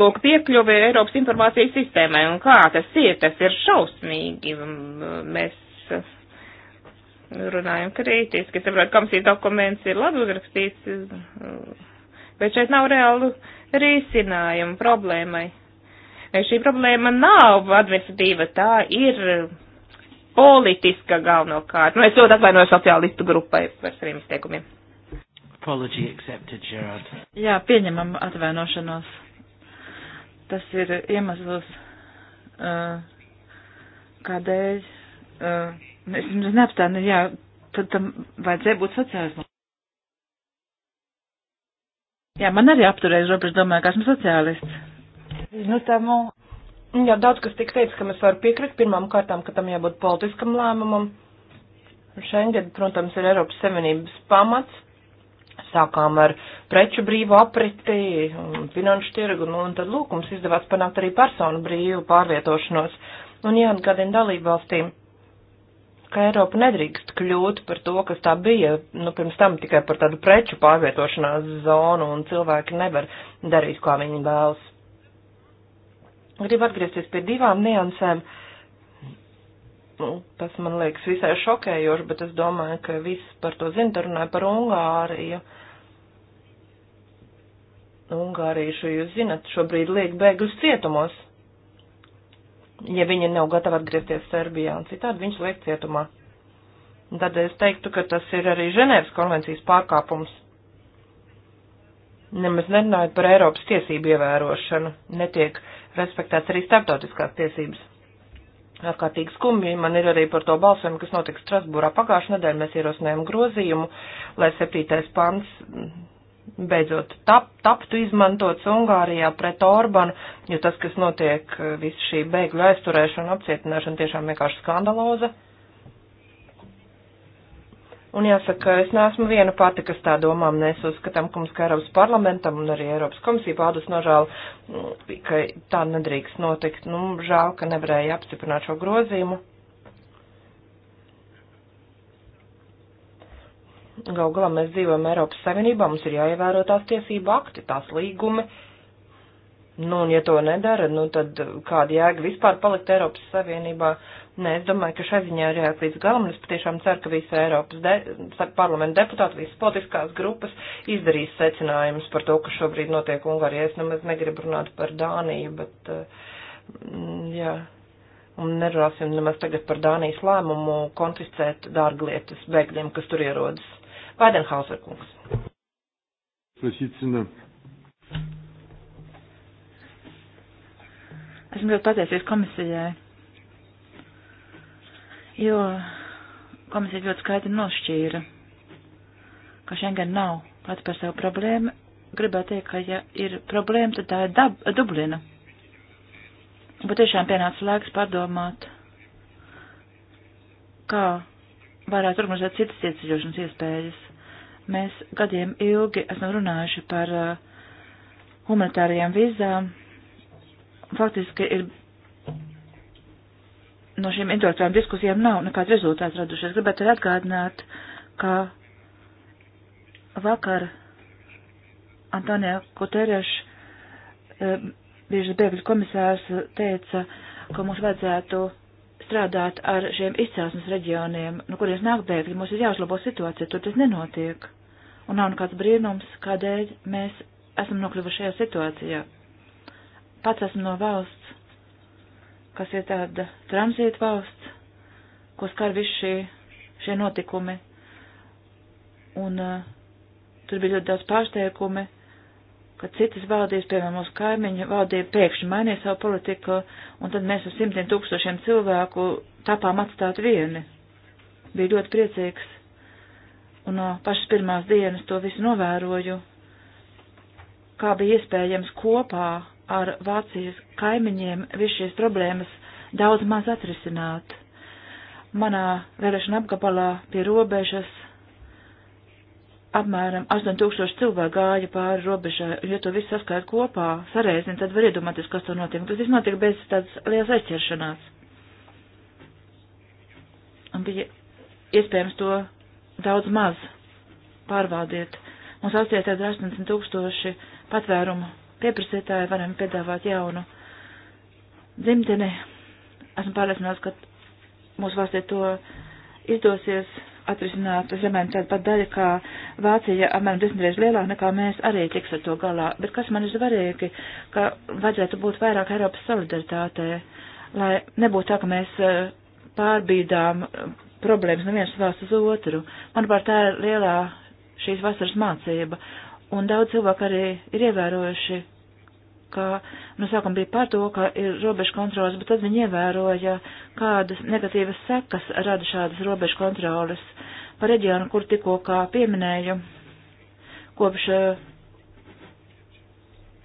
lūk piekļuvi Eiropas informācijas sistēmai. Un kā tas ir, tas ir šausmīgi. Mēs runājam kritiski. Es saprotu, komisijas dokuments ir labi uzrakstīts, bet šeit nav reālu risinājumu problēmai. Šī problēma nav administratīva, tā ir politiska galvenokārt. Nu, es ļoti atvainoju sociālistu grupai par saviem izteikumiem. Apology accepted, Gerard. Jā, pieņemam atvainošanos. Tas ir iemesls, uh, kādēļ. Uh, es neapstānu, jā, tad tam vajadzēja būt sociālismam. Jā, man arī apturēja robežu domāju, ka esmu sociālists. Notamment. Jā, daudz kas tika teicis, ka mēs varam piekrist pirmām kārtām, ka tam jābūt politiskam lēmumam. Šengen, protams, ir Eiropas Savienības pamats. Sākām ar preču brīvu apriti, finanšu tirgu, nu, un tad lūk, mums izdevās panākt arī personu brīvu pārvietošanos. Un jāatgādina dalībvalstīm, ka Eiropa nedrīkst kļūt par to, kas tā bija, nu, pirms tam tikai par tādu preču pārvietošanās zonu, un cilvēki nevar darīt, kā viņi vēlas. Gribu atgriezties pie divām niansēm. Nu, tas man liekas visai šokējoši, bet es domāju, ka viss par to zina, runāja par Ungāriju. Ungāriešu, jūs zinat, šobrīd liek bēgļus cietumos. Ja viņi nav gatavi atgriezties Serbijā un citādi, viņš liek cietumā. Tad es teiktu, ka tas ir arī Ženēvas konvencijas pārkāpums. Nemaz nerunājot par Eiropas tiesību ievērošanu, netiek respektēts arī starptautiskās tiesības. Ārkārtīgi skumji man ir arī par to balsojumu, kas notika Strasbūrā pagājušajā nedēļā. Mēs ierosinājām grozījumu, lai septītais pants mm, beidzot tap, taptu izmantots Ungārijā pret Orbanu, jo tas, kas notiek, eh, visu šī bēgļu aizturēšana, apcietināšana tiešām vienkārši skandaloza. Uh, Un jāsaka, es neesmu viena pati, kas tā domā, mēs uzskatām, ka mums kā Eiropas parlamentam un arī Eiropas komisija paudas nožēlu, mm, ka tā nedrīkst notikt. Nu, žēl, ka nevarēja apstiprināt šo grozījumu. Galu galā mēs dzīvojam Eiropas Savienībā, mums ir jāievēro tās tiesību akti, tās līgumi. Nu, un ja to nedara, nu, tad kāda jēga vispār palikt Eiropas Savienībā? Uh, Nē, es domāju, ka šai ziņā ir jāiet līdz galam, un es patiešām ceru, ka visi Eiropas de parlamenta deputāti, visas politiskās grupas izdarīs secinājumus par to, kas šobrīd notiek Ungārijā. Es nemaz negribu runāt par Dāniju, bet, mm, jā, un nerunāsim nemaz tagad par Dānijas lēmumu konfiscēt dārglietas bēgļiem, kas tur ierodas. Vaidenhauser kungs. Prasīcina. Esmu ļoti pateicies komisijai jo komisija ļoti skaidri nošķīra, ka Schengen nav pats par sevi problēma. Gribētu teikt, ka ja ir problēma, tad tā ir dab, Dublina. Bet tiešām pienāca laiks pārdomāt, kā varētu organizēt citas ieceļošanas iespējas. Mēs gadiem ilgi esam runājuši par uh, humanitārajām vīzām. Faktiski ir no šīm intelektuālām diskusijām nav nekāds rezultāts radušies. Gribētu arī atgādināt, ka vakar Antonija Kutereša, eh, bieži bēgļu komisārs, teica, ka mums vajadzētu strādāt ar šiem izcelsmes reģioniem, no nu, kuriem nāk bēgļi. Mums ir jāuzlabo situācija, tur tas nenotiek. Un nav nekāds brīnums, kādēļ mēs esam nokļuvuši šajā situācijā. Pats esmu no valsts, kas ir tāda tranzīta valsts, ko skar visi šie, šie notikumi. Un uh, tur bija ļoti daudz pārsteigumi, ka citas valdības, piemēram, mūsu kaimiņa valdība pēkšņi mainīja savu politiku, un tad mēs ar simtiem tūkstošiem cilvēku tapām atstāt vieni. Bija ļoti priecīgs, un no pašas pirmās dienas to visu novēroju, kā bija iespējams kopā ar Vācijas kaimiņiem viss šīs problēmas daudz maz atrisināt. Manā vēlēšana apgabalā pie robežas apmēram 8000 cilvēku gāja pāri robežai, ja to visu saskait kopā, sareizin, tad var iedomāties, kas tur notiek. Tas viss notiek bez tādas lielas aizķeršanās. Un bija iespējams to daudz maz pārvaldīt. Mums Austrijā tad 80 tūkstoši patvērumu pieprasītāji varam piedāvāt jaunu dzimteni. Esmu pārliecināts, ka mūsu valstī to izdosies atrisināt zemēm tādu pat daļu, kā Vācija apmēram desmitreiz lielāk nekā mēs arī tiks ar to galā. Bet kas man ir svarīgi, ka vajadzētu būt vairāk Eiropas solidaritātē, lai nebūtu tā, ka mēs eh, pārbīdām eh, problēmas no vienas valsts uz otru. Manuprāt, tā ir lielā šīs vasaras mācība. Un daudz cilvēku arī ir ievērojuši ka no nu, sākuma bija par to, ka ir robežu kontrolas, bet tad viņi ievēroja, kādas negatīvas sekas rada šādas robežu kontrolas par reģionu, kur tikko kā pieminēju, kopš eh,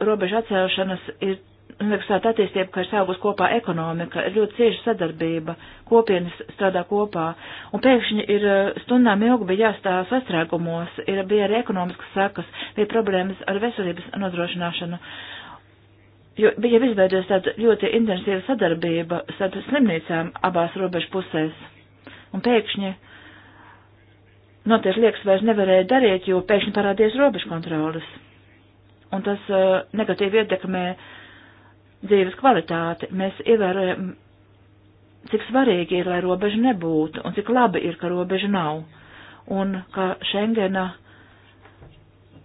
robežu atcelšanas ir universitāte attīstība, ka ir saugus kopā ekonomika, ir ļoti cieša sadarbība, kopienas strādā kopā, un pēkšņi ir eh, stundām ilgi bija jāstāv sastrēgumos, ir bija arī ekonomiskas sakas, bija problēmas ar veselības nodrošināšanu. Uh, jo bija izveidojusi tāda ļoti intensīva sadarbība starp slimnīcām abās robežu pusēs. Un pēkšņi noties liekas vairs nevarēja darīt, jo pēkšņi parādījās robežu kontrolas. Un tas uh, negatīvi ietekmē dzīves kvalitāti. Mēs ievērojam, cik svarīgi ir, lai robeža nebūtu, un cik labi ir, ka robeža nav. Un ka Schengena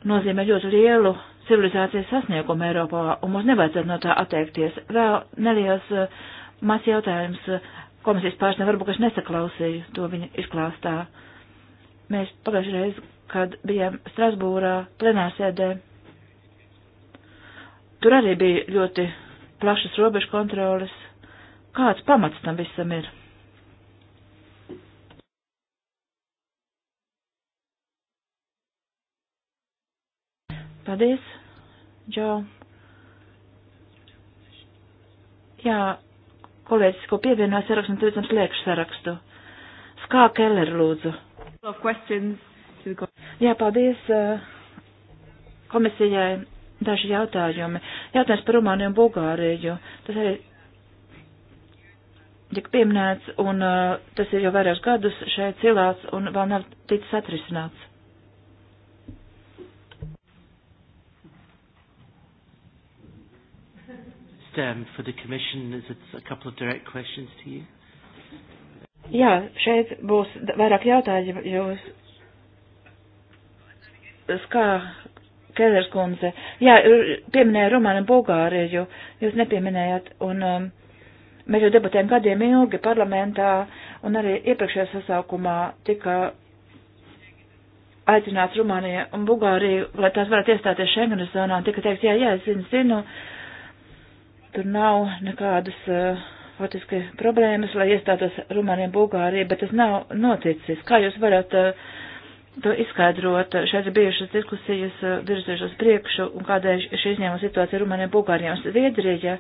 nozīmē ļoti lielu civilizācijas sasniegumu Eiropā, un mums nevajadzētu no tā atteikties. Vēl neliels eh, mazs jautājums eh, komisijas pārstāvjiem, varbūt es nesaklausīju to viņa izklāstā. Mēs pagājušajā reizē, kad bijām Strasbūrā plenārsēdē, tur arī bija ļoti plašas robežu kontroles. Kāds pamats tam visam ir? Paldies, Džo. Jā, kolēģis, ko pievienoja sarakstam, tad esam slēgšu sarakstu. Skā Keller, lūdzu. Jā, paldies eh, komisijai. Daži jautājumi. Jautājums par Rumāniju un Bulgāriju. Tas arī tik pieminēts, un uh, tas ir jau vairākus gadus šeit cilāts un vēl nav ticis atrisināts. um, for the Commission is it a couple of direct questions to you? Jā, šeit būs vairāk jautājumu jūs. Kā Kēlers kundze, jā, pieminēja Rumānu Bulgāriju, jūs nepieminējat, un um, mēs jau debatējam gadiem ilgi parlamentā, un arī iepriekšējā sasaukumā tika aicināts Rumānija un Bulgārija, lai tās varētu iestāties Schengenas zonā, tika teikt, jā, jā, es zinu, zinu, uh, Tur nav nekādas uh, faktiski problēmas, lai iestātos Rumāniem Bulgārija, bet tas nav noticis. Kā jūs varat uh, to izskaidrot? Šeit ir bijušas diskusijas uh, virzījušas priekšu un kādēļ šī izņēmuma situācija Rumāniem Bulgārijā un Zviedrija.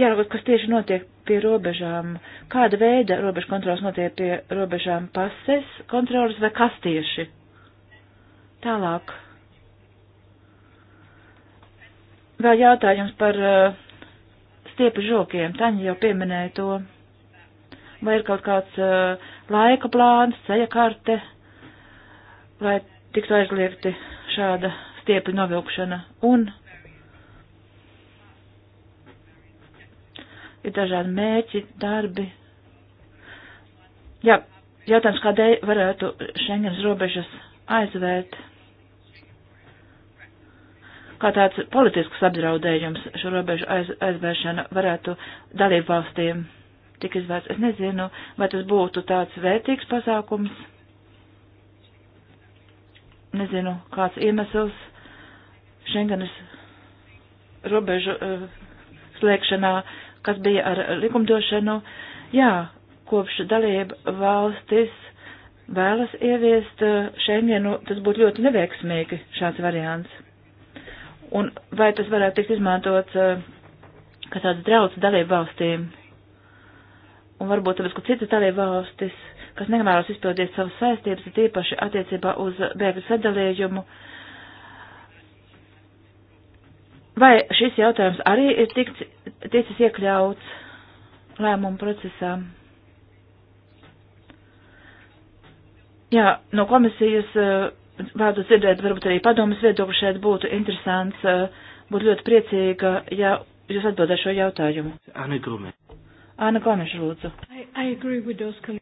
Jāraugās, kas tieši notiek pie robežām, kāda veida robežu kontrols notiek pie robežām pases kontrolas vai kas tieši. Tālāk. Vēl jautājums par uh, eh, stiepu žokiem. Taņa jau pieminēja to. Vai ir kaut kāds uh, laika plāns, ceļa karte, vai tiks aizliegti šāda stiepu novilkšana? Un ir dažādi mērķi, darbi. Jā, jautājums, kādēļ varētu Schengens robežas aizvērt? kā tāds politisks apdraudējums šo robežu aiz, aizvēršana varētu dalību valstīm tik izvērst. Es nezinu, vai tas būtu tāds vērtīgs pasākums. Nezinu, kāds iemesls Šengenas robežu uh, slēgšanā, kas bija ar likumdošanu. Jā, kopš dalība valstis vēlas ieviest Šengenu, eh, tas būtu ļoti neveiksmīgi šāds variants un vai tas varētu tikt izmantots eh, kā tāds draudz dalību valstīm. Un varbūt tāpēc, ka citas dalību valstis, kas nevēlas izpildīt savas saistības, ir īpaši attiecībā uz bēgļu sadalījumu. Vai šis jautājums arī ir tikts, ticis iekļauts lēmumu procesā? Jā, no komisijas uh, vārdu dzirdēt, varbūt arī padomas viedokli šeit būtu interesants. Eh, būtu ļoti priecīga, ja jūs atbildē šo jautājumu. Ana Gomes. Ana Gomes, lūdzu. I, I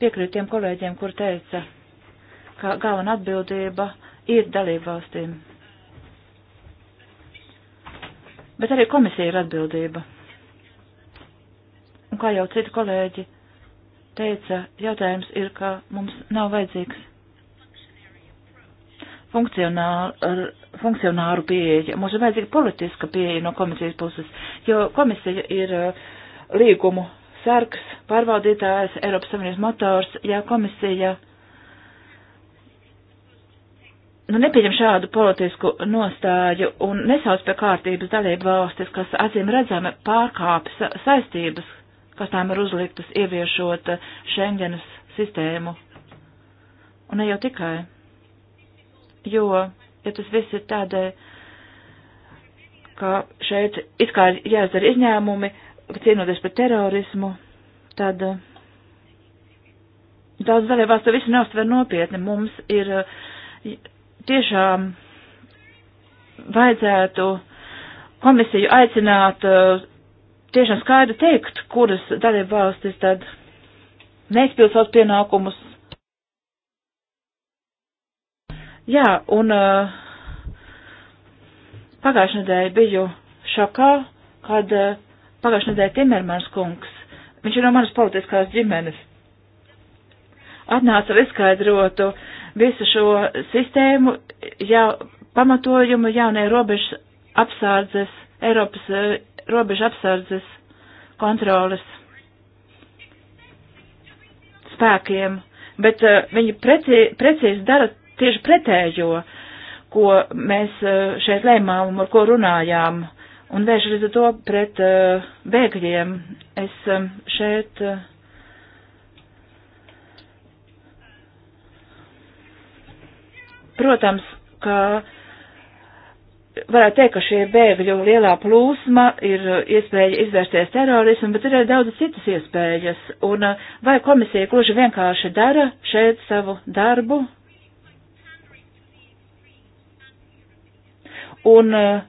Piekrīt tiem kolēģiem, kur teica, ka galvena atbildība ir dalībvalstīm. Bet arī komisija ir atbildība. Un kā jau citi kolēģi teica, jautājums ir, ka mums nav vajadzīgs funkcionāru, funkcionāru pieeja. Mums ir vajadzīga politiska pieeja no komisijas puses, jo komisija ir uh, līgumu sargs, pārvaldītājs, Eiropas Savienības motors, ja komisija nu, nepieņem šādu politisku nostāju un nesauc pie kārtības dalību valstis, kas acīm redzami pārkāpj saistības, kas tām ir uzliktas ieviešot Schengenas sistēmu. Un ne jau tikai jo, ja tas viss ir tādēļ, ka šeit it kā jāizdara izņēmumi, cīnoties par terorismu, tad eh, daudz dalībās to visu neustver nopietni. Mums ir eh, tiešām vajadzētu komisiju aicināt eh, tiešām skaidri teikt, kuras dalībvalstis tad neizpild savus pienākumus, Jā, un uh, pagājušajā nedēļā biju šokā, kad uh, pagājušajā nedēļā Timermans kungs, viņš ir no manas politiskās ģimenes, atnāca izskaidrotu visu šo sistēmu, jā, pamatojumu jaunie robežas apsārdzes, Eiropas uh, robežu apsārdzes kontroles spēkiem, bet uh, viņi precīzi preci dara tieši pretējo, ko mēs eh, šeit lēmām un ar ko runājām, un vērš līdz ar to pret eh, bēgļiem. Es eh, šeit. Protams, ka varētu teikt, ka šie bēgļu lielā plūsma ir iespēja izvērsties terorismu, bet ir arī daudz citas iespējas. Un vai komisija kluži vienkārši dara šeit savu darbu, un uh,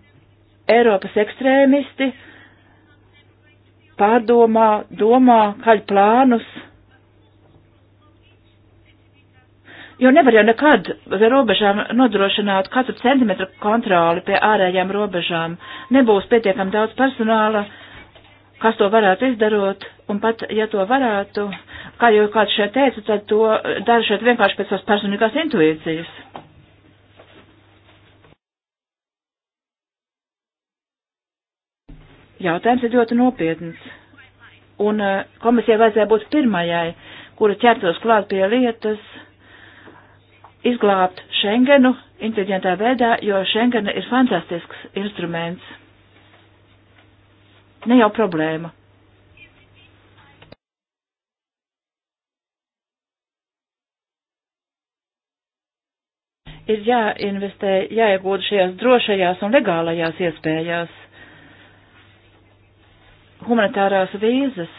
Eiropas ekstrēmisti pārdomā, domā, kaļ plānus. Jo nevar jau nekad pie robežām nodrošināt katru centimetru kontroli pie ārējām robežām. Nebūs pietiekam daudz personāla, kas to varētu izdarot, un pat, ja to varētu, kā jau kāds šeit teica, tad to dara šeit vienkārši pēc savas personīgās intuīcijas. Jautājums ir ļoti nopietns. Un eh, komisijai vajadzēja būt pirmajai, kura ķertos klāt pie lietas, izglābt Schengenu inteliģentā veidā, jo Schengena ir fantastisks instruments. Ne jau problēma. Ir jāinvestē, jāiegūda šajās drošajās un legālajās iespējās humanitārās vīzas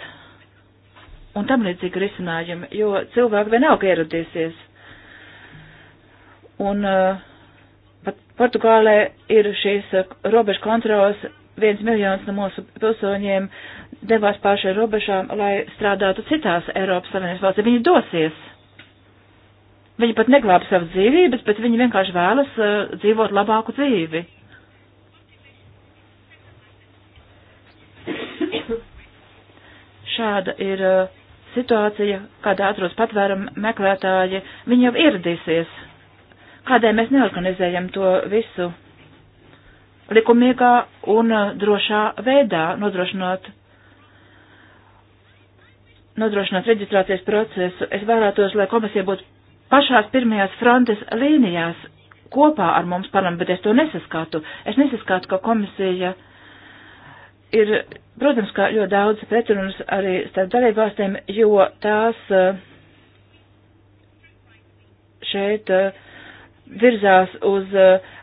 un tam līdzīgi risinājumi, jo cilvēki vienalga ieradīsies. Un uh, pat Portugālē ir šīs uh, robežu kontrolas, viens miljons no mūsu pilsoņiem devās pār šai robežām, lai strādātu citās Eiropas Savienības valstīs. Viņi dosies. Viņi pat neglāb savas dzīvības, bet viņi vienkārši vēlas uh, dzīvot labāku dzīvi. šāda ir uh, situācija, kādā atrodas patvērumu meklētāji, viņi jau ieradīsies. Kādēļ mēs neorganizējam to visu likumīgā un uh, drošā veidā, nodrošinot, nodrošinot reģistrācijas procesu? Es vēlētos, lai komisija būtu pašās pirmajās frontes līnijās kopā ar mums parlamentu, bet es to nesaskatu. Es nesaskatu, ka komisija ir, protams, kā ļoti daudz pretrunas arī starp dalībvalstīm, jo tās eh, šeit eh, virzās uz eh,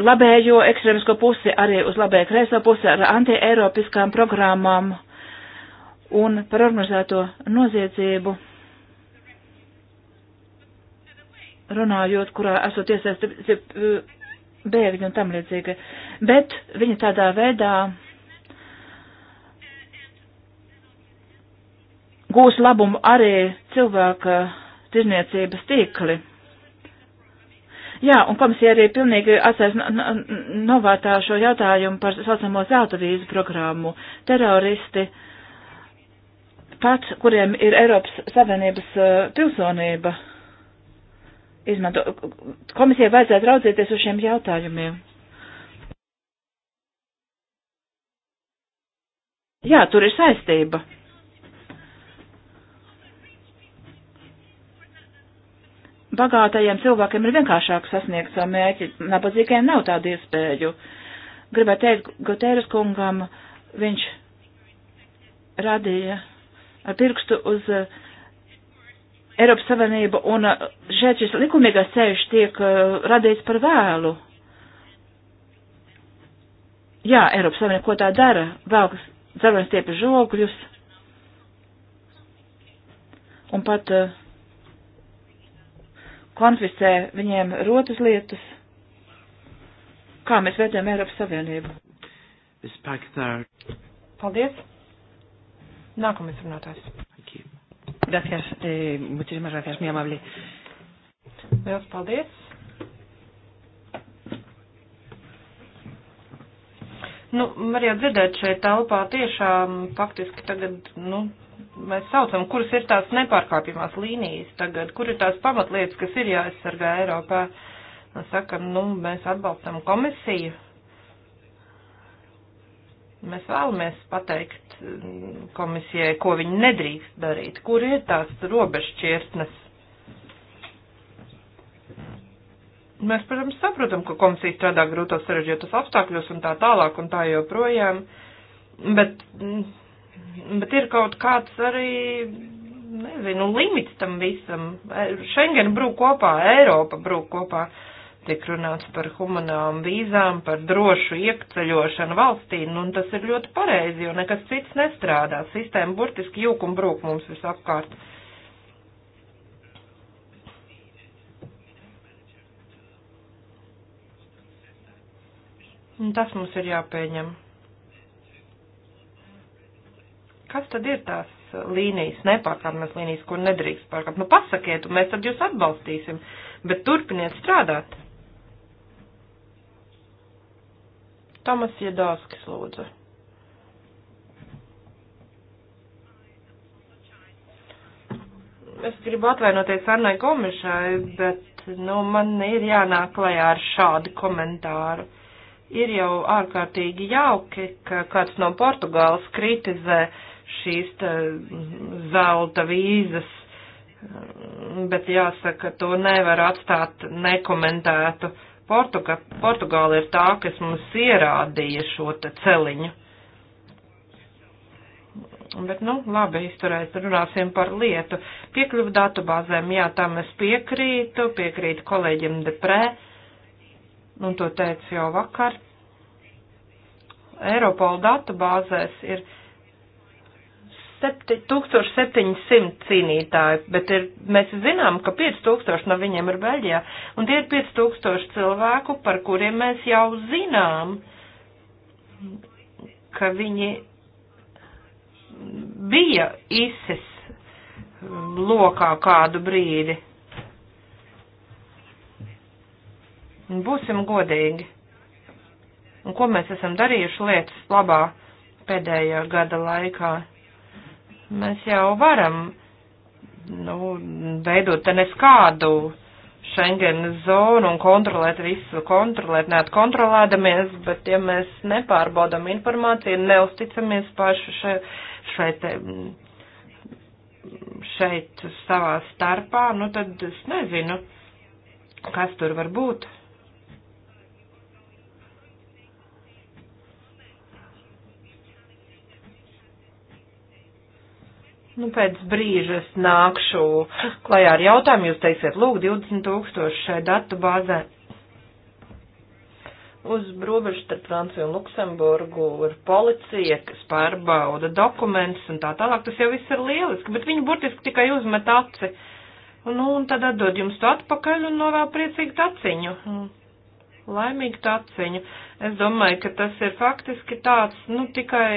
labējo ekstrēmisko pusi, arī uz labējo kreiso pusi ar antieiropiskām programmām un par organizēto noziedzību. Runājot, kurā esot iesaistīts bēgļi un tam līdzīgi. Bet viņi tādā veidā gūs labumu arī cilvēka tirniecības tīkli. Jā, un komisija arī pilnīgi atcēs novērtā šo jautājumu par saucamo zelta vīzu programmu. Teroristi, pat kuriem ir Eiropas Savienības uh, pilsonība, uh, izmanto. Komisijai vajadzētu raudzēties uz šiem jautājumiem. Jā, tur ir saistība. Bagātajiem cilvēkiem ir vienkāršāk sasniegt savu mērķi, nabadzīgajiem nav tādu iespēju. Gribētu teikt, Gotēras kungam viņš radīja ar pirkstu uz uh, Eiropas Savienību, un uh, šeit šis likumīgais ceļš tiek uh, radīts par vēlu. Jā, Eiropas Savienība, ko tā dara? Velkas dzelvenes tiepa žogļus, un pat uh, konfiscē viņiem rotas lietas. Kā mēs vērtējam Eiropas Savienību? Paldies! Nākamais runātājs. Gracias, eh, muchísimas gracias, muy amable. Liels paldies. Nu, var jau dzirdēt šeit telpā tiešām faktiski tagad, nu, mēs saucam, kuras ir tās nepārkāpjamās līnijas tagad, kur ir tās pamatlietas, kas ir jāaizsargā Eiropā. Sakam, nu, mēs atbalstam komisiju, Mēs vēlamies pateikt mm, komisijai, ko viņi nedrīkst darīt, kur ir tās robežšķirtnes. Mēs, protams, saprotam, ka komisija strādā grūtos sarežģītos apstākļos un tā tālāk un tā joprojām, bet, mm, bet ir kaut kāds arī, nezinu, limits tam visam. Schengen brūk kopā, Eiropa brūk kopā. Uh, tiek runāts par humanām vīzām, par drošu iekceļošanu valstī, nu, un tas ir ļoti pareizi, jo nekas cits nestrādā. Sistēma burtiski jūk un brūk mums visapkārt. Un tas mums ir jāpieņem. Kas tad ir tās līnijas, nepārkāpnes līnijas, kur nedrīkst pārkāpt? Nu, pasakiet, un mēs tad jūs atbalstīsim, bet turpiniet strādāt. Tomas Jedovskis lūdzu. Es gribu atvainoties Annai Komišai, bet, nu, man ir jānāk klajā ar šādu komentāru. Ir jau ārkārtīgi jauki, ka kāds no Portugāles kritizē šīs tā, mm, zelta vīzas, mm, bet jāsaka, to nevar atstāt nekomentētu. Uh, Portuga, Portugāla ir tā, kas mums ierādīja šo te celiņu. Bet, nu, labi, izturēt, runāsim par lietu. Piekļuvu datubāzēm, jā, tam es piekrītu, piekrītu kolēģim Deprē, un to teicu jau vakar. Eiropola datubāzēs ir 1700 cīnītāji, bet ir, mēs zinām, ka 5000 no viņiem ir Beļģijā, un tie ir 5000 cilvēku, par kuriem mēs jau zinām, ka viņi bija ISIS lokā kādu brīdi. Būsim godīgi. Un ko mēs esam darījuši lietas labā pēdējā gada laikā? Mēs jau varam, nu, veidot te neskādu Schengenas zonu un kontrolēt visu, kontrolēt, neatkontrolēdamies, bet ja mēs nepārbaudam informāciju, neusticamies paši še, šeit, šeit savā starpā, nu tad es nezinu, kas tur var būt. Nu, pēc brīža es nākšu klajā ar jautājumu, jūs teiksiet, lūk, 20 tūkstoši šai datu bāzē. Uz robežu starp Franciju un Luksemburgu ir policija, kas pārbauda dokumentus un tā tālāk. Tas jau viss ir lieliski, bet viņi burtiski tikai uzmet aci. Nu, un tad atdod jums to atpakaļ un novēl priecīgu taciņu. Laimīgu taciņu. Es domāju, ka tas ir faktiski tāds, nu, tikai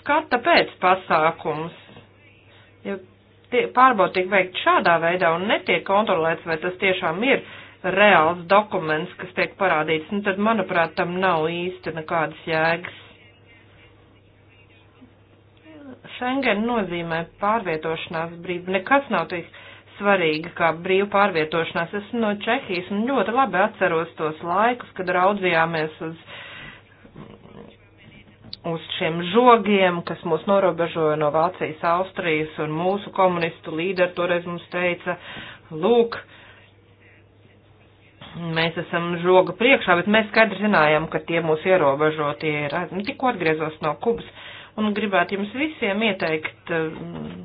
skata pēc pasākums. Ja pārbauda tiek veikt šādā veidā un netiek kontrolēts, vai tas tiešām ir reāls dokuments, kas tiek parādīts, nu tad, manuprāt, tam nav īsti nekādas jēgas. Schengen nozīmē pārvietošanās brīvu. Nekas nav tik svarīgi kā brīvu pārvietošanās. Esmu no Čehijas un ļoti labi atceros tos laikus, kad raudzījāmies uz uz šiem žogiem, kas mūs norobežoja no Vācijas, Austrijas, un mūsu komunistu līderi toreiz mums teica, lūk, mēs esam žoga priekšā, bet mēs skaidri zinājām, ka tie mūs ierobežo, tie ir, nu, tikko atgriezos no Kubas, un gribētu jums visiem ieteikt mm,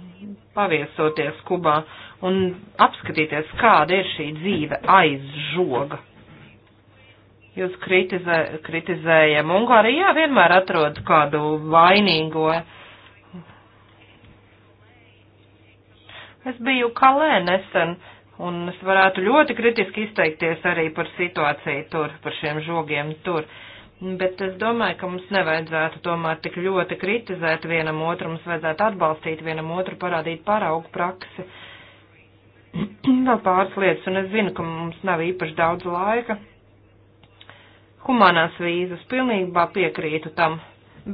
paviesoties Kubā un apskatīties, kāda ir šī dzīve aiz žoga. Jūs kritizē, kritizējam Ungāriju, jā, vienmēr atrod kādu vainīgo. Es biju Kalē nesen, un es varētu ļoti kritiski izteikties arī par situāciju tur, par šiem žogiem tur. Bet es domāju, ka mums nevajadzētu tomēr tik ļoti kritizēt vienam otru, mums vajadzētu atbalstīt vienam otru, parādīt paraugu praksi. *clears throat* Vēl pāris lietas, un es zinu, ka mums nav īpaši daudz laika. Humanās vīzas pilnībā piekrītu tam.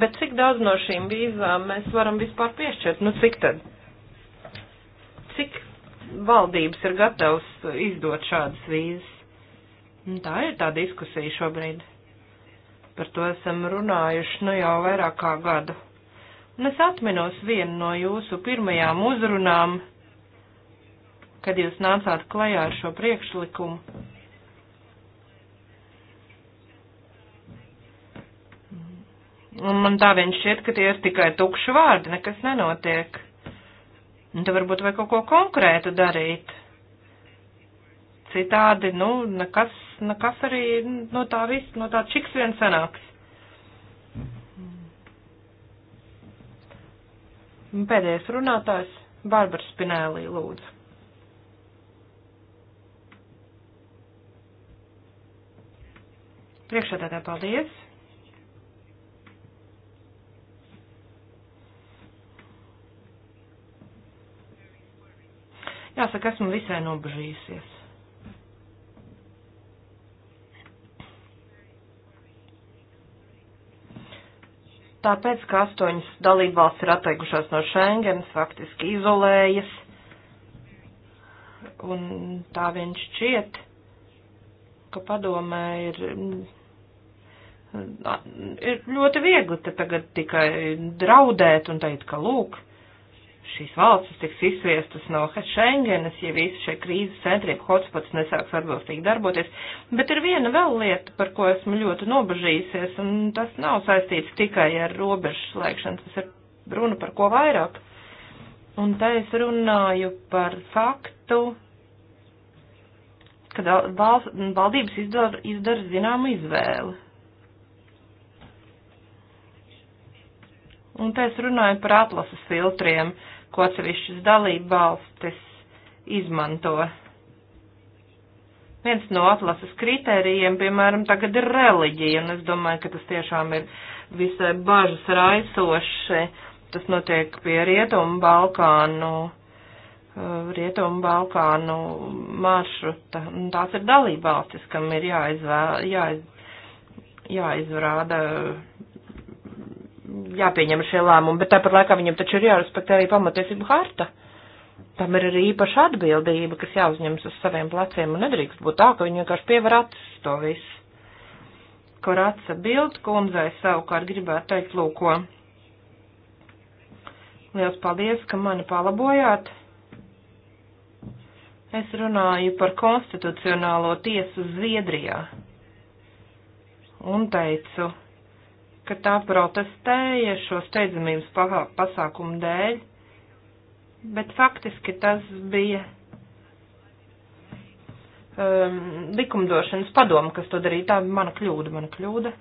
Bet cik daudz no šīm vīzām mēs varam vispār piešķirt? Nu, cik tad? Cik valdības ir gatavs izdot šādas vīzas? Nu, tā ir tā diskusija šobrīd. Par to esam runājuši nu jau vairāk kā gadu. Un es atminos vienu no jūsu pirmajām uzrunām, kad jūs nācāt klajā ar šo priekšlikumu. Un man tā viņš šķiet, ka tie ir tikai tukši vārdi, nekas nenotiek. Un te varbūt vai kaut ko konkrētu darīt. Citādi, nu, nekas, nekas arī nu, no tā viss, no tā čiks vien sanāks. Un pēdējais runātājs - Barbara Spinēlī, lūdzu. Priekšsēdētāji, paldies! Jāsaka, esmu visai nobežījusies. Tāpēc, ka astoņas dalībvalsts ir atteikušās no Schengenas, faktiski izolējas, un tā viņš šķiet, ka padomē ir, ir ļoti viegli te tagad tikai draudēt un teikt, ka lūk, šīs valstis tiks izsviestas no Schengenes, ja visi šie krīzes centri, hotspots nesāks atbilstīgi darboties. Bet ir viena vēl lieta, par ko esmu ļoti nobežījusies, un tas nav saistīts tikai ar robežu slēgšanu, tas ir runa par ko vairāk. Un te es runāju par faktu, ka valdības izdara, izdara zināmu izvēli Un te es runāju par atlases filtriem, ko atsevišķas dalība valstis izmanto. Viens no atlases kritērijiem, piemēram, tagad ir reliģija, un es domāju, ka tas tiešām ir visai bažas raisoši. Tas notiek pie Rietumu Balkānu, uh, Rietumu Balkānu maršruta. Tās ir dalībvalstis, kam ir jāizvēl, jāiz, jāizrāda jāpieņem šie lēmumi, bet tāpat laikā viņam taču ir jārespektē arī pamatiesību harta. Tam ir arī īpaša atbildība, kas jāuzņemas uz saviem pleciem, un nedrīkst būt tā, ka viņi vienkārši pievar acis to visu. Korāca Bild kundzei savukārt gribētu teikt, lūko. Liels paldies, ka mani palabojāt. Es runāju par konstitucionālo tiesu Zviedrijā un teicu, ka tā protestēja šo steidzamības pasākumu dēļ, bet faktiski tas bija um, likumdošanas padoma, kas to darīja. Tā bija mana kļūda, mana kļūda.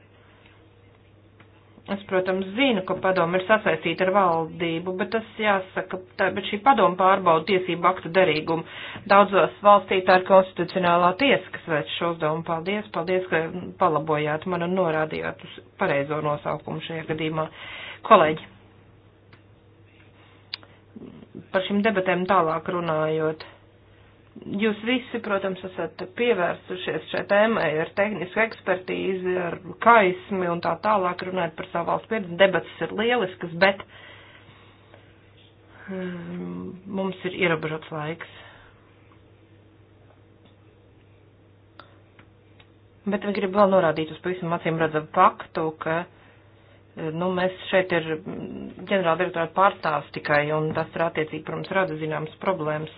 Es, protams, zinu, ka padoma ir sasaistīta ar valdību, bet tas jāsaka, tā, bet šī padoma pārbauda tiesību aktu derīgumu. Daudzos valstī tā ir konstitucionālā tiesa, kas veic šo uzdevumu. Paldies, paldies, ka palabojāt man un norādījāt uz pareizo nosaukumu šajā gadījumā. Kolēģi, par šīm debatēm tālāk runājot. Jūs visi, protams, esat pievērsušies šai tēmai ar tehnisku ekspertīzi, ar kaismi un tā tālāk runājot par savu valsts pieredzi. Debates ir lieliskas, bet um, mums ir ierobežots laiks. Bet viņi grib vēl norādīt uz pavisam acīm redzamu faktu, ka eh, nu, mēs šeit ir mm, ģenerāla direktora pārstāvs tikai, un tas ir attiecīgi, protams, rada zināmas problēmas.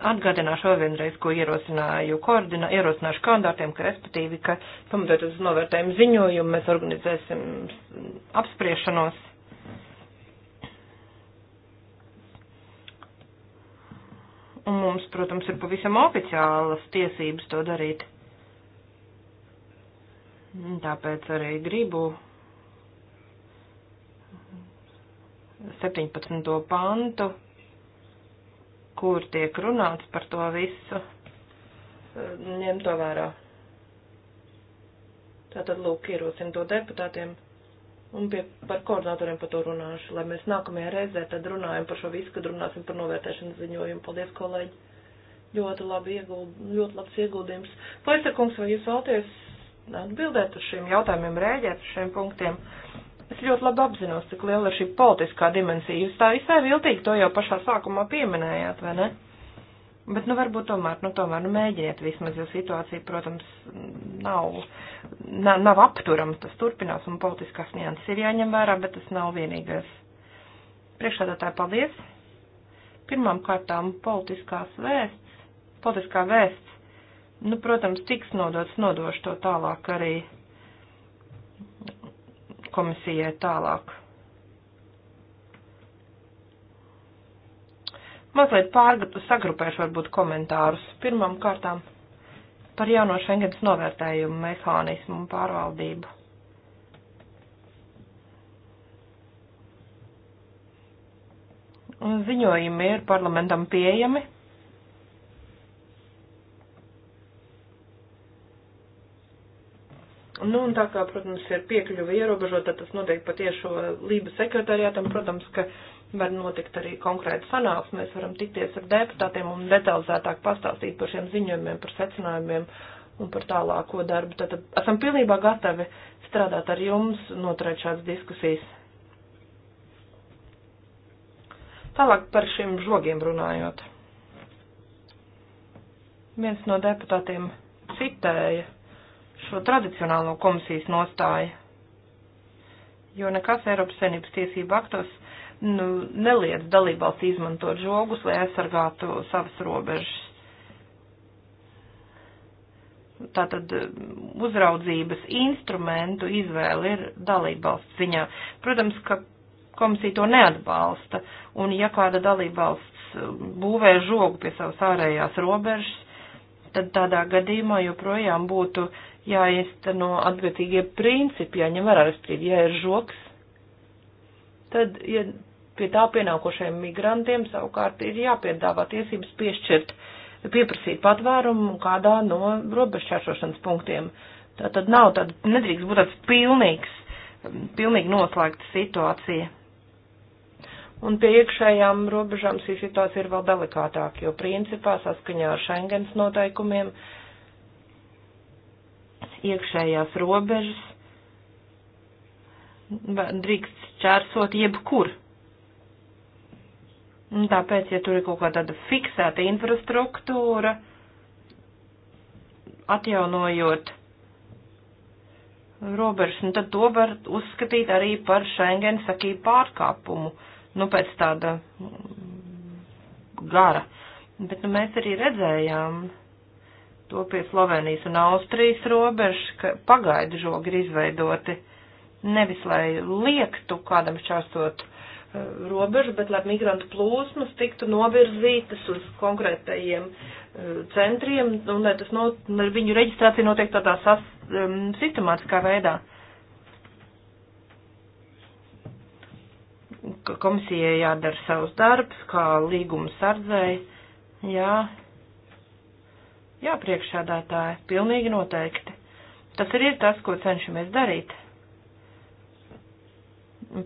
Atgādināšu vēl vienreiz, ko ierosināju koordinā, ierosināšu kandidātiem, ka respektīvi, ka pamatot uz novērtējumu ziņojumu mēs organizēsim apspriešanos. Un mums, protams, ir pavisam oficiālas tiesības to darīt. Tāpēc arī gribu 17. pantu kur tiek runāts par to visu, eh, ņem to vērā. Tātad, lūk, ierosim to deputātiem un pie, par koordinatoriem par to runāšu, lai mēs nākamajā reizē tad runājam par šo visu, kad runāsim par novērtēšanas ziņojumu. Paldies, kolēģi! Ļoti labi ieguld, ļoti labs ieguldījums. Paisakungs, vai jūs vēlties atbildēt uz šiem jautājumiem, rēģēt uz šiem punktiem? Es ļoti labi apzinos, cik liela ir šī politiskā dimensija. Jūs tā visai viltīgi to jau pašā sākumā pieminējāt, vai ne? Bet, nu, varbūt tomēr, nu, tomēr, nu, mēģiniet vismaz, jo situācija, protams, nav, nav, nav apturama, tas turpinās, un politiskās nianses ir jāņem vērā, bet tas nav vienīgais. Priekšādātāji, paldies! Pirmām kārtām politiskās vēsts, politiskā vēsts, nu, protams, tiks nodots, nodošu to tālāk arī komisijai tālāk. Mazliet pārgatu sagrupēšu varbūt komentārus. Pirmam kārtām par jauno Schengens novērtējumu mehānismu un pārvaldību. Un ziņojumi ir parlamentam pieejami. Nu, un tā kā, protams, ir piekļuvi ierobežota, tas notiek patiešo Lībijas sekretariātam, protams, ka var notikt arī konkrēta sanāks, mēs varam tikties ar deputātiem un detalizētāk pastāstīt par šiem ziņojumiem, par secinājumiem un par tālāko darbu. Tad esam pilnībā gatavi strādāt ar jums, noturēt šādas diskusijas. Tālāk par šiem žogiem runājot. Viens no deputātiem citēja šo tradicionālo komisijas nostāju, jo nekas Eiropas Savienības tiesību aktos nu, neliedz dalībvalsts izmantot žogus, lai aizsargātu savas robežas. Tātad um, uzraudzības instrumentu izvēle ir dalībvalsts ziņā. Protams, ka komisija to neatbalsta, un ja kāda dalībvalsts um, būvē žogu pie savas ārējās robežas, tad tādā gadījumā joprojām būtu jāiesteno atbildīgie principi, jāņem vērā, respektīvi, ja ir žoks, tad ja pie tā pienākošajiem migrantiem savukārt ir jāpiedāvā tiesības piešķirt, pieprasīt patvērumu kādā no robežšķēršošanas punktiem. Tā tad nav tāda, nedrīkst būt tāds pilnīgs, pilnīgi noslēgta situācija. Un pie iekšējām robežām šī situācija ir vēl delikātāka, jo principā saskaņā ar Schengens noteikumiem uh, iekšējās robežas drīkst čērsot jebkur. Un tāpēc, ja tur ir kaut kāda kā fiksēta infrastruktūra, atjaunojot robežas, nu tad to var uzskatīt arī par Schengen sakību pārkāpumu, nu pēc tāda gara. Bet nu, mēs arī redzējām to pie Slovenijas un Austrijas robežas, ka pagaidu žogi ir izveidoti nevis lai liektu kādam šķērsot e, robežu, bet lai migrantu plūsmas tiktu novirzītas uz konkrētajiem e, centriem un lai, tas no, lai viņu reģistrācija notiek tādā sas, um, sistemātiskā veidā. Komisijai jādara savs darbs, kā līguma sardzēji, jā, Jā, priekšsādātāji, pilnīgi noteikti. Tas arī ir tas, ko cenšamies darīt.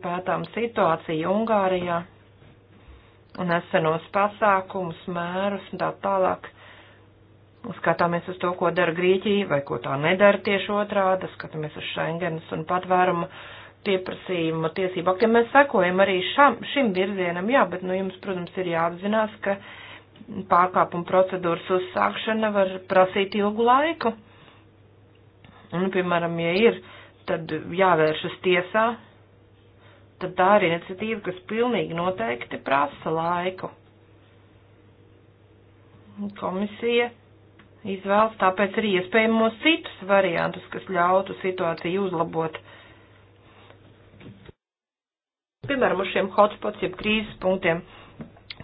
Pētām situāciju Ungārijā un esenos pasākumus, mērus un tā tālāk. Skatāmies uz to, ko dara Grieķija vai ko tā nedara tieši otrādi, skatāmies uz Schengenas un patvērumu pieprasījumu tiesību aktiem. Mēs sekojam arī šam, šim virzienam, jā, bet, nu, jums, protams, ir jāapzinās, ka uh, pārkāpuma procedūras uzsākšana var prasīt ilgu laiku. Un, nu, piemēram, ja ir, tad jāvēršas tiesā, tad tā ir iniciatīva, kas pilnīgi noteikti prasa laiku. Komisija izvēlas tāpēc arī iespējamos citus variantus, kas ļautu situāciju uzlabot. Piemēram, uz šiem hotspots, jeb krīzes punktiem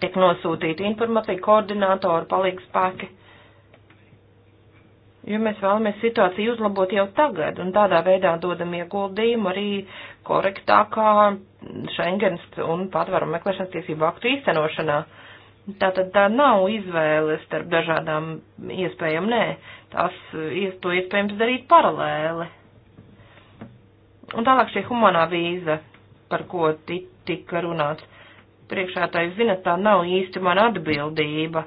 tiek nosūtīta informācija, koordinātori, palīgspēki. Jo mēs vēlamies situāciju uzlabot jau tagad un tādā veidā dodam ieguldījumu arī korektākā Schengens un patvaru meklēšanas tiesību aktu īstenošanā. Tātad tā nav izvēle starp dažādām iespējām, nē, tās to iespējams darīt paralēli. Un tālāk šī humanā vīza, par ko tika runāts priekšā, tā jūs zinat, tā nav īsti mana atbildība.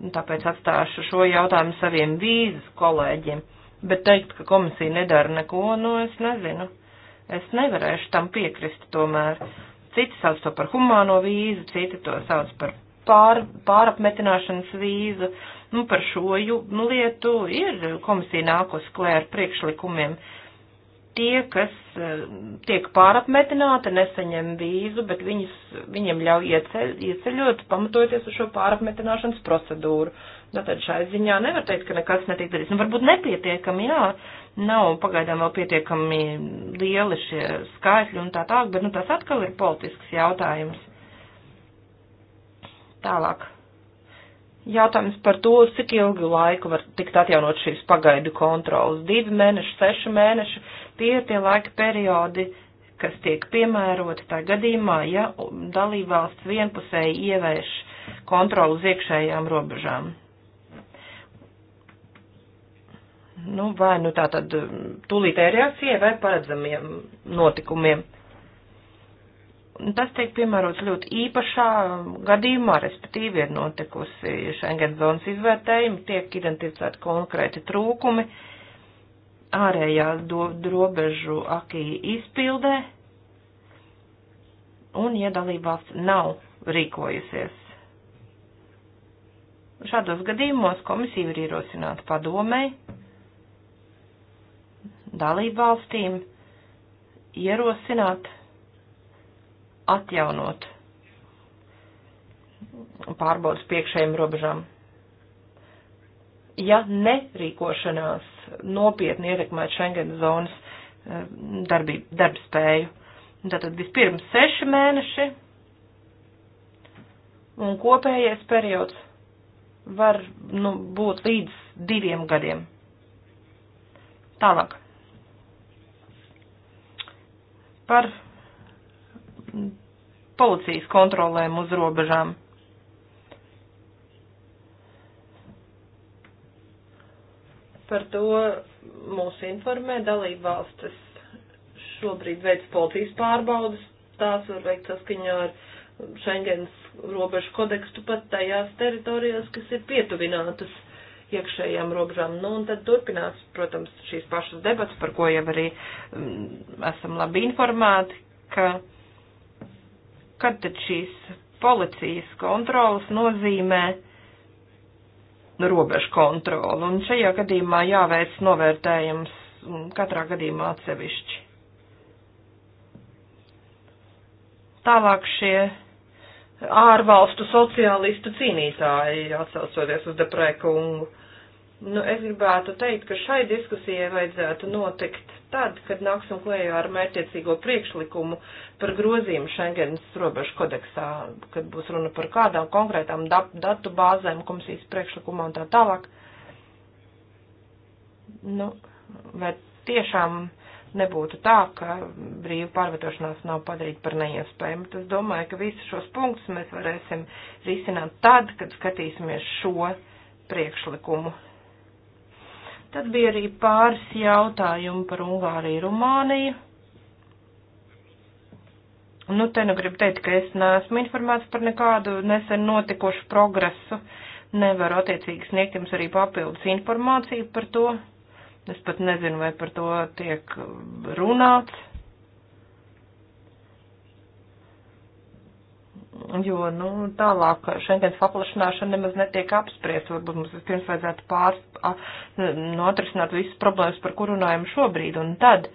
Un tāpēc atstāšu šo jautājumu saviem vīzas kolēģiem. Bet teikt, ka komisija nedara neko, nu es nezinu. Es nevarēšu tam piekrist tomēr. Citi sauc to par humāno vīzu, citi to sauc par pār, pārapmetināšanas vīzu. Nu, par šo ju, nu, lietu ir komisija nākos klē ar priekšlikumiem. Uh, tie, kas eh, tiek pārapmetināti, nesaņem vīzu, bet viņus, viņiem ļauj ieceļ, ieceļot, pamatojoties uz šo pārapmetināšanas procedūru. Tātad šai ziņā nevar teikt, ka nekas netiek darīts. Nu, varbūt nepietiekami, jā, nav pagaidām vēl pietiekami lieli šie skaitļi un tā tālāk, bet nu, tas atkal ir politisks jautājums. Tālāk. Jautājums par to, cik ilgu laiku var tikt atjaunot šīs pagaidu kontrolas. Divi mēneši, seši mēneši. Tie ir tie laika periodi, kas tiek piemēroti tā gadījumā, ja dalībvalsts vienpusēji ievērš kontrolu uz iekšējām robežām. Nu, vai nu tā tad tūlītēja reakcija vai paredzamiem notikumiem. Tas tiek piemērots ļoti īpašā gadījumā, respektīvi ir notikusi Schengen zonas izvērtējumi, tiek identificēti konkrēti trūkumi, uh, ārējā do, robežu akī izpildē, un ja dalībvalsts nav rīkojusies. Šādos gadījumos komisija ir ierosināta padomē dalībvalstīm ierosināt atjaunot pārbaudas piekšējiem robežām ja nerīkošanās nopietni ietekmētu Schengen zonas eh, darbību, darbspēju. Tātad vispirms seši mēneši un kopējais periods var nu, būt līdz diviem gadiem. Tālāk. Par policijas kontrolēm uz robežām. Par to mūs informē dalība valstis šobrīd veids policijas pārbaudas, tās var veikt saskaņā ar Schengens robežu kodekstu pat tajās teritorijās, kas ir pietuvinātas iekšējām robežām. Nu, un tad turpinās, protams, šīs pašas debats, par ko jau arī mm, esam labi informēti, ka kad tad šīs policijas kontrolas nozīmē Nu, robežu kontroli. Un šajā gadījumā jāveic novērtējums katrā gadījumā atsevišķi. Tālāk šie ārvalstu sociālistu cīnītāji, atsaucoties uz Deprē kungu. Uh, Nu, es gribētu teikt, ka šai diskusijai vajadzētu notikt tad, kad nāksim klējā ar mērķiecīgo priekšlikumu par grozījumu Schengens robežu kodeksā, kad būs runa par kādām konkrētām datu bāzēm, komisijas priekšlikumā un tā tālāk. Nu, vai tiešām nebūtu tā, ka brīva pārvietošanās nav padarīta par neiespējumu. Es domāju, ka visus šos punktus mēs varēsim risināt tad, kad skatīsimies šo priekšlikumu Tad bija arī pāris jautājumu par Ungāriju, Rumāniju. Nu, te nu gribu teikt, ka es neesmu informēts par nekādu nesen notikošu progresu. Nevaru attiecīgi sniegt jums arī papildus informāciju par to. Es pat nezinu, vai par to tiek runāts. jo, nu, tālāk Schengens paplašināšana nemaz netiek apspriest. Varbūt mums vispirms vajadzētu pārs, a, notrisināt nu, visas problēmas, par kur runājam šobrīd, un tad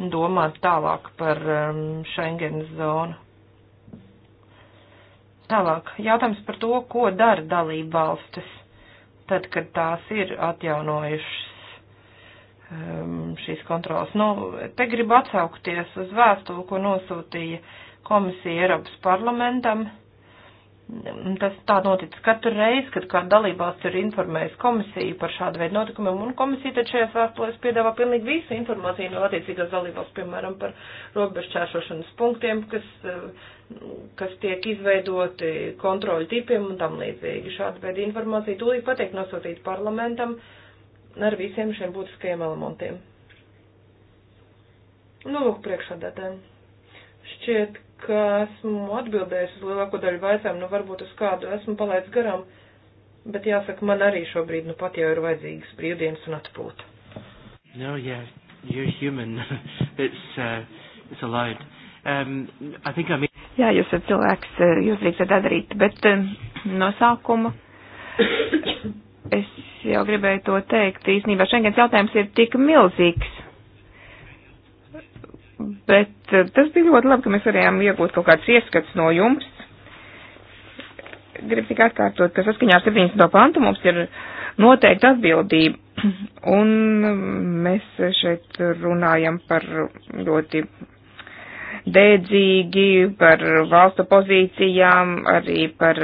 domāt tālāk par um, Schengens zonu. Tālāk, jautājums par to, ko dara dalība valstis, tad, kad tās ir atjaunojušas um, šīs kontrolas. Nu, te gribu atsaukties uz vēstuli, ko nosūtīja uh, komisija Eiropas parlamentam. Tas tā notic katru reizi, kad kāda dalībvalsts ir informējusi komisiju par šādu veidu notikumiem, un komisija taču šajās vēstulēs piedāvā pilnīgi visu informāciju no attiecīgās dalībvalsts, piemēram, par robežšķēršošanas punktiem, kas, kas tiek izveidoti kontroļu tipiem un tam līdzīgi. Šāda veida informācija tūlīt patiek nosūtīt parlamentam ar visiem šiem būtiskajiem elementiem. Nu, lūk, priekšādātājiem. Šķiet, ka esmu atbildējis uz lielāko daļu vaicām, nu varbūt uz kādu esmu palaidis garām, bet jāsaka, man arī šobrīd nu pat jau ir vajadzīgas brīvdienas un atpūta. No, yeah, you're human. *laughs* it's, uh, it's allowed. Um, I think I mean... Jā, jūs esat cilvēks, uh, jūs drīkstat atdarīt, bet um, no sākuma *coughs* es jau gribēju to teikt. Īsnībā Schengens jautājums ir tik milzīgs, bet Tas bija ļoti labi, ka mēs varējām iegūt kaut kāds ieskats no jums. Gribu tikai atkārtot, ka saskaņā ar 17. pantu mums ir noteikti atbildība. *clears throat* Un um, mēs šeit runājam par ļoti dēdzīgi, par valstu pozīcijām, arī par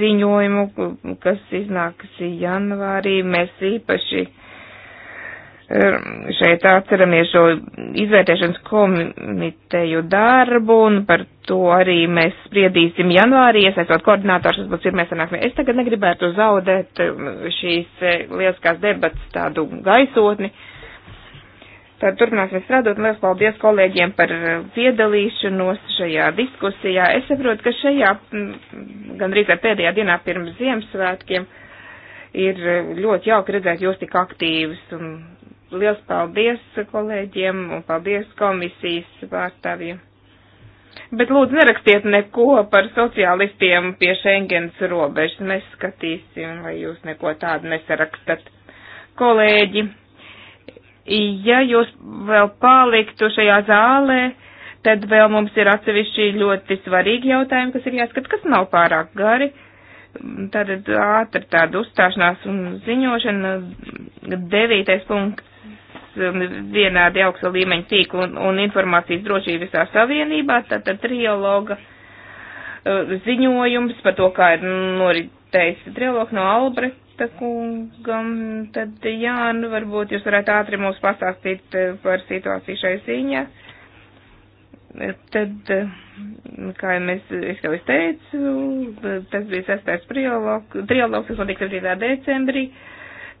ziņojumu, kas iznāks janvārī. Mēs īpaši uh, Ehm, šeit atceramies šo izvērtēšanas komiteju darbu, un par to arī mēs spriedīsim janvārī, iesaistot koordinātors, tas būs pirmais sanāksmē. Es tagad negribētu zaudēt ehm, šīs e, lieliskās debats tādu gaisotni. Tad turpināsim strādāt, un liels paldies kolēģiem par e, piedalīšanos šajā diskusijā. Es saprotu, ka šajā gandrīz pēdējā dienā pirms Ziemassvētkiem ir e, ļoti jauki redzēt jūs tik aktīvus un Liels paldies kolēģiem un paldies komisijas pārstāvjiem. Bet lūdzu nerakstiet neko par sociālistiem pie Schengens robežas. Mēs skatīsim, vai jūs neko tādu nesarakstat. Kolēģi, ja jūs vēl paliktu šajā zālē, tad vēl mums ir atsevišķi ļoti svarīgi jautājumi, kas ir jāskat, kas nav pārāk gari tātad ātri tāda uzstāšanās un ziņošana. Devītais punkts Um, vienādi augsta līmeņa tīklu un, un informācijas drošību visā savienībā, tad, tad trialoga uh, ziņojums par to, kā ir noritējis trialogs no Albreta kungam, tad jā, nu varbūt jūs varētu ātri mums pastāstīt uh, par situāciju šai ziņā. Tad, uh, kā jau mēs, es jau es teicu, tas bija sastais trialogs, kas notika 7. decembrī. Uh,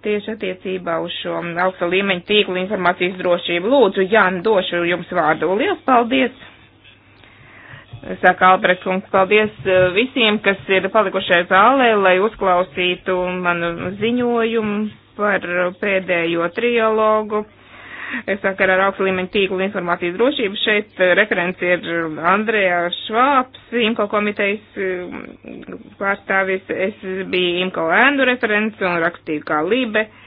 tieši attiecībā uz šo augsta līmeņa tīklu informācijas drošību. Lūdzu, Jāni, došu jums vārdu. Lielas paldies! Saka Albrechts kungs, paldies eh, visiem, kas ir palikušajā zālē, lai uzklausītu manu ziņojumu par pēdējo trialogu sakarā ar augstu līmeņu tīklu informācijas drošību. Šeit eh, referents ir Andrejā Švāps, IMCO komitejas eh, pārstāvis. Es biju IMCO ēnu referents un rakstīju kā Lībe. Uh,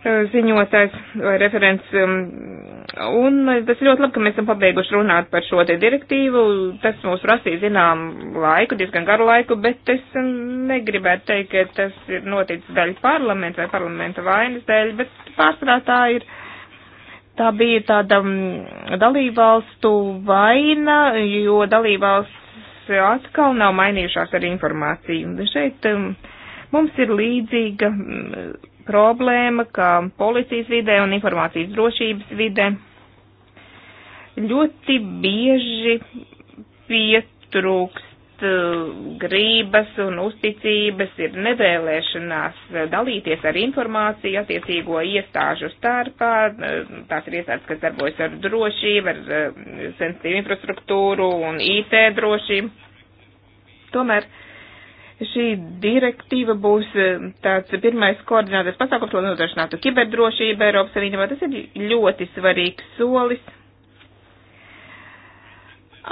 Eh, ziņotājs vai referents. Um, un tas ir ļoti labi, ka mēs esam pabeiguši runāt par šo te direktīvu. Tas mums prasīja zinām laiku, diezgan garu laiku, bet es um, negribētu teikt, ka tas ir noticis daļa parlamenta vai parlamenta vainas dēļ, bet pārsvarā tā ir. Tā bija tāda um, dalībvalstu vaina, jo dalībvalsts atkal nav mainījušās ar informāciju. Šeit mums ir līdzīga problēma, kā policijas vidē un informācijas drošības vidē ļoti bieži pietrūkst eh, grības un uzticības, ir nevēlēšanās dalīties ar informāciju attiecīgo iestāžu starpā. Eh, tās ir iestādes, kas darbojas ar drošību, ar eh, sensitīvu infrastruktūru un IT drošību. Tomēr Šī direktīva būs e, tāds pirmais koordinētais pasākums, lai nodrošinātu kiberdrošību Eiropas Savienībā. Tas ir ļoti svarīgs solis.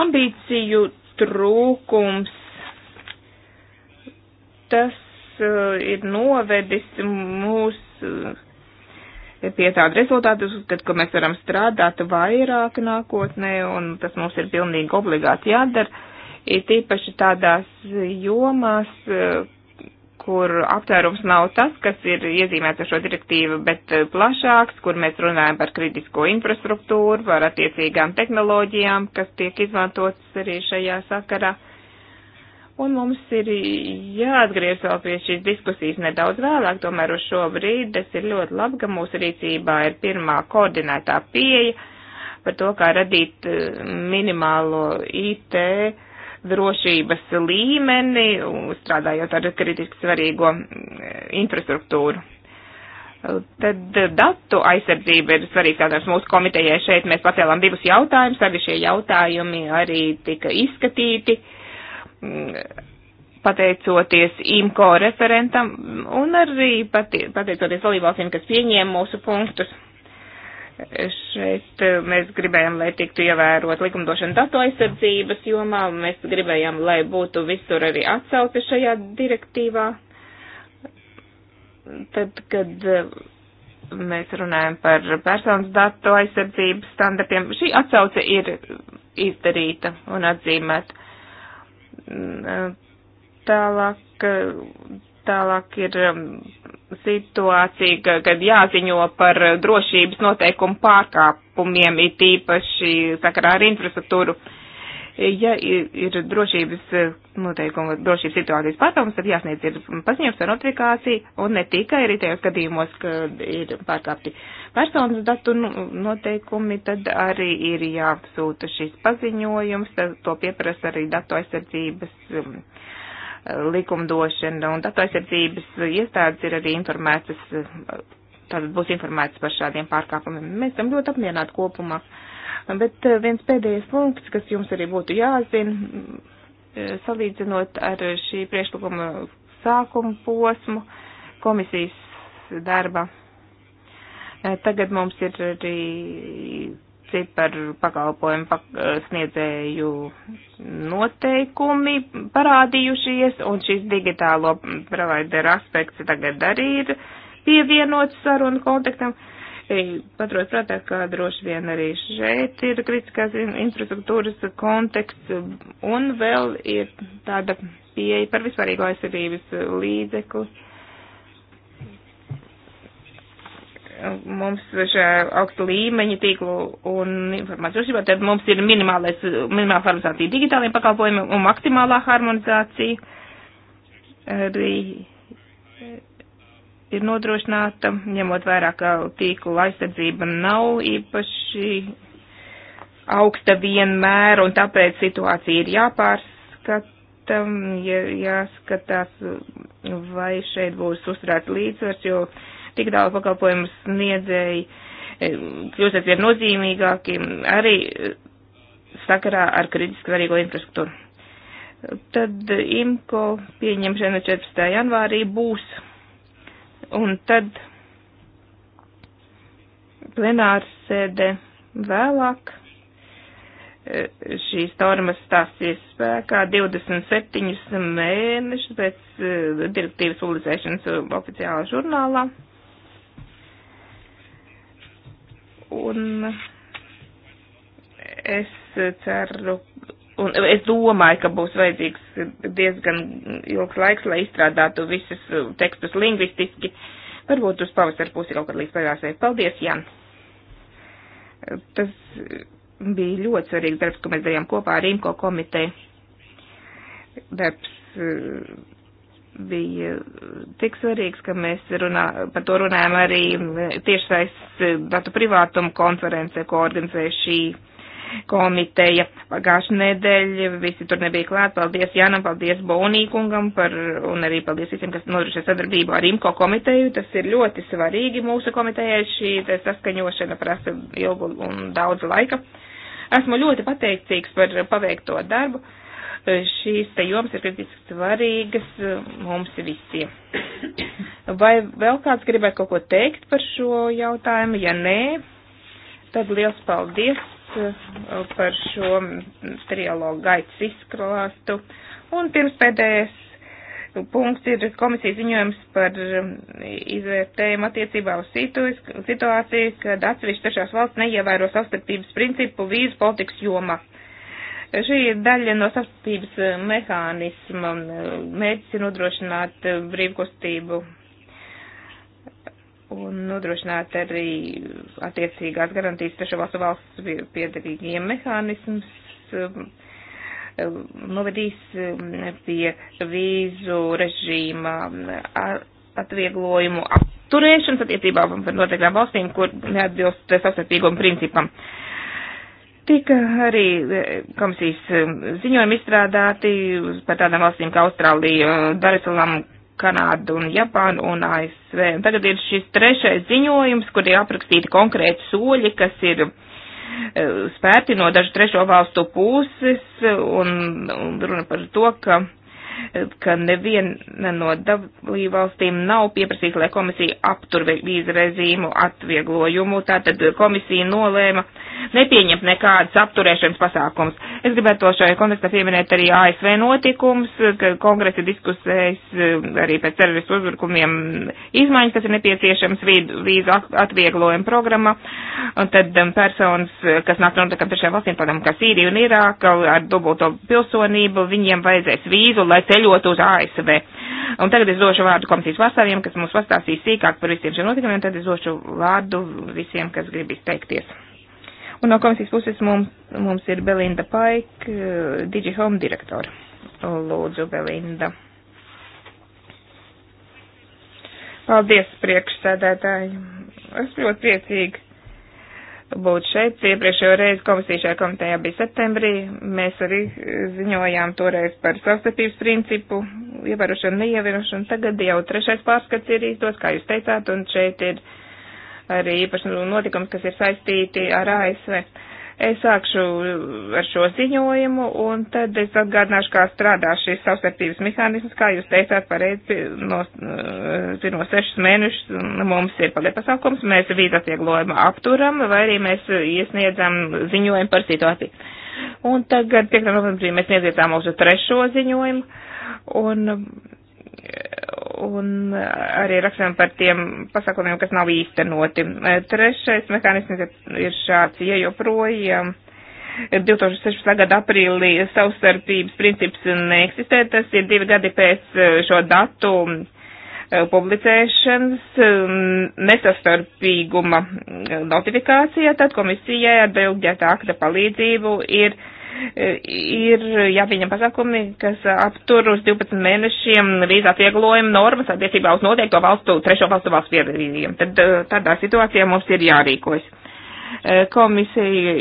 Ambīciju trūkums. Tas uh, ir novedis mūs uh, pie tāda rezultāta, kad, ka mēs varam strādāt vairāk nākotnē, un tas mums ir pilnīgi obligāti jādara it īpaši tādās jomās, kur aptvērums nav tas, kas ir iezīmēts ar šo direktīvu, bet plašāks, kur mēs runājam par kritisko infrastruktūru, par attiecīgām tehnoloģijām, kas tiek izmantotas arī šajā sakarā. Un mums ir jāatgriež vēl pie šīs diskusijas nedaudz vēlāk, tomēr uz šo brīdi tas ir ļoti labi, ka mūsu rīcībā ir pirmā koordinētā pieeja par to, kā radīt minimālo IT drošības līmeni, strādājot ar kritiski svarīgo mm, infrastruktūru. Tad datu aizsardzība ir svarīgs jautājums mūsu komitejai. Šeit mēs pacēlām divus jautājumus, abi šie jautājumi arī tika izskatīti mm, pateicoties IMCO referentam un arī pateicoties dalībvalstīm, kas pieņēma mūsu punktus. Šeit eh, mēs gribējām, lai tiktu ievērot likumdošana datu aizsardzības jomā, mēs gribējām, lai būtu visur arī atsauce šajā direktīvā. Tad, kad eh, mēs runājam par personas datu aizsardzības standartiem, šī atsauce ir izdarīta un atzīmēta. Mm, eh, tālāk Tālāk ir um, situācija, kad jāziņo par drošības noteikumu pārkāpumiem, it īpaši sakarā ar infrastruktūru. Ja ir, ir drošības eh, noteikuma, drošības situācijas pārkāpums, tad jāsniedz ir paziņojums par notifikāciju, un ne tikai arī tajos gadījumos, kad ir pārkāpti personas datu nu, noteikumi, tad arī ir jāsūta šis paziņojums, to pieprasa arī datu aizsardzības. Um, likumdošana un datu aizsardzības iestādes ir arī informētas, tātad būs informētas par šādiem pārkāpumiem. Mēs esam ļoti apmierināti kopumā. Bet eh, viens pēdējais punkts, kas jums arī būtu jāzina, eh, salīdzinot ar šī priekšlikuma sākuma posmu komisijas darba. Eh, tagad mums ir arī ciparu pakalpojumu pak eh, sniedzēju noteikumi parādījušies, un šis digitālo provideru aspekts tagad arī ir pievienots sarunu kontaktam. Eh, paturot prātā, ka droši vien arī šeit ir kritiskās infrastruktūras konteksts, un vēl ir tāda pieeja par vispārīgo aizsardzības līdzekli mums šā augsta līmeņa tīklu un informācijas drošībā, tad mums ir minimālais, minimāla harmonizācija digitāliem pakalpojumiem un maksimālā harmonizācija arī eh, ir nodrošināta, ņemot vairāk, ka tīklu aizsardzība nav īpaši augsta vienmēr, un tāpēc situācija ir jāpārskata ja, jāskatās, vai šeit būs uzturēts līdzsvars, jo tik tālu pakalpojumu sniedzēji e, kļūst atvien nozīmīgāki arī e, sakarā ar kritiski svarīgo infrastruktūru. Tad e, IMCO pieņemšana 14. janvārī būs, un tad plenārsēde vēlāk šīs normas stāsies spēkā 27 mēnešus pēc direktīvas publicēšanas oficiālā žurnālā. Un es ceru, un es domāju, ka būs vajadzīgs diezgan ilgs laiks, lai izstrādātu visus tekstus lingvistiski. Varbūt uz pavasara pusi kaut kad līdz pagājušajai. Paldies, Jan! Tas bija ļoti svarīgs darbs, ko mēs darījām kopā ar Rīmko komiteju. Darbs bija tik svarīgs, ka mēs runā, par to runājam arī tiešsaistes datu privātuma konferencē, ko organizēja šī komiteja pagājušā nedēļa. Visi tur nebija klāt. Paldies Janam, paldies Bonīkungam par, un arī paldies visiem, kas nodrošina sadarbību ar IMCO komiteju. Tas ir ļoti svarīgi mūsu komitejai. Šī saskaņošana prasa ilgu un daudz laika. Esmu ļoti pateicīgs par paveikto darbu. Uh, šīs te jomas ir kritiski svarīgas eh, mums visiem. Vai vēl kāds gribētu kaut ko teikt par šo jautājumu? Ja nē, tad liels paldies eh, par šo trialogu gaitas izklāstu. Un pirms pēdējais punkts ir komisijas ziņojums par eh, izvērtējumu attiecībā uz situāciju, kad atsevišķi trešās valsts neievēro savstarpības principu vīzu politikas jomā. Šī ir daļa no sapratības eh, mehānisma. Mērķis ir nodrošināt eh, brīvkustību un nodrošināt arī attiecīgās garantijas trešo valstu valsts piedarīgiem mehānisms eh, novedīs pie vīzu režīma atvieglojumu apturēšanas attiecībā par noteiktām valstīm, kur neatbilst savstarpīgam principam. Uh, Tika arī e, komisijas e, ziņojumi izstrādāti par tādām valstīm kā Austrālija, Darisalam, Kanādu un Japānu un ASV. Un tagad ir šis trešais ziņojums, kur ir aprakstīti konkrēti soļi, kas ir e, spērti no dažu trešo valstu puses un, un runa par to, ka ka neviena no dalībvalstīm nav pieprasījusi, lai komisija aptur vīzu režīmu atvieglojumu. Tātad komisija nolēma nepieņemt nekādas apturēšanas pasākums. Es gribētu to šajā kontekstā pieminēt arī ASV notikums, ka kongresa diskusēs eh, arī pēc teroristu uzbrukumiem izmaiņas, kas ir nepieciešams vīzu atvieglojuma programma. Un tad um, personas, kas nāk no tādām trešām valstīm, piemēram, kā Sīrija un Irāka, ar dubulto pilsonību, viņiem vajadzēs vīzu, lai ceļot uz ASV. Un tagad es došu vārdu komisijas pārstāvjiem, kas mums pastāstīs sīkāk par visiem šiem notikumiem, tad es došu vārdu visiem, kas grib izteikties. Un no komisijas puses mums, mums ir Belinda Paik, eh, DigiHome direktora. Lūdzu, Belinda. Paldies, priekšsēdētāji. Es ļoti priecīgi būt šeit. Iepriekšējo reizi komisija šajā komitejā bija septembrī. Mēs arī ziņojām toreiz par savstarpības principu ievērošanu, neievērošanu. Tagad jau trešais pārskats ir īstos, kā jūs teicāt, un šeit ir arī īpaši notikums, kas ir saistīti ar ASV. Es sākšu ar šo ziņojumu, un tad es atgādināšu, kā strādā šis savstarpības mehānisms, kā jūs teicāt, pareizi, no, pirmo sešus mēnešus mums ir pagaidu pasākums, mēs vīzu atvieglojumu apturam, vai arī mēs iesniedzam ziņojumu par situāciju. Un tagad 5. novembrī mēs iesniedzām mūsu trešo ziņojumu, un un arī rakstām par tiem pasākumiem, kas nav īstenoti. E, trešais mehānisms ir šāds, ja joprojām 2016. gada aprīlī savstarpības princips neeksistē, tas ir divi gadi pēc e, šo datu e, publicēšanas nesastarpīguma notifikācija, tad komisijai ar Belģēta akta palīdzību ir ir jāpieņem pasākumi, kas aptur uz 12 mēnešiem vīzā atvieglojuma normas attiecībā uz noteikto valstu, trešo valstu valsts piedevīgiem. Tad eh, tādā situācijā mums ir jārīkojas. Eh, komisija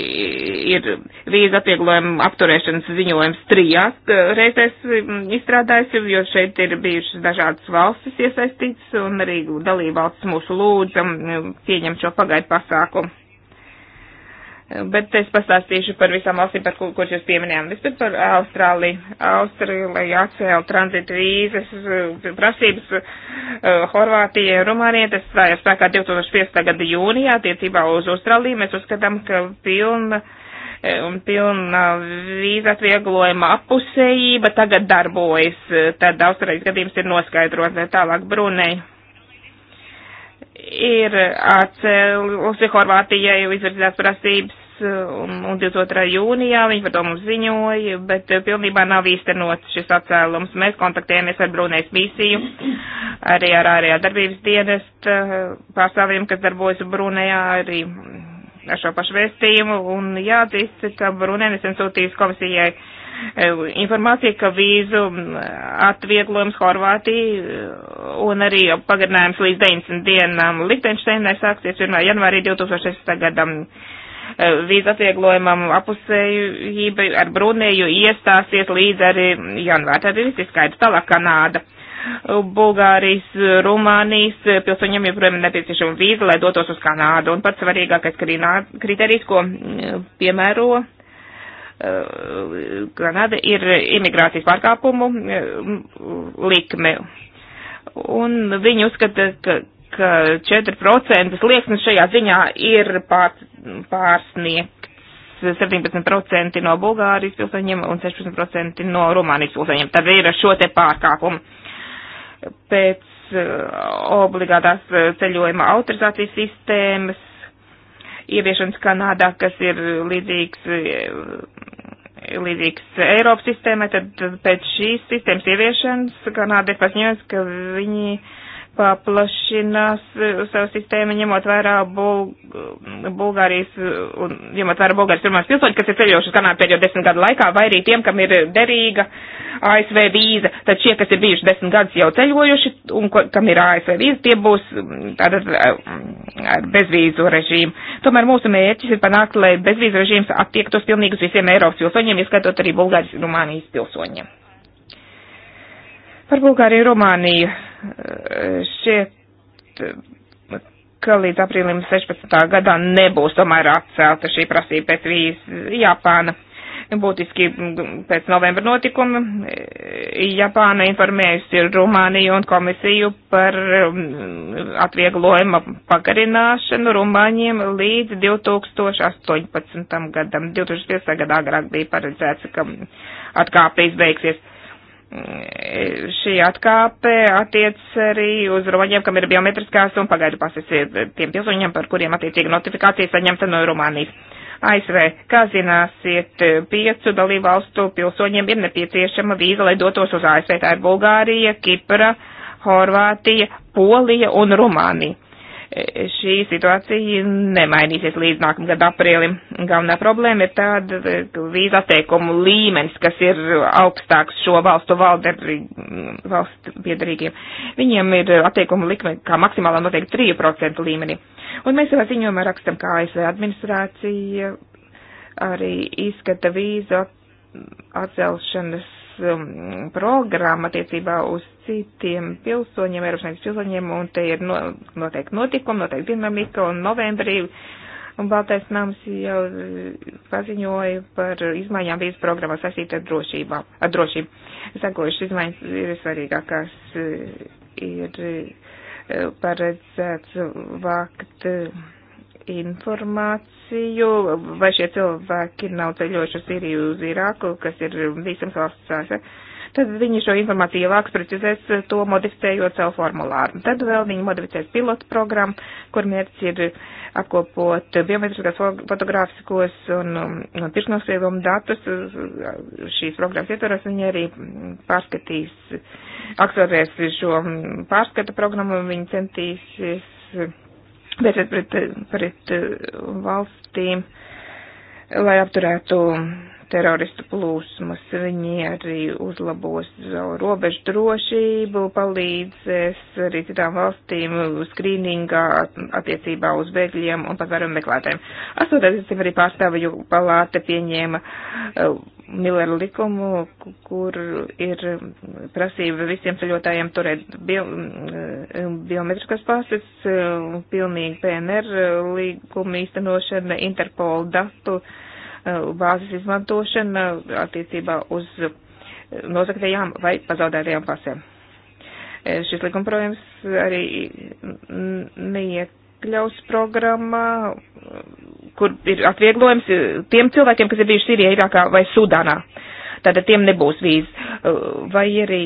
ir vīza atvieglojuma apturēšanas ziņojums trijās eh, reizēs mm, izstrādājusi, jo šeit ir bijušas dažādas valstis iesaistītas un arī dalībvalstis mūsu lūdza mm, pieņemt šo pagaidu pasākumu Bet es pastāstīšu par visām valstīm, par kur, kuras jūs pieminējām. Vispirms par Austrāliju. Austrālija atcēla tranzītu vīzes eh, prasības uh, Horvātijai un Rumānijai. Tas stājās spēkā 2015. gada jūnijā attiecībā uz Austrāliju. Mēs uzskatām, ka pilna eh, un pilna vīza atvieglojuma apusējība tagad darbojas. Tad Austrālijas gadījums ir noskaidrots tālāk Brunei ir atcēlusi Horvātijai izvirzītās prasības uh, un, un 22. jūnijā viņi par to mums ziņoja, bet uh, pilnībā nav īstenots šis atcēlums. Mēs kontaktējamies ar Brūnēs misiju, arī ar ārējā darbības dienesta uh, pārstāvjiem, kas darbojas Brūnējā, arī ar šo pašu vēstījumu, un jāatzīst, ka Brūnē nesen sūtījis komisijai Eh, informācija, ka vīzu mm, atvieglojums Horvātija eh, un arī pagarinājums līdz 90 dienām Lichtensteinai sāksies 1. janvārī 2016. gadam. Eh, vīza atvieglojumam apusējība ar Brunēju iestāsies līdz arī janvāri. Tad viss ir skaidrs. Tālāk Kanāda. Bulgārijas, Rumānijas pilsoņiem joprojām ir nepieciešama vīza, lai dotos uz Kanādu. Un pats svarīgākais kriterijs, ko mm, piemēro Eh, Granada ir imigrācijas pārkāpumu eh, likme. Un viņi uzskata, ka, ka 4% liekas šajā ziņā ir pār, pārsniegt. 17% no Bulgārijas pilsoņiem un 16% no Rumānijas pilsoņiem. Tad ir šo te pārkāpumu. Pēc eh, obligātās ceļojuma autorizācijas sistēmas ieviešanas Kanādā, kas ir līdzīgs, līdzīgs Eiropas sistēmai, tad pēc šīs sistēmas ieviešanas Kanāda ir paziņojusi, ka viņi uh, paplašinās eh, savu sistēmu, ņemot vērā Bul Bulgārijas eh, un ņemot vērā Bulgārijas pirmās pilsoņi, kas ir ceļojuši uz Kanādu pēdējo desmit gadu laikā, vai arī tiem, kam ir derīga ASV vīza, tad šie, kas ir bijuši desmit gadus jau ceļojuši un ko, kam ir ASV vīza, tie būs mm, tātad eh, ar bezvīzu režīmu. Tomēr mūsu mērķis ir panākt, lai bezvīzu režīms attiektos pilnīgi uz visiem Eiropas pilsoņiem, ieskatot arī Bulgārijas un Rumānijas pilsoņiem. Par Bulgāriju Rumāniju eh, šķiet, ka līdz aprīlim 16. gadā nebūs tomēr atcelta šī prasība pēc vīzes Japāna. Būtiski pēc novembra notikuma eh, Japāna informējusi Rumāniju un komisiju par mm, atvieglojuma pagarināšanu Rumāņiem līdz 2018. gadam. 2015. gadā agrāk bija paredzēts, ka atkāpīs beigsies Eh, šī atkāpe attiec arī uz Romaņiem, kam ir biometriskās un pagaidu pases eh, tiem pilsoņiem, par kuriem attiecīgi notifikācija saņemta no Rumānijas. ASV, kā zināsiet, piecu dalību valstu pilsoņiem ir nepieciešama vīza, lai dotos uz ASV. Tā ir Bulgārija, Kipra, Horvātija, Polija un Rumānija šī situācija nemainīsies līdz nākamgad aprīlim. Galvenā problēma ir tāda vīza atteikumu līmenis, kas ir augstāks šo valstu valderī, valstu piedarīgiem. Viņiem ir atteikumu likme kā maksimālā noteikti 3% līmenī. Un mēs savā ziņojumā rakstam, kā ASV administrācija arī izskata vīzu atcelšanas Um, programma attiecībā uz citiem pilsoņiem, Eiropas Savienības pilsoņiem, un te ir no, noteikti notikumi, noteikti dinamika, un novembrī un Baltais nams jau uh, paziņoja par izmaiņām vīzu programmā saistīt ar drošībā, ar drošību. Sakojušas izmaiņas ir svarīgākās, uh, ir uh, paredzēts vākt informāciju, vai šie cilvēki nav ceļojuši uz Sīriju, uz Irāku, kas ir bīstams valsts sāse. Tad viņi šo informāciju vāks, precizēs to, modificējot savu formulāru. Tad vēl viņi modificēs pilotu programmu, kur mērķis ir apkopot biometriskās fotogrāfiskos un, um, un pirknosvielumu datus. Šīs programmas ietvaros viņi arī pārskatīs, aktualizēs šo um, pārskata programmu, viņi centīsies vēršot pret, pret valstīm, lai apturētu teroristu plūsmas. Viņi arī uzlabos robežu drošību, palīdzēs arī citām valstīm skrīningā attiecībā uz bēgļiem un patvērumu meklētājiem. 8. decembrī pārstāvju palāte pieņēma uh, Milleru likumu, kur ir prasība visiem ceļotājiem turēt bio, mm, uh, biometriskās pases, uh, pilnīgi PNR uh, līguma īstenošana, Interpol datu Uh, bāzes izmantošana uh, attiecībā uz uh, nozaktajām vai pazaudētajām pasēm. Šis likumprojums arī mm, mm, neiekļaus programmā, kur ir atvieglojums tiem cilvēkiem, kas ir bijuši Sīrijā, Irākā vai Sudānā. Tātad tiem nebūs vīzes. Vai arī,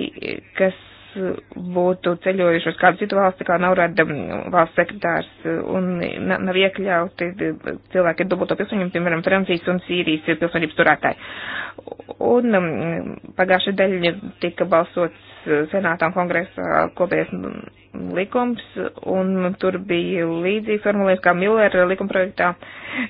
kas būtu ceļojuši uz kādu citu valsti, kā nav rada mm, valsts sekretārs, un nav iekļauti cilvēki ar dubulto pilsoņiem, piemēram, Francijas un Sīrijas pilsoņības turētāji. Un mm, pagājušajā daļā tika balsots e, senātā un kongresā kopējais mm, likums, un tur bija līdzīgs formulējums kā Millera e, likuma projektā,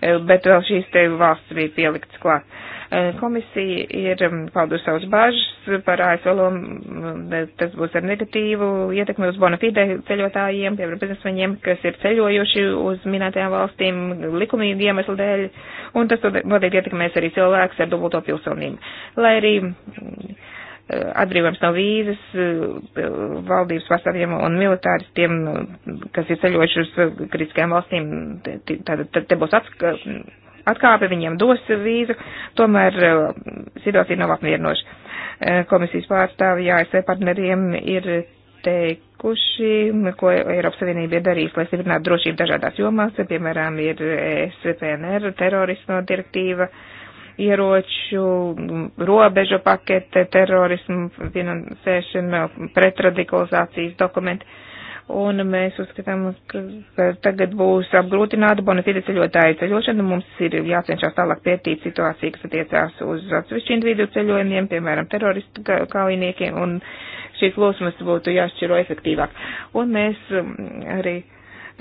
e, bet vēl šīs te valsts bija pieliktas klāt. Uh, Eh, komisija ir mm, paudusi savus bažas par ASV lomu, mm, tas būs ar negatīvu ietekmi uz bonafide ceļotājiem, piemēram, biznesmeņiem, kas ir ceļojuši uz minētajām valstīm likumīgi iemeslu dēļ, un tas noteikti ietekmēs arī cilvēks ar dubulto pilsonību. Lai arī mm, eh, atbrīvojums no vīzes eh, valdības pārstāvjiem un militāristiem, kas ir ceļojuši uz kritiskajām valstīm, tātad te būs atska, atkāpi, viņiem dos vīzu, tomēr eh, situācija nav apmierinoša. Eh, komisijas pārstāvji ASV partneriem ir teikuši, ko Eiropas Savienība ir darījusi, lai stiprinātu drošību dažādās jomās, piemēram, ir SPNR, terorisma direktīva, ieroču, robežu pakete, terorismu finansēšana, pretradikalizācijas dokumenti. Un mēs uzskatām, ka tagad būs apgrūtināta bonafide ceļotāja ceļošana. Mums ir jācenšas tālāk pētīt situāciju, kas attiecās uz atsevišķu individu ceļojumiem, piemēram, teroristu kaujiniekiem, un šīs plūsmas būtu jāšķiro efektīvāk. Un mēs um, arī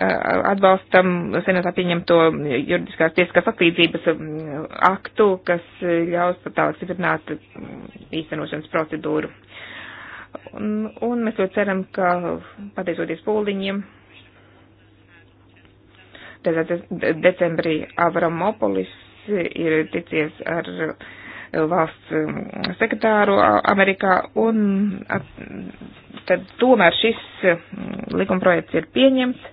atbalstam senatā pieņemto juridiskās tiesiskās atlīdzības um, aktu, kas ļaus tālāk stiprināt um, īstenošanas procedūru Un, un mēs ļoti ceram, ka pateicoties pūliņiem, decembrī Avramopolis ir ticies ar valsts um, sekretāru Amerikā, un at, tad tomēr šis um, likumprojekts ir pieņemts.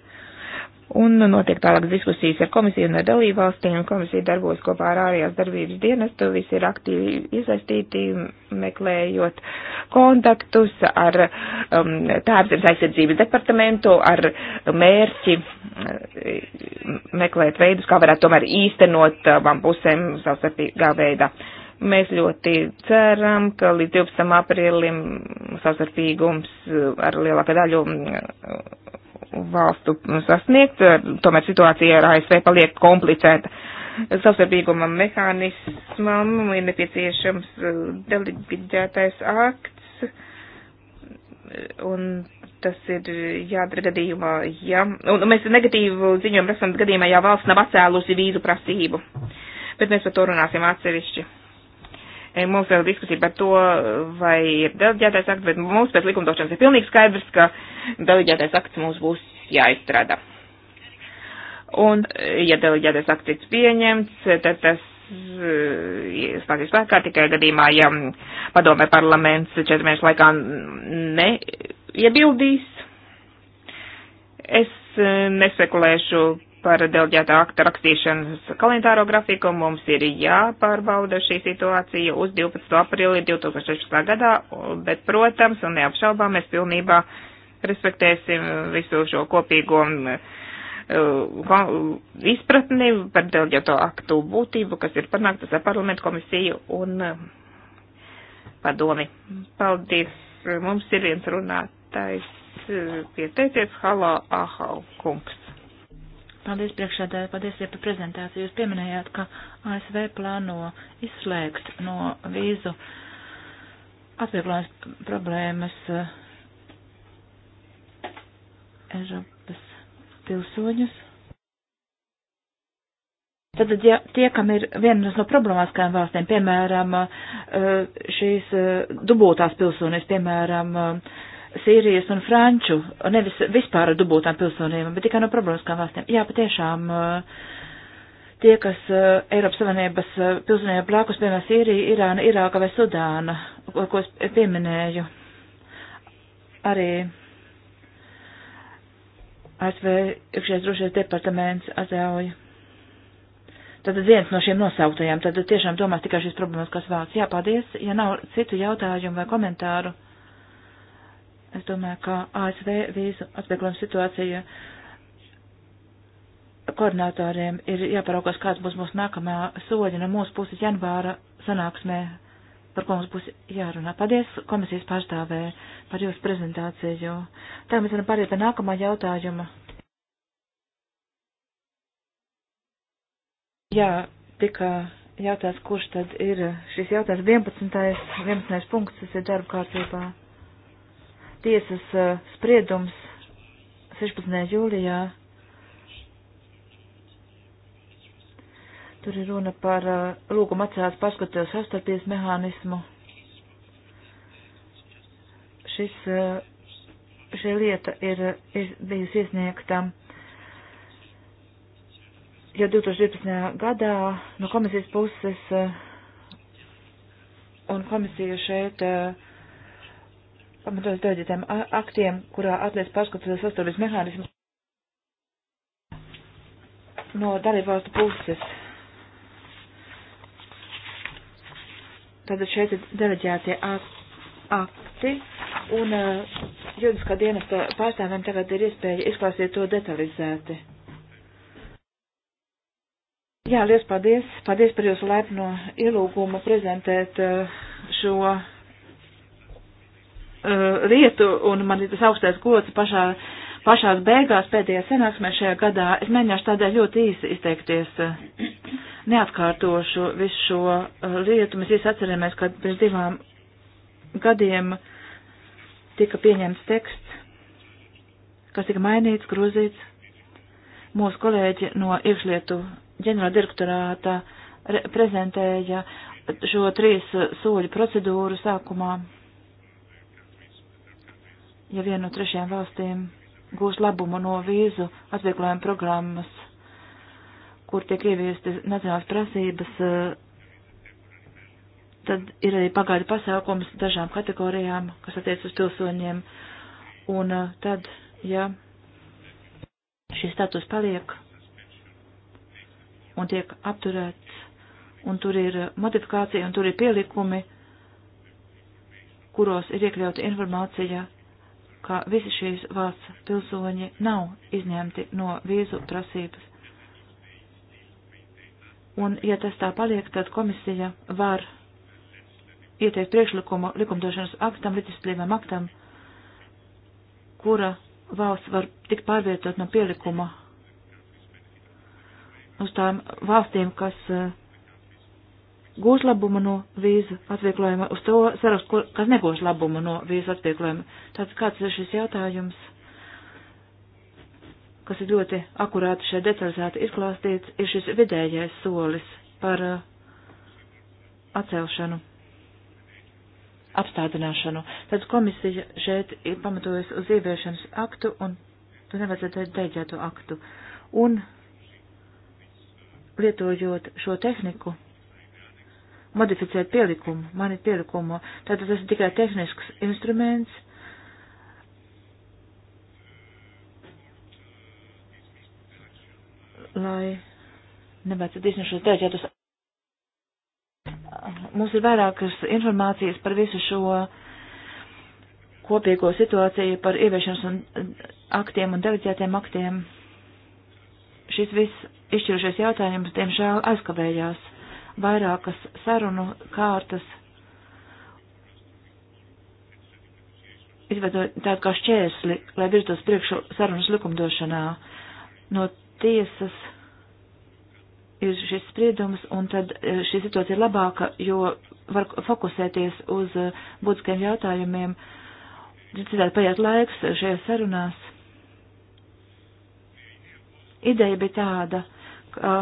Un notiek tālāk diskusijas ar komisiju un ar dalībvalstīm. Komisija darbojas kopā ar ārējās darbības dienestu, visi ir aktīvi iesaistīti, meklējot kontaktus ar um, tēvzemes aizsardzības departamentu, ar mērķi uh, meklēt veidus, kā varētu tomēr īstenot abām pusēm savstarpīgā veidā. Mēs ļoti ceram, ka līdz 12. aprīlim savstarpīgums uh, ar lielāku daļu uh, valstu sasniegt, eh, tomēr situācija ar ASV paliek komplicēta. Savstarpīgumam mehānismam ir nepieciešams eh, deleģētais akts, un tas ir jādara gadījumā, ja, un mēs negatīvu ziņojumu esam gadījumā, ja valsts nav atcēlusi vīzu prasību, bet mēs par to runāsim atsevišķi. Mums vēl diskusija par to, vai ir deleģētais akts, bet mums pēc likumdošanas ir pilnīgi skaidrs, ka deleģētais akts mums būs jāizstrādā. Un, ja deleģētais akts tiks pieņemts, tad tas eh, stāsies spēkā tikai gadījumā, ja padomē parlaments četru mēnešu laikā neiebildīs. Es eh, nespekulēšu par delģētā akta rakstīšanas kalendāro grafiku mums ir jāpārbauda šī situācija uz 12. aprīli 2016. gadā, bet, protams, un neapšaubām mēs pilnībā respektēsim visu šo kopīgo un, uh, izpratni par delģēto aktu būtību, kas ir panāktas ar parlamentu komisiju un uh, padomi. Paldies! Mums ir viens runātājs pieteicies Halo Ahau kungs. Paldies priekšādāji, paldies arī par prezentāciju. Jūs pieminējāt, ka ASV plāno izslēgt no vīzu atvieglojums problēmas eh, Eiropas pilsoņus. Tad, ja tie, kam ir viena no problemātiskajām valstīm, piemēram, eh, šīs eh, dubultās pilsonības, piemēram, Sīrijas un Franču, nevis vispār ar dubultām pilsonībām, bet tikai no problēmiskām valstīm. Jā, patiešām eh, tie, kas eh, Eiropas Savienības eh, pilsonībā blakus, piemēram, Sīrija, Irāna, Irāka vai Sudāna, ko es pieminēju, arī ASV iekšējais drošības departaments atļauj. Tātad viens no šiem nosauktajiem, tad tiešām domās tikai šīs problēmas, kas vāc. Jā, paldies. Ja nav citu jautājumu vai komentāru. Es domāju, ka ASV vīzu atvieglojuma situācija koordinatoriem ir jāparaugās, kāds būs mūsu nākamā soļa no mūsu puses janvāra sanāksmē, par ko mums būs jārunā. Paldies komisijas pārstāvē par jūsu prezentāciju. Tā mēs varam pāriet pie nākamā jautājuma. Jā, tika jautās, kurš tad ir šis jautājums 11. 11. punkts, tas ir darba kārtībā tiesas eh, spriedums 16. jūlijā. Tur ir runa par eh, lūgumu atcerās paskatījos sastarpies mehānismu. Šis, eh, šī lieta ir, ir bijusi iesniegta jau 2012. gadā no komisijas puses, un komisija šeit uh, pamatos dēļotiem aktiem, kurā atliec paskatās sastāvības mehānismus no dalībvalstu puses. Tātad šeit ir deleģētie akti, un uh, juridiskā dienesta pārstāvjiem tagad ir iespēja izklāstīt to detalizēti. Jā, liels paldies! Paldies par jūsu laipno ielūgumu prezentēt uh, šo uh, lietu, un man ir tas augstais gods pašā, pašās beigās pēdējā senāksmē šajā gadā. Es mēģināšu tādēļ ļoti īsi izteikties. Neatkārtošu visu šo uh, lietu. Mēs visi atceramies, kad pirms divām gadiem tika pieņemts teksts, kas tika mainīts, grozīts. Mūsu kolēģi no iekšlietu ģenerāla direktorāta prezentēja šo trīs soļu procedūru sākumā ja viena no trešajām valstīm gūs labumu no vīzu atvieglojuma programmas, kur tiek ieviesti nacionālas prasības, eh, tad ir arī pagaidu pasākums dažām kategorijām, kas attiec uz pilsoņiem, un eh, tad, ja šis status paliek un tiek apturēts, un tur ir modifikācija, un tur ir pielikumi, kuros ir iekļauta informācija ka visi šīs valsts pilsoņi nav izņemti no vīzu prasības. Un, ja tas tā paliek, tad komisija var ieteikt priekšlikumu likumdošanas aktam, leģislatīvam aktam, kura valsts var tikt pārvietot no pielikuma uz tām valstīm, kas uh, gūs labumu no vīzu atvieglojuma, uz to sarakstu, kas negūs labumu no vīzu atvieglojuma. Tāds kāds ir šis jautājums, kas ir ļoti akurāti šeit detalizēti izklāstīts, ir šis vidējais solis par uh, atcelšanu, apstādināšanu. Tad komisija šeit ir pamatojas uz ieviešanas aktu un tu nevajadzētu deģētu aktu. Un lietojot šo tehniku, modificēt pielikumu, manīt pielikumu. Tātad tas ir tikai tehnisks instruments. Lai nevajadzētu izniešos teikt, ja tas. Mums ir vairākas informācijas par visu šo kopīgo situāciju, par ieviešanas un aktiem un deleģētiem aktiem. Šis viss izšķirušais jautājums, diemžēl, aizkavējās vairākas sarunu kārtas, izveidot tādu kā šķērsli, lai virzītos priekšu sarunas likumdošanā. No tiesas ir šis spriedums, un tad e, šī situācija ir labāka, jo var fokusēties uz e, būtiskiem jautājumiem. Citādi paiet laiks šajās sarunās. Ideja bija tāda, ka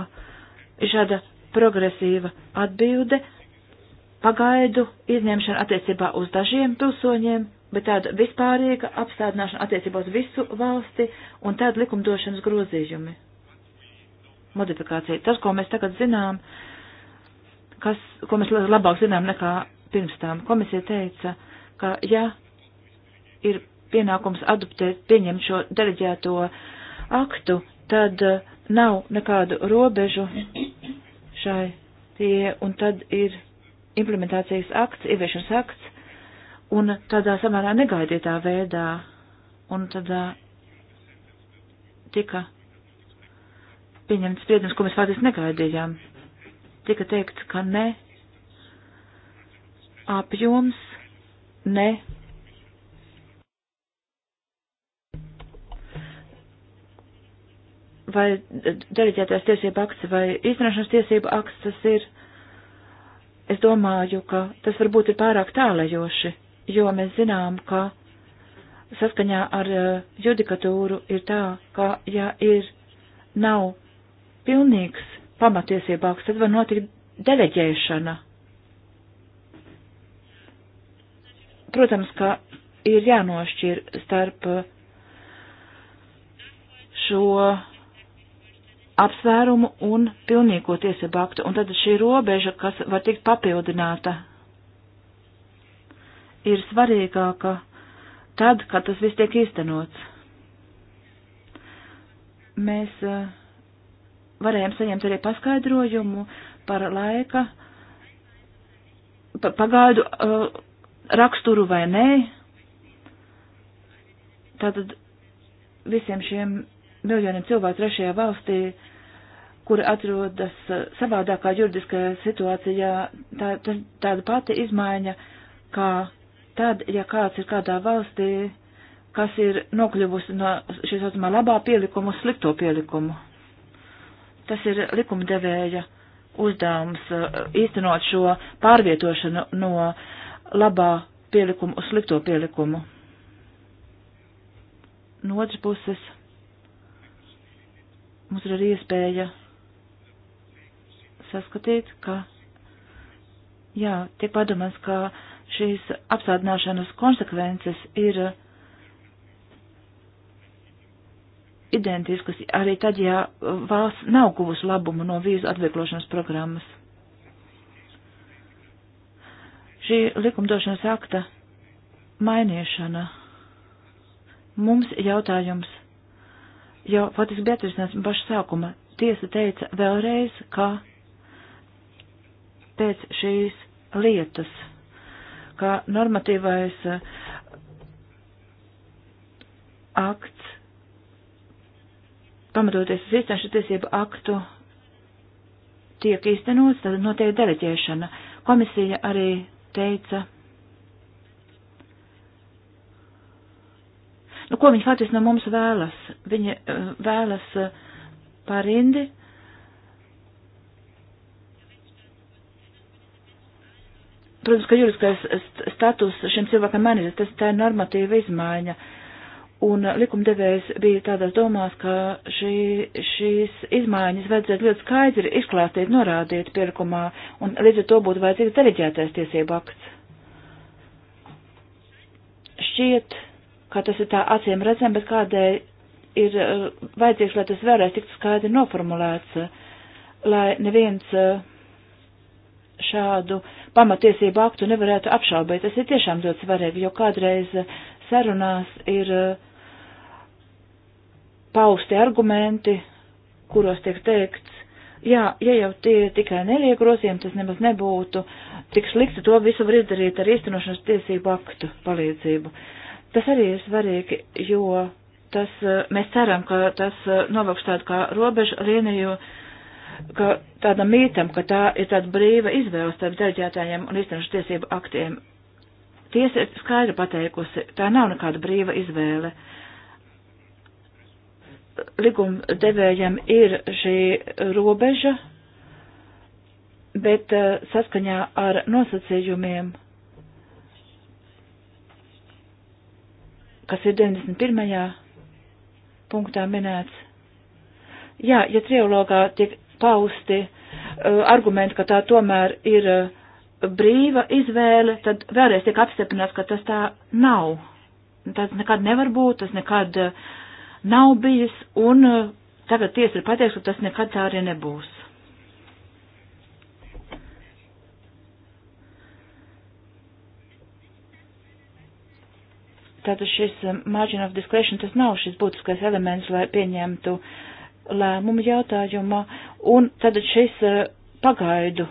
ir šāda progresīva atbilde, pagaidu izņemšana attiecībā uz dažiem pilsoņiem, bet tāda vispārīga apstādināšana attiecībā uz visu valsti un tāda likumdošanas grozījumi. Modifikācija. Tas, ko mēs tagad zinām, kas, ko mēs labāk zinām nekā pirms tām, komisija teica, ka ja ir pienākums adoptēt, pieņemt šo deleģēto aktu, tad eh, nav nekādu robežu šai tie, un tad ir implementācijas akts, ieviešanas akts, un tādā samērā negaidītā veidā, un tādā tika pieņemts spriedums, ko mēs faktiski negaidījām. Tika teikt, ka ne apjoms, ne vai deleģētais tiesība akts vai īstenošanas tiesība akts tas ir, es domāju, ka tas varbūt ir pārāk tālējoši, jo mēs zinām, ka saskaņā ar eh, judikatūru ir tā, ka ja ir nav pilnīgs pamatiesība akts, tad var notikt deleģēšana. Protams, ka ir jānošķir starp eh, šo apsvērumu un pilnīgo tiesību aktu, un tad šī robeža, kas var tikt papildināta, ir svarīgāka tad, kad tas viss tiek īstenots. Mēs eh, varējām saņemt arī paskaidrojumu par laika, pa, pagaidu uh, raksturu vai nē. Tātad visiem šiem miljoniem cilvēku trešajā valstī, kuri atrodas eh, savādākā juridiskajā situācijā, tā, tā, tāda pati izmaiņa, kā tad, ja kāds ir kādā valstī, kas ir nokļuvusi no šī saucamā labā pielikuma uz slikto pielikumu. Tas ir likumdevēja uzdevums eh, īstenot šo pārvietošanu no labā pielikuma uz slikto pielikumu. No otras puses, mums ir arī iespēja saskatīt, ka, jā, tiek padomās, ka šīs apsādināšanas konsekvences ir identiskas arī tad, ja valsts nav guvusi labumu no vīzu atvieglošanas programmas. Šī likumdošanas akta mainīšana. Mums jautājums jau faktiski bija atrisināts paša sākuma. Tiesa teica vēlreiz, ka pēc šīs lietas, ka normatīvais eh, akts, pamatoties uz īstenošu tiesību aktu, tiek īstenots, tad notiek deleģēšana. Komisija arī teica, Nu, ko viņi faktiski no mums vēlas? Viņi uh, vēlas uh, parindi. Protams, ka juridiskais st status šiem cilvēkiem mainīsies, tas tā ir normatīva izmaiņa. Un likumdevējs bija tādās domās, ka šī, šīs izmaiņas vajadzētu ļoti skaidri izklāstīt, norādīt pirkumā, un līdz ar to būtu vajadzīgs deleģētais tiesību akts. Šķiet, kā tas ir tā acīm redzam, bet kādēļ ir eh, vajadzīgs, lai tas vēlreiz tiktu skaidri noformulēts, eh, lai neviens eh, šādu pamatiesību aktu nevarētu apšaubīt. Tas ir tiešām ļoti svarīgi, jo kādreiz sarunās ir pausti argumenti, kuros tiek teikts, jā, ja jau tie tikai neliek grozījumi, tas nemaz nebūtu tik slikti, to visu var izdarīt ar īstenošanas tiesību aktu palīdzību. Uh, Tas arī ir svarīgi, jo tas, e, mēs ceram, ka tas e, novāks tādu kā robežu līniju, ka tādam mītam, ka tā ir tāda brīva izvēle starp deleģētājiem un īstenošu tiesību aktiem. Tiesa ir skaidri pateikusi, tā nav nekāda brīva izvēle. Likuma devējiem ir šī robeža, bet e, saskaņā ar nosacījumiem kas ir 91. punktā minēts. Jā, ja trijologā tiek pausti uh, argumenti, ka tā tomēr ir uh, brīva izvēle, tad vēlreiz tiek apstiprināts, ka tas tā nav. Tas nekad nevar būt, tas nekad uh, nav bijis, un uh, tagad tiesa ir pateikusi, ka tas nekad tā arī nebūs. Tātad šis um, margin of discretion, tas nav šis būtiskais elements, lai pieņemtu lēmumu jautājumā, un tad šis uh, pagaidu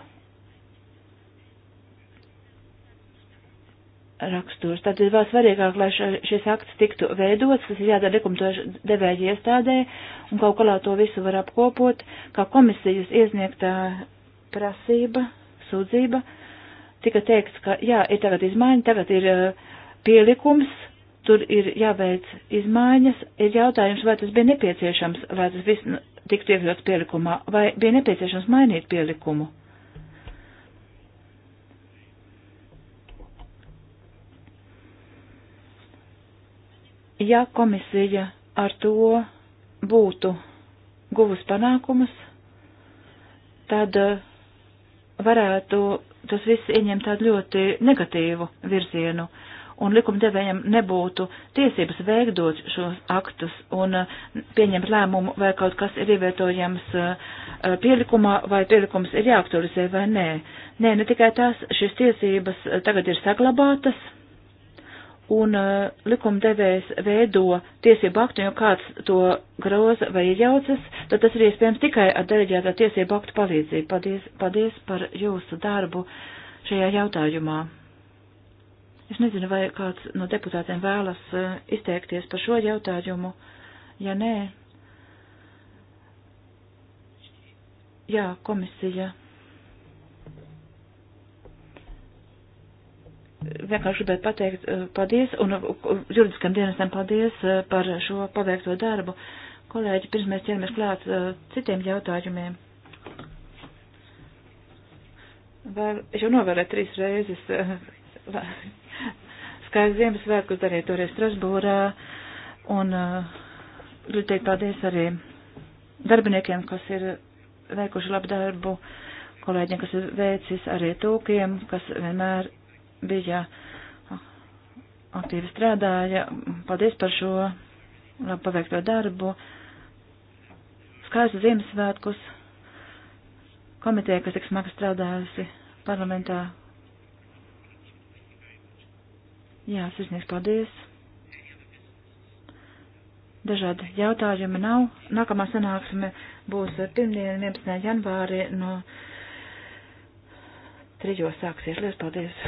raksturs. Tad ir vēl svarīgāk, lai šis akts tiktu veidots, tas ir jādara likumdošu devēja iestādē, un kaut kādā to visu var apkopot, kā komisijas iesniegtā prasība, sūdzība. Tika teikts, ka jā, ir tagad izmaiņa, tagad ir uh, pielikums, tur ir jāveic izmaiņas, ir jautājums, vai tas bija nepieciešams, lai tas viss nu, tiktu iekļauts pielikumā, vai bija nepieciešams mainīt pielikumu. Ja komisija ar to būtu guvusi panākumus, tad eh, varētu tas viss ieņemt tādu ļoti negatīvu virzienu. Uh, un likumdevējiem nebūtu tiesības veidot šos aktus un uh, pieņemt lēmumu, vai kaut kas ir ievietojams uh, uh, pielikumā, vai pielikums ir jāaktualizē vai nē. Nē, ne tikai tās, šīs tiesības tagad ir saglabātas. Un uh, likumdevējs veido tiesību aktu, jo kāds to groza vai iejaucas, tad tas ir iespējams tikai ar deleģētā tiesību aktu palīdzību. Paldies, paldies par jūsu darbu šajā jautājumā. Es nezinu, vai kāds no deputātiem vēlas eh, izteikties par šo jautājumu. Ja nē, jā, komisija. vienkārši gribētu pateikt eh, paldies un eh, juridiskam dienestam paldies par šo paveikto darbu. Kolēģi, pirms mēs ķeramies klāt citiem jautājumiem. Vēl, es jau novēlēju trīs reizes, ka Ziemassvētkus darīja toreiz Strasbūrā un uh, gribu teikt paldies arī darbiniekiem, kas ir veikuši labu darbu, kolēģiem, kas ir veicis arī tūkiem, kas vienmēr bija uh, aktīvi strādāja. Paldies par šo labu paveikto darbu. Skaistu Ziemassvētkus komiteja, kas tik smagi strādājusi parlamentā, Jā, sirsnieks, paldies. Dažādi jautājumi nav. Nākamā sanāksme būs pirmdien, 11. janvārī no 3. sāksies. Liels paldies!